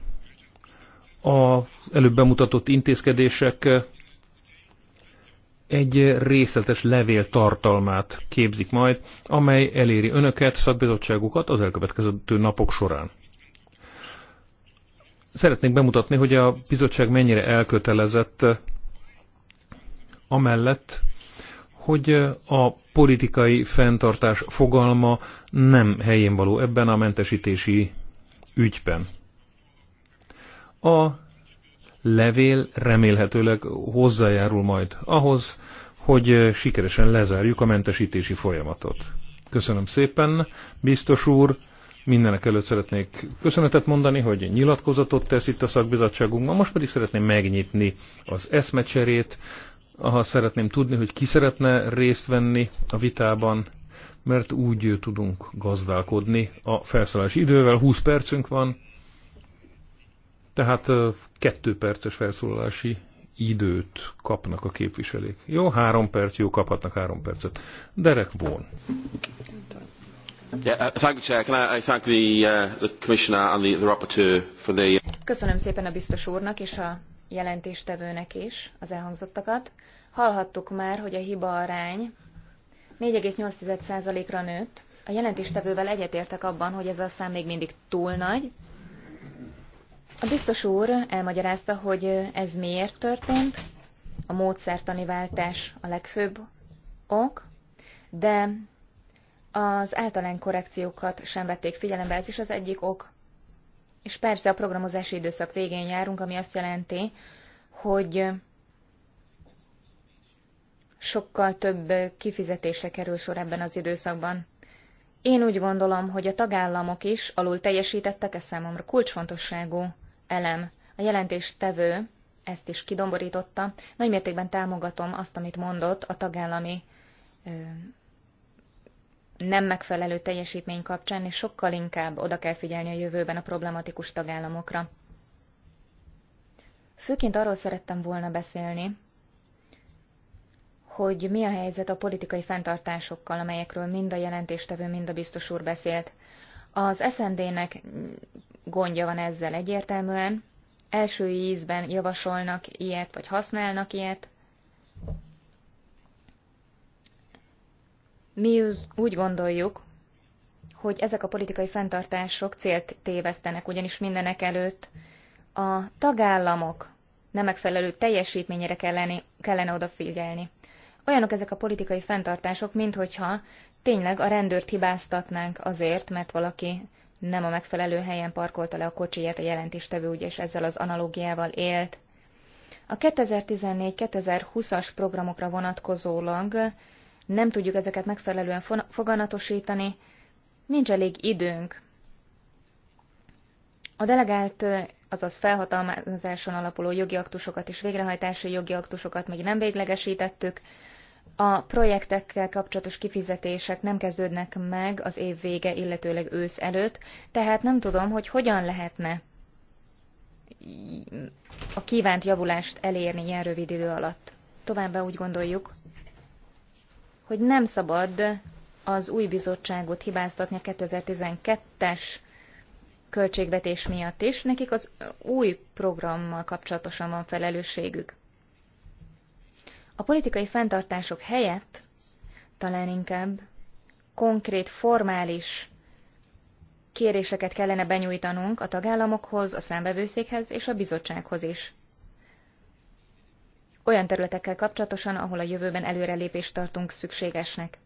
Az előbb bemutatott intézkedések egy részletes levél tartalmát képzik majd, amely eléri önöket, szakbizottságukat az elkövetkező napok során. Szeretnék bemutatni, hogy a bizottság mennyire elkötelezett amellett, hogy a politikai fenntartás fogalma nem helyén való ebben a mentesítési ügyben. A levél remélhetőleg hozzájárul majd ahhoz, hogy sikeresen lezárjuk a mentesítési folyamatot. Köszönöm szépen, biztos úr! Mindenek előtt szeretnék köszönetet mondani, hogy nyilatkozatot tesz itt a szakbizottságunkban, most pedig szeretném megnyitni az eszmecserét, ha szeretném tudni, hogy ki szeretne részt venni a vitában, mert úgy tudunk gazdálkodni a felszállás idővel, 20 percünk van, tehát kettő perces felszólalási időt kapnak a képviselők. Jó, három perc, jó, kaphatnak három percet. Derek Vaughan. Köszönöm szépen a biztos úrnak és a jelentéstevőnek is az elhangzottakat. Hallhattuk már, hogy a hiba arány 4,8%-ra nőtt. A jelentéstevővel egyetértek abban, hogy ez a szám még mindig túl nagy, a biztos úr elmagyarázta, hogy ez miért történt, a módszertani váltás a legfőbb ok, de az általán korrekciókat sem vették figyelembe, ez is az egyik ok. És persze a programozási időszak végén járunk, ami azt jelenti, hogy sokkal több kifizetésre kerül sor ebben az időszakban. Én úgy gondolom, hogy a tagállamok is alul teljesítettek, ez számomra kulcsfontosságú elem. A jelentés tevő ezt is kidomborította. Nagy mértékben támogatom azt, amit mondott a tagállami ö, nem megfelelő teljesítmény kapcsán, és sokkal inkább oda kell figyelni a jövőben a problematikus tagállamokra. Főként arról szerettem volna beszélni, hogy mi a helyzet a politikai fenntartásokkal, amelyekről mind a jelentéstevő, mind a biztos úr beszélt. Az SND-nek gondja van ezzel egyértelműen. Első ízben javasolnak ilyet, vagy használnak ilyet. Mi úgy gondoljuk, hogy ezek a politikai fenntartások célt tévesztenek, ugyanis mindenek előtt a tagállamok nem megfelelő teljesítményére kellene, kellene odafigyelni. Olyanok ezek a politikai fenntartások, minthogyha tényleg a rendőrt hibáztatnánk azért, mert valaki nem a megfelelő helyen parkolta le a kocsiját a jelentéstevő, és ezzel az analógiával élt. A 2014-2020-as programokra vonatkozólag nem tudjuk ezeket megfelelően foganatosítani, nincs elég időnk. A delegált, azaz felhatalmazáson alapuló jogi aktusokat és végrehajtási jogi aktusokat még nem véglegesítettük, a projektekkel kapcsolatos kifizetések nem kezdődnek meg az év vége, illetőleg ősz előtt, tehát nem tudom, hogy hogyan lehetne a kívánt javulást elérni ilyen rövid idő alatt. Továbbá úgy gondoljuk, hogy nem szabad az új bizottságot hibáztatni a 2012-es költségvetés miatt is, nekik az új programmal kapcsolatosan van felelősségük. A politikai fenntartások helyett talán inkább konkrét, formális kéréseket kellene benyújtanunk a tagállamokhoz, a számbevőszékhez és a bizottsághoz is. Olyan területekkel kapcsolatosan, ahol a jövőben előrelépést tartunk szükségesnek.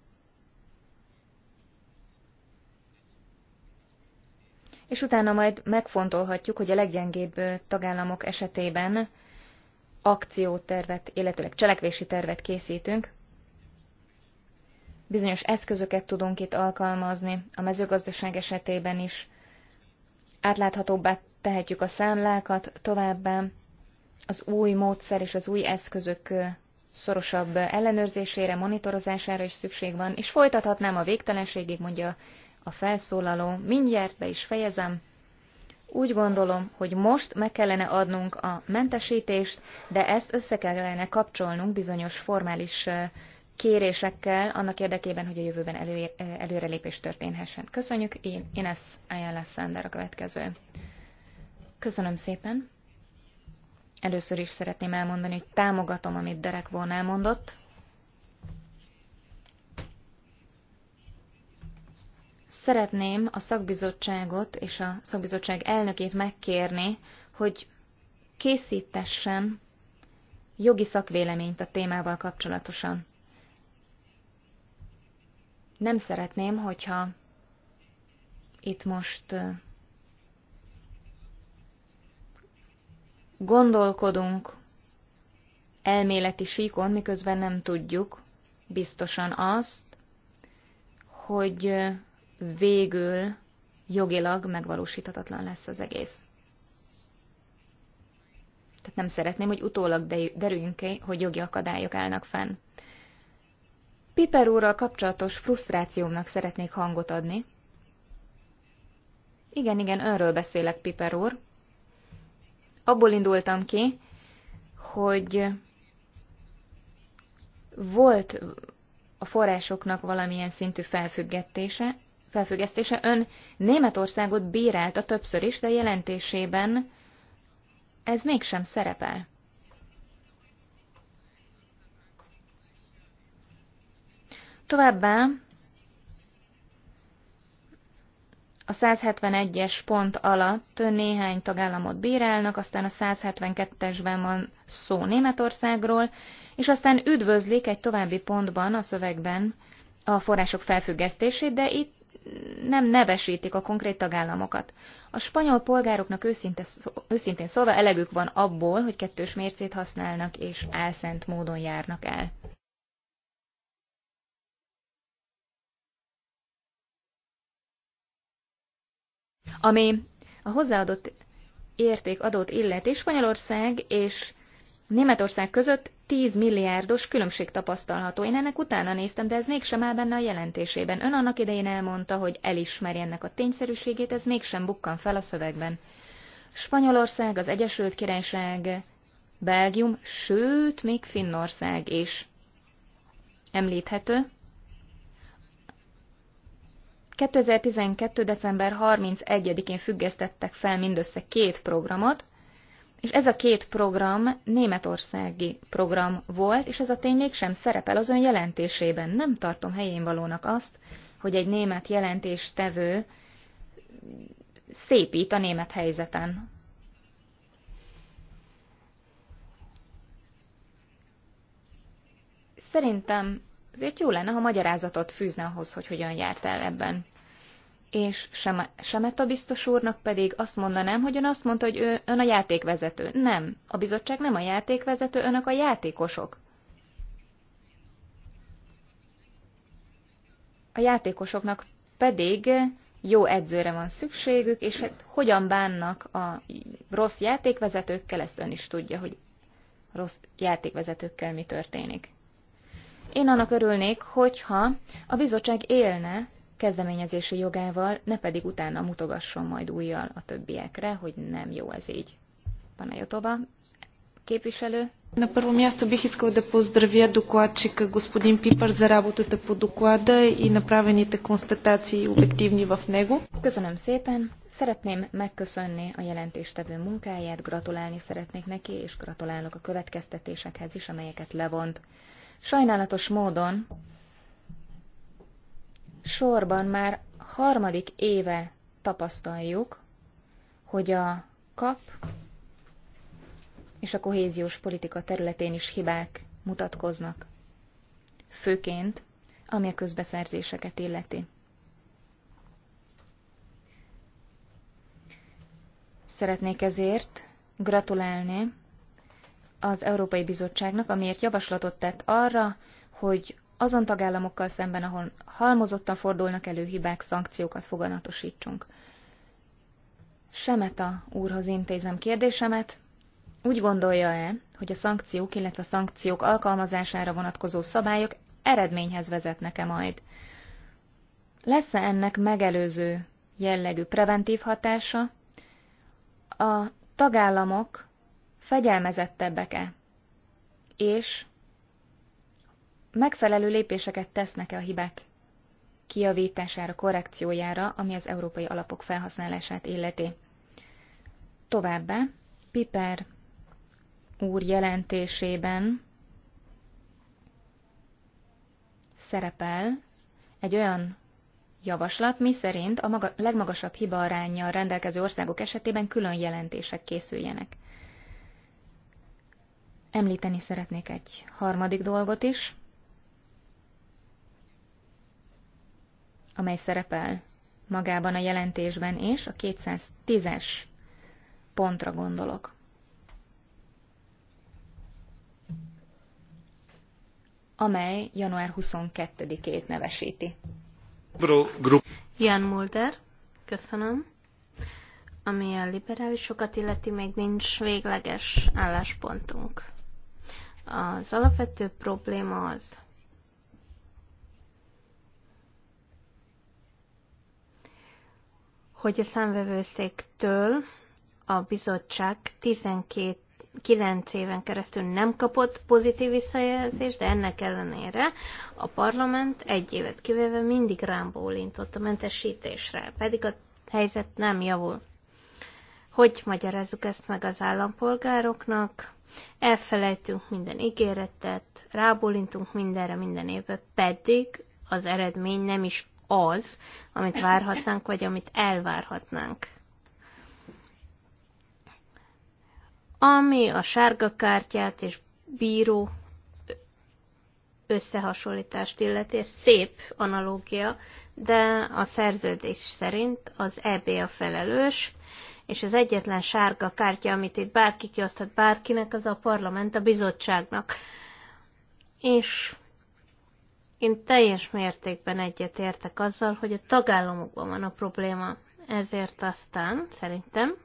És utána majd megfontolhatjuk, hogy a leggyengébb tagállamok esetében akciótervet, illetőleg cselekvési tervet készítünk, bizonyos eszközöket tudunk itt alkalmazni, a mezőgazdaság esetében is átláthatóbbá tehetjük a számlákat, továbbá az új módszer és az új eszközök szorosabb ellenőrzésére, monitorozására is szükség van, és folytathatnám a végtelenségig, mondja a felszólaló. Mindjárt be is fejezem. Úgy gondolom, hogy most meg kellene adnunk a mentesítést, de ezt össze kellene kapcsolnunk bizonyos formális kérésekkel annak érdekében, hogy a jövőben előér, előrelépés történhessen. Köszönjük, én Ines Ayala Sander a következő. Köszönöm szépen. Először is szeretném elmondani, hogy támogatom, amit Derek Vaughan elmondott. Szeretném a szakbizottságot és a szakbizottság elnökét megkérni, hogy készítessen jogi szakvéleményt a témával kapcsolatosan. Nem szeretném, hogyha itt most gondolkodunk elméleti síkon, miközben nem tudjuk biztosan azt, hogy végül jogilag megvalósíthatatlan lesz az egész. Tehát nem szeretném, hogy utólag derüljünk ki, hogy jogi akadályok állnak fenn. Piper úrral kapcsolatos frusztrációmnak szeretnék hangot adni. Igen, igen, önről beszélek, Piper úr. Abból indultam ki, hogy volt a forrásoknak valamilyen szintű felfüggettése, felfüggesztése. Ön Németországot bírálta többször is, de jelentésében ez mégsem szerepel. Továbbá a 171-es pont alatt néhány tagállamot bírálnak, aztán a 172-esben van szó Németországról, és aztán üdvözlik egy további pontban a szövegben a források felfüggesztését, de itt nem nevesítik a konkrét tagállamokat. A spanyol polgároknak őszinte, őszintén szóval elegük van abból, hogy kettős mércét használnak és álszent módon járnak el. Ami a hozzáadott érték adót illeti, Spanyolország és Németország között 10 milliárdos különbség tapasztalható. Én ennek utána néztem, de ez mégsem áll benne a jelentésében. Ön annak idején elmondta, hogy elismeri ennek a tényszerűségét, ez mégsem bukkan fel a szövegben. Spanyolország, az Egyesült Királyság, Belgium, sőt, még Finnország is említhető. 2012. december 31-én függesztettek fel mindössze két programot, és ez a két program németországi program volt, és ez a tény mégsem szerepel az ön jelentésében. Nem tartom helyén valónak azt, hogy egy német jelentéstevő szépít a német helyzeten. Szerintem azért jó lenne, ha magyarázatot fűzne ahhoz, hogy hogyan járt el ebben és sem, Semeta biztos úrnak pedig azt mondanám, hogy ön azt mondta, hogy ő, ön a játékvezető. Nem, a bizottság nem a játékvezető, önök a játékosok. A játékosoknak pedig jó edzőre van szükségük, és hát hogyan bánnak a rossz játékvezetőkkel, ezt ön is tudja, hogy rossz játékvezetőkkel mi történik. Én annak örülnék, hogyha a bizottság élne kezdeményezési jogával, ne pedig utána mutogasson majd újjal a többiekre, hogy nem jó ez így. Panajotova, képviselő. На първо място бих искал да поздравя докладчика господин Пипър за работата по доклада и направените констатации обективни в него. Köszönöm szépen. Szeretném megköszönni a jelentéstevő munkáját, gratulálni szeretnék neki, és gratulálok a következtetésekhez is, amelyeket levont. Sajnálatos módon sorban már harmadik éve tapasztaljuk, hogy a kap és a kohéziós politika területén is hibák mutatkoznak. Főként, ami a közbeszerzéseket illeti. Szeretnék ezért gratulálni az Európai Bizottságnak, amiért javaslatot tett arra, hogy azon tagállamokkal szemben, ahol halmozottan fordulnak elő hibák, szankciókat foganatosítsunk. Semeta úrhoz intézem kérdésemet. Úgy gondolja-e, hogy a szankciók, illetve a szankciók alkalmazására vonatkozó szabályok eredményhez vezetnek-e majd? Lesz-e ennek megelőző jellegű preventív hatása? A tagállamok fegyelmezettebbek-e? És megfelelő lépéseket tesznek-e a hibák kiavítására, korrekciójára, ami az európai alapok felhasználását illeti. Továbbá Piper úr jelentésében szerepel egy olyan javaslat, miszerint a maga, legmagasabb a rendelkező országok esetében külön jelentések készüljenek. Említeni szeretnék egy harmadik dolgot is. amely szerepel magában a jelentésben, és a 210-es pontra gondolok. amely január 22-ét nevesíti. Jan Mulder, köszönöm. Ami a liberálisokat illeti, még nincs végleges álláspontunk. Az alapvető probléma az, hogy a számvevőszéktől a bizottság 12 9 éven keresztül nem kapott pozitív visszajelzést, de ennek ellenére a parlament egy évet kivéve mindig rám bólintott a mentesítésre, pedig a helyzet nem javul. Hogy magyarázzuk ezt meg az állampolgároknak? Elfelejtünk minden ígéretet, rábólintunk mindenre minden évben, pedig az eredmény nem is az, amit várhatnánk, vagy amit elvárhatnánk. Ami a sárga kártyát és bíró összehasonlítást illeti, ez szép analógia, de a szerződés szerint az EB a felelős, és az egyetlen sárga kártya, amit itt bárki kioszthat bárkinek, az a parlament a bizottságnak. És én teljes mértékben egyetértek azzal, hogy a tagállamokban van a probléma. Ezért aztán szerintem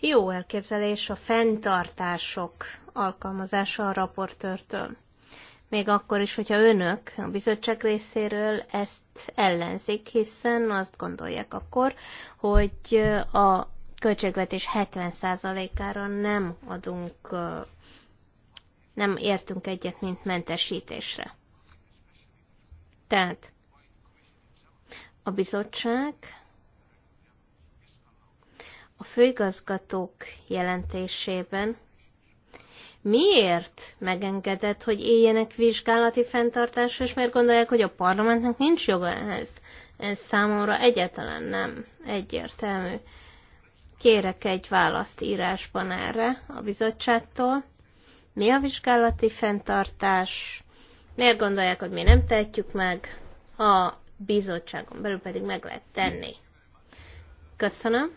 jó elképzelés a fenntartások alkalmazása a raportőrtől. Még akkor is, hogyha önök a bizottság részéről ezt ellenzik, hiszen azt gondolják akkor, hogy a költségvetés 70%-ára nem adunk nem értünk egyet, mint mentesítésre. Tehát a bizottság a főigazgatók jelentésében miért megengedett, hogy éljenek vizsgálati fenntartásra, és miért gondolják, hogy a parlamentnek nincs joga ehhez? Ez számomra egyáltalán nem egyértelmű. Kérek egy választ írásban erre a bizottságtól, mi a vizsgálati fenntartás, miért gondolják, hogy mi nem tehetjük meg, a bizottságon belül pedig meg lehet tenni. Köszönöm.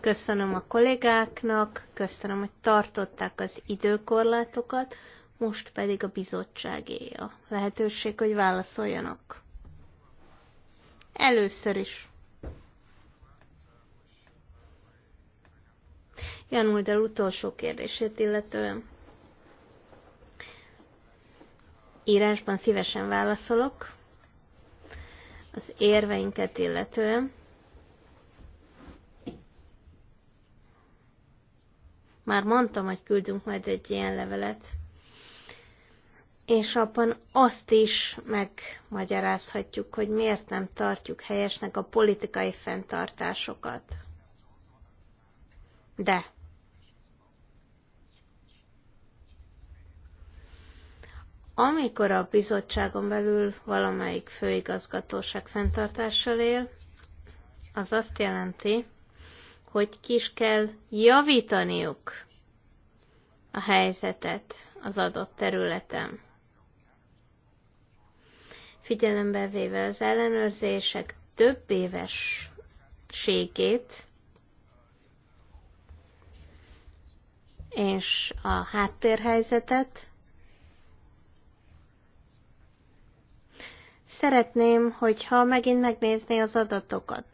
Köszönöm a kollégáknak, köszönöm, hogy tartották az időkorlátokat, most pedig a bizottságé a lehetőség, hogy válaszoljanak. Először is Jan Mulder utolsó kérdését illetően. Írásban szívesen válaszolok az érveinket illetően. Már mondtam, hogy küldünk majd egy ilyen levelet, és abban azt is megmagyarázhatjuk, hogy miért nem tartjuk helyesnek a politikai fenntartásokat. De Amikor a bizottságon belül valamelyik főigazgatóság fenntartással él, az azt jelenti, hogy ki is kell javítaniuk a helyzetet az adott területen. Figyelembe véve az ellenőrzések több évességét, és a háttérhelyzetet, Szeretném, hogyha megint megnézné az adatokat.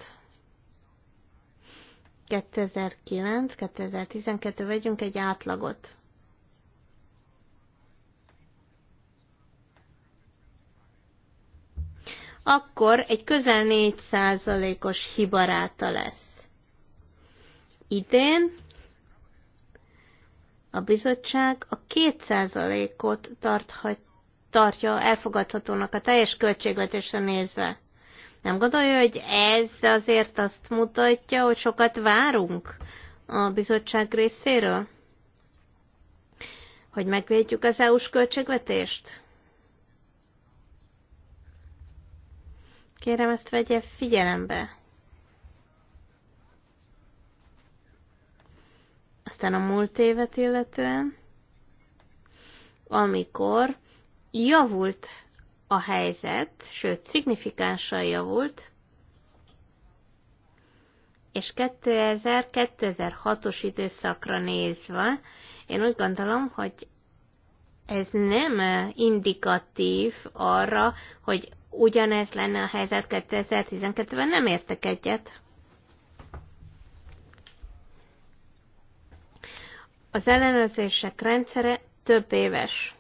2009-2012 vegyünk egy átlagot. Akkor egy közel 4%-os hibaráta lesz. Idén a bizottság a 2%-ot tarthat tartja elfogadhatónak a teljes költségvetésre nézve. Nem gondolja, hogy ez azért azt mutatja, hogy sokat várunk a bizottság részéről? Hogy megvédjük az EU-s költségvetést? Kérem, ezt vegye figyelembe. Aztán a múlt évet illetően, amikor javult a helyzet, sőt, szignifikánsan javult, és 2000-2006-os időszakra nézve, én úgy gondolom, hogy ez nem indikatív arra, hogy ugyanez lenne a helyzet 2012-ben, nem értek egyet. Az ellenőrzések rendszere több éves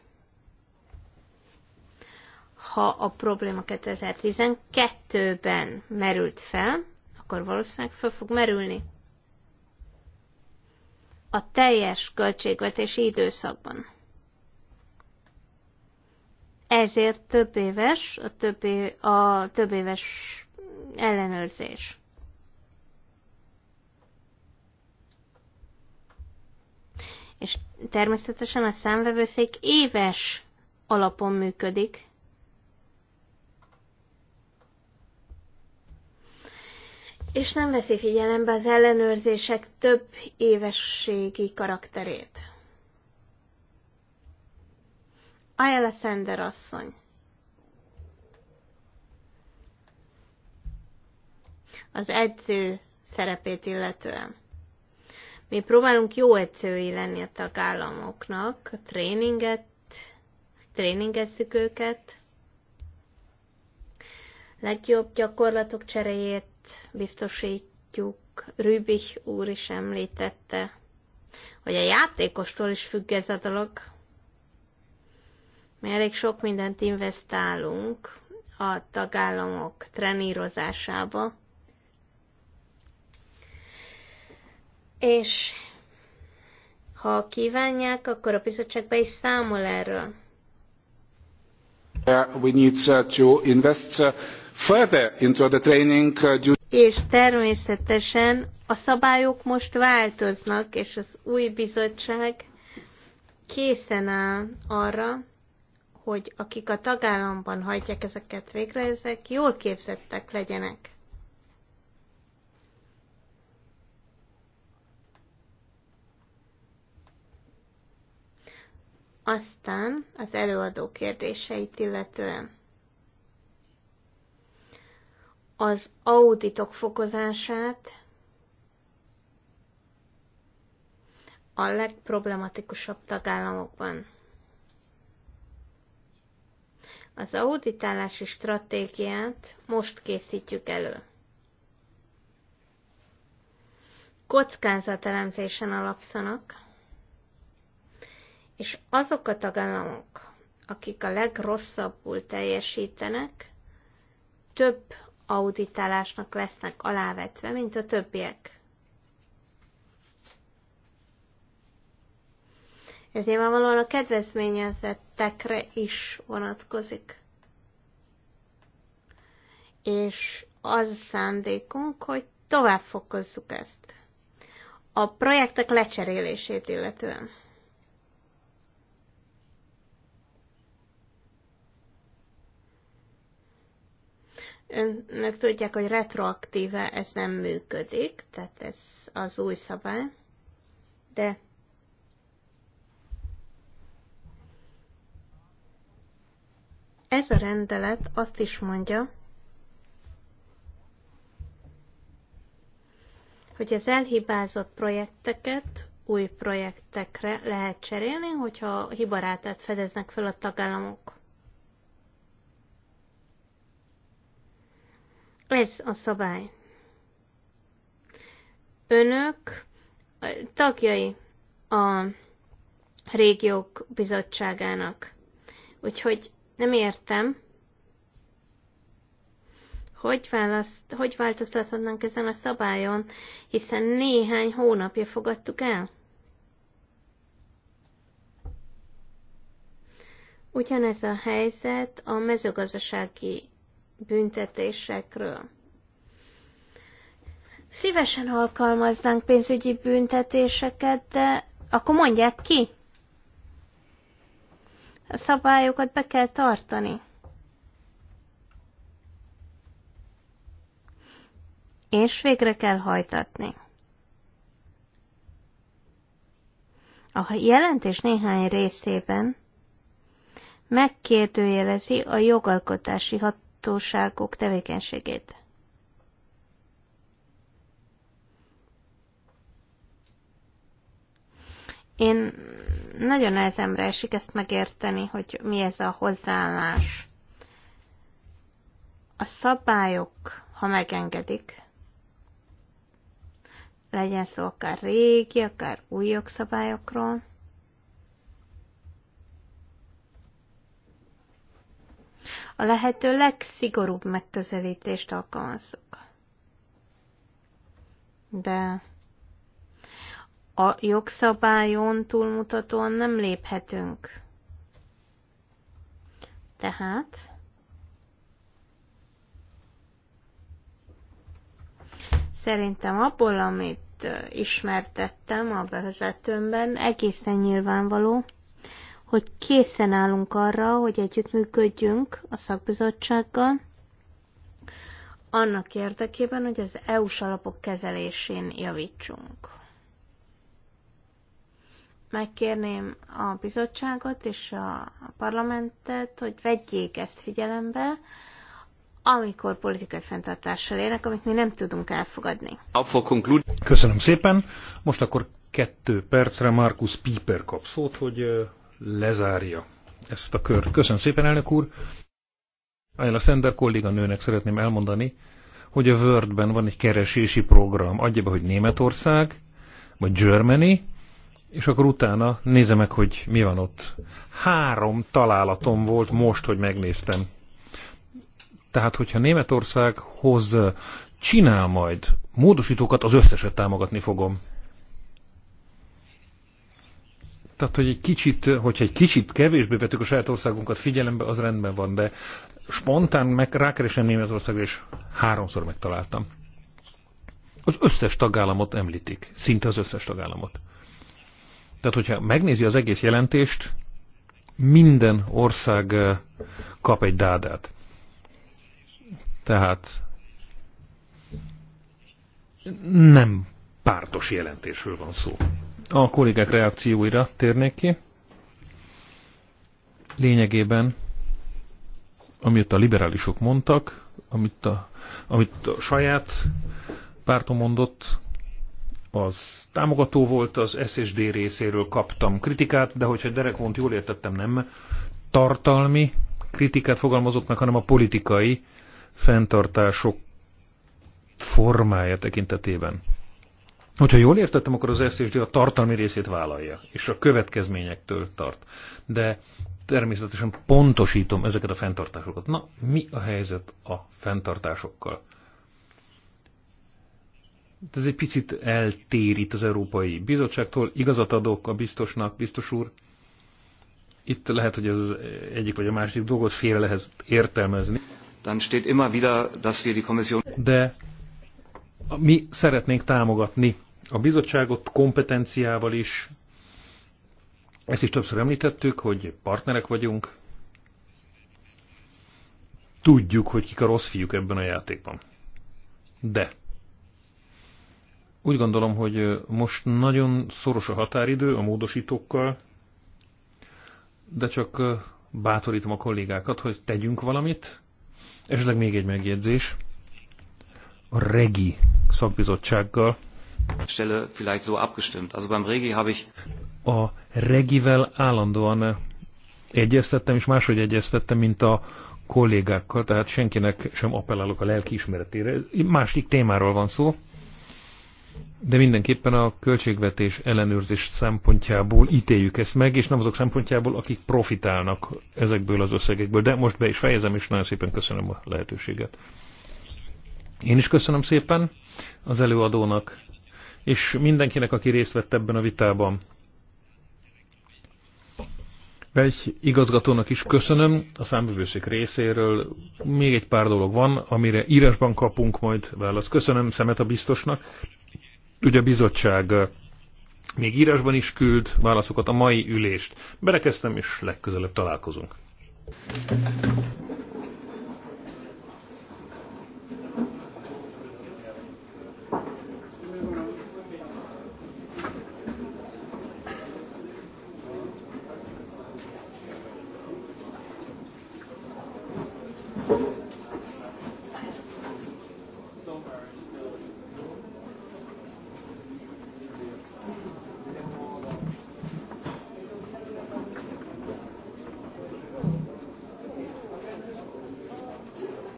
ha a probléma 2012-ben merült fel, akkor valószínűleg fel fog merülni. A teljes költségvetési időszakban. Ezért több éves a több, é, a több éves ellenőrzés. És természetesen a számvevőszék éves alapon működik, és nem veszi figyelembe az ellenőrzések több évességi karakterét. Ayala Sender asszony. Az edző szerepét illetően. Mi próbálunk jó edzői lenni a tagállamoknak, tréninget, tréningezzük őket, legjobb gyakorlatok cseréjét biztosítjuk, Rübich úr is említette, hogy a játékostól is függ ez a dolog, mi elég sok mindent investálunk a tagállamok trenírozásába, és ha kívánják, akkor a bizottság be is számol erről. We need uh, to invest uh, further into the training uh, due és természetesen a szabályok most változnak, és az új bizottság készen áll arra, hogy akik a tagállamban hajtják ezeket végre, ezek jól képzettek legyenek. Aztán az előadó kérdéseit illetően az auditok fokozását a legproblematikusabb tagállamokban. Az auditálási stratégiát most készítjük elő. Kockázatelemzésen alapszanak, és azok a tagállamok, akik a legrosszabbul teljesítenek, több auditálásnak lesznek alávetve, mint a többiek. Ez nyilvánvalóan a kedvezményezettekre is vonatkozik. És az szándékunk, hogy tovább fokozzuk ezt. A projektek lecserélését illetően. Önök tudják, hogy retroaktíve ez nem működik, tehát ez az új szabály, de ez a rendelet azt is mondja, hogy az elhibázott projekteket új projektekre lehet cserélni, hogyha hibarátát fedeznek fel a tagállamok. Ez a szabály. Önök tagjai a régiók bizottságának. Úgyhogy nem értem, hogy, választ, hogy változtathatnánk ezen a szabályon, hiszen néhány hónapja fogadtuk el. Ugyanez a helyzet a mezőgazdasági büntetésekről. Szívesen alkalmaznánk pénzügyi büntetéseket, de akkor mondják ki. A szabályokat be kell tartani. És végre kell hajtatni. A jelentés néhány részében megkérdőjelezi a jogalkotási hat hatóságok tevékenységét. Én nagyon nehezemre esik ezt megérteni, hogy mi ez a hozzáállás. A szabályok, ha megengedik, legyen szó akár régi, akár új jogszabályokról, a lehető legszigorúbb megközelítést alkalmazzuk. De a jogszabályon túlmutatóan nem léphetünk. Tehát szerintem abból, amit ismertettem a bevezetőmben, egészen nyilvánvaló, hogy készen állunk arra, hogy együttműködjünk a szakbizottsággal, annak érdekében, hogy az EU-s alapok kezelésén javítsunk. Megkérném a bizottságot és a parlamentet, hogy vegyék ezt figyelembe, amikor politikai fenntartással élnek, amit mi nem tudunk elfogadni. Köszönöm szépen. Most akkor kettő percre Markus Pieper kap szót, hogy lezárja ezt a kört. Köszönöm szépen, elnök úr! Ajla Szender kolléganőnek szeretném elmondani, hogy a Wordben van egy keresési program. Adja be, hogy Németország, vagy Germany, és akkor utána nézem meg, hogy mi van ott. Három találatom volt most, hogy megnéztem. Tehát, hogyha Németországhoz csinál majd módosítókat, az összeset támogatni fogom. Tehát, hogy egy kicsit, hogyha egy kicsit kevésbé vettük a saját országunkat figyelembe, az rendben van, de spontán meg rákeresem Németországra, és háromszor megtaláltam. Az összes tagállamot említik, szinte az összes tagállamot. Tehát, hogyha megnézi az egész jelentést, minden ország eh, kap egy dádát. Tehát nem pártos jelentésről van szó a kollégák reakcióira térnék ki. Lényegében, amit a liberálisok mondtak, amit a, amit a saját pártom mondott, az támogató volt, az SSD részéről kaptam kritikát, de hogyha Derek Vont jól értettem, nem tartalmi kritikát fogalmazott meg, hanem a politikai fenntartások formája tekintetében. Hogyha jól értettem, akkor az SZSD a tartalmi részét vállalja, és a következményektől tart. De természetesen pontosítom ezeket a fenntartásokat. Na, mi a helyzet a fenntartásokkal? Ez egy picit eltérít az Európai Bizottságtól. Igazat adok a biztosnak, biztos úr. Itt lehet, hogy az egyik vagy a másik dolgot félre lehet értelmezni. Dann steht immer wieder, dass wir die Kommission... De mi szeretnénk támogatni a bizottságot kompetenciával is. Ezt is többször említettük, hogy partnerek vagyunk. Tudjuk, hogy kik a rossz fiúk ebben a játékban. De úgy gondolom, hogy most nagyon szoros a határidő a módosítókkal, de csak bátorítom a kollégákat, hogy tegyünk valamit. Esetleg még egy megjegyzés. A regi szakbizottsággal Stelle vielleicht so abgestimmt. Also beim Regi habe ich a Regivel állandóan egyeztettem, és máshogy egyeztettem, mint a kollégákkal, tehát senkinek sem appellálok a lelki ismeretére. Másik témáról van szó, de mindenképpen a költségvetés ellenőrzés szempontjából ítéljük ezt meg, és nem azok szempontjából, akik profitálnak ezekből az összegekből. De most be is fejezem, és nagyon szépen köszönöm a lehetőséget. Én is köszönöm szépen az előadónak és mindenkinek, aki részt vett ebben a vitában. Egy igazgatónak is köszönöm a számbevőség részéről. Még egy pár dolog van, amire írásban kapunk majd választ. Köszönöm szemet a biztosnak. Ugye a bizottság még írásban is küld válaszokat a mai ülést. Berekeztem, és legközelebb találkozunk.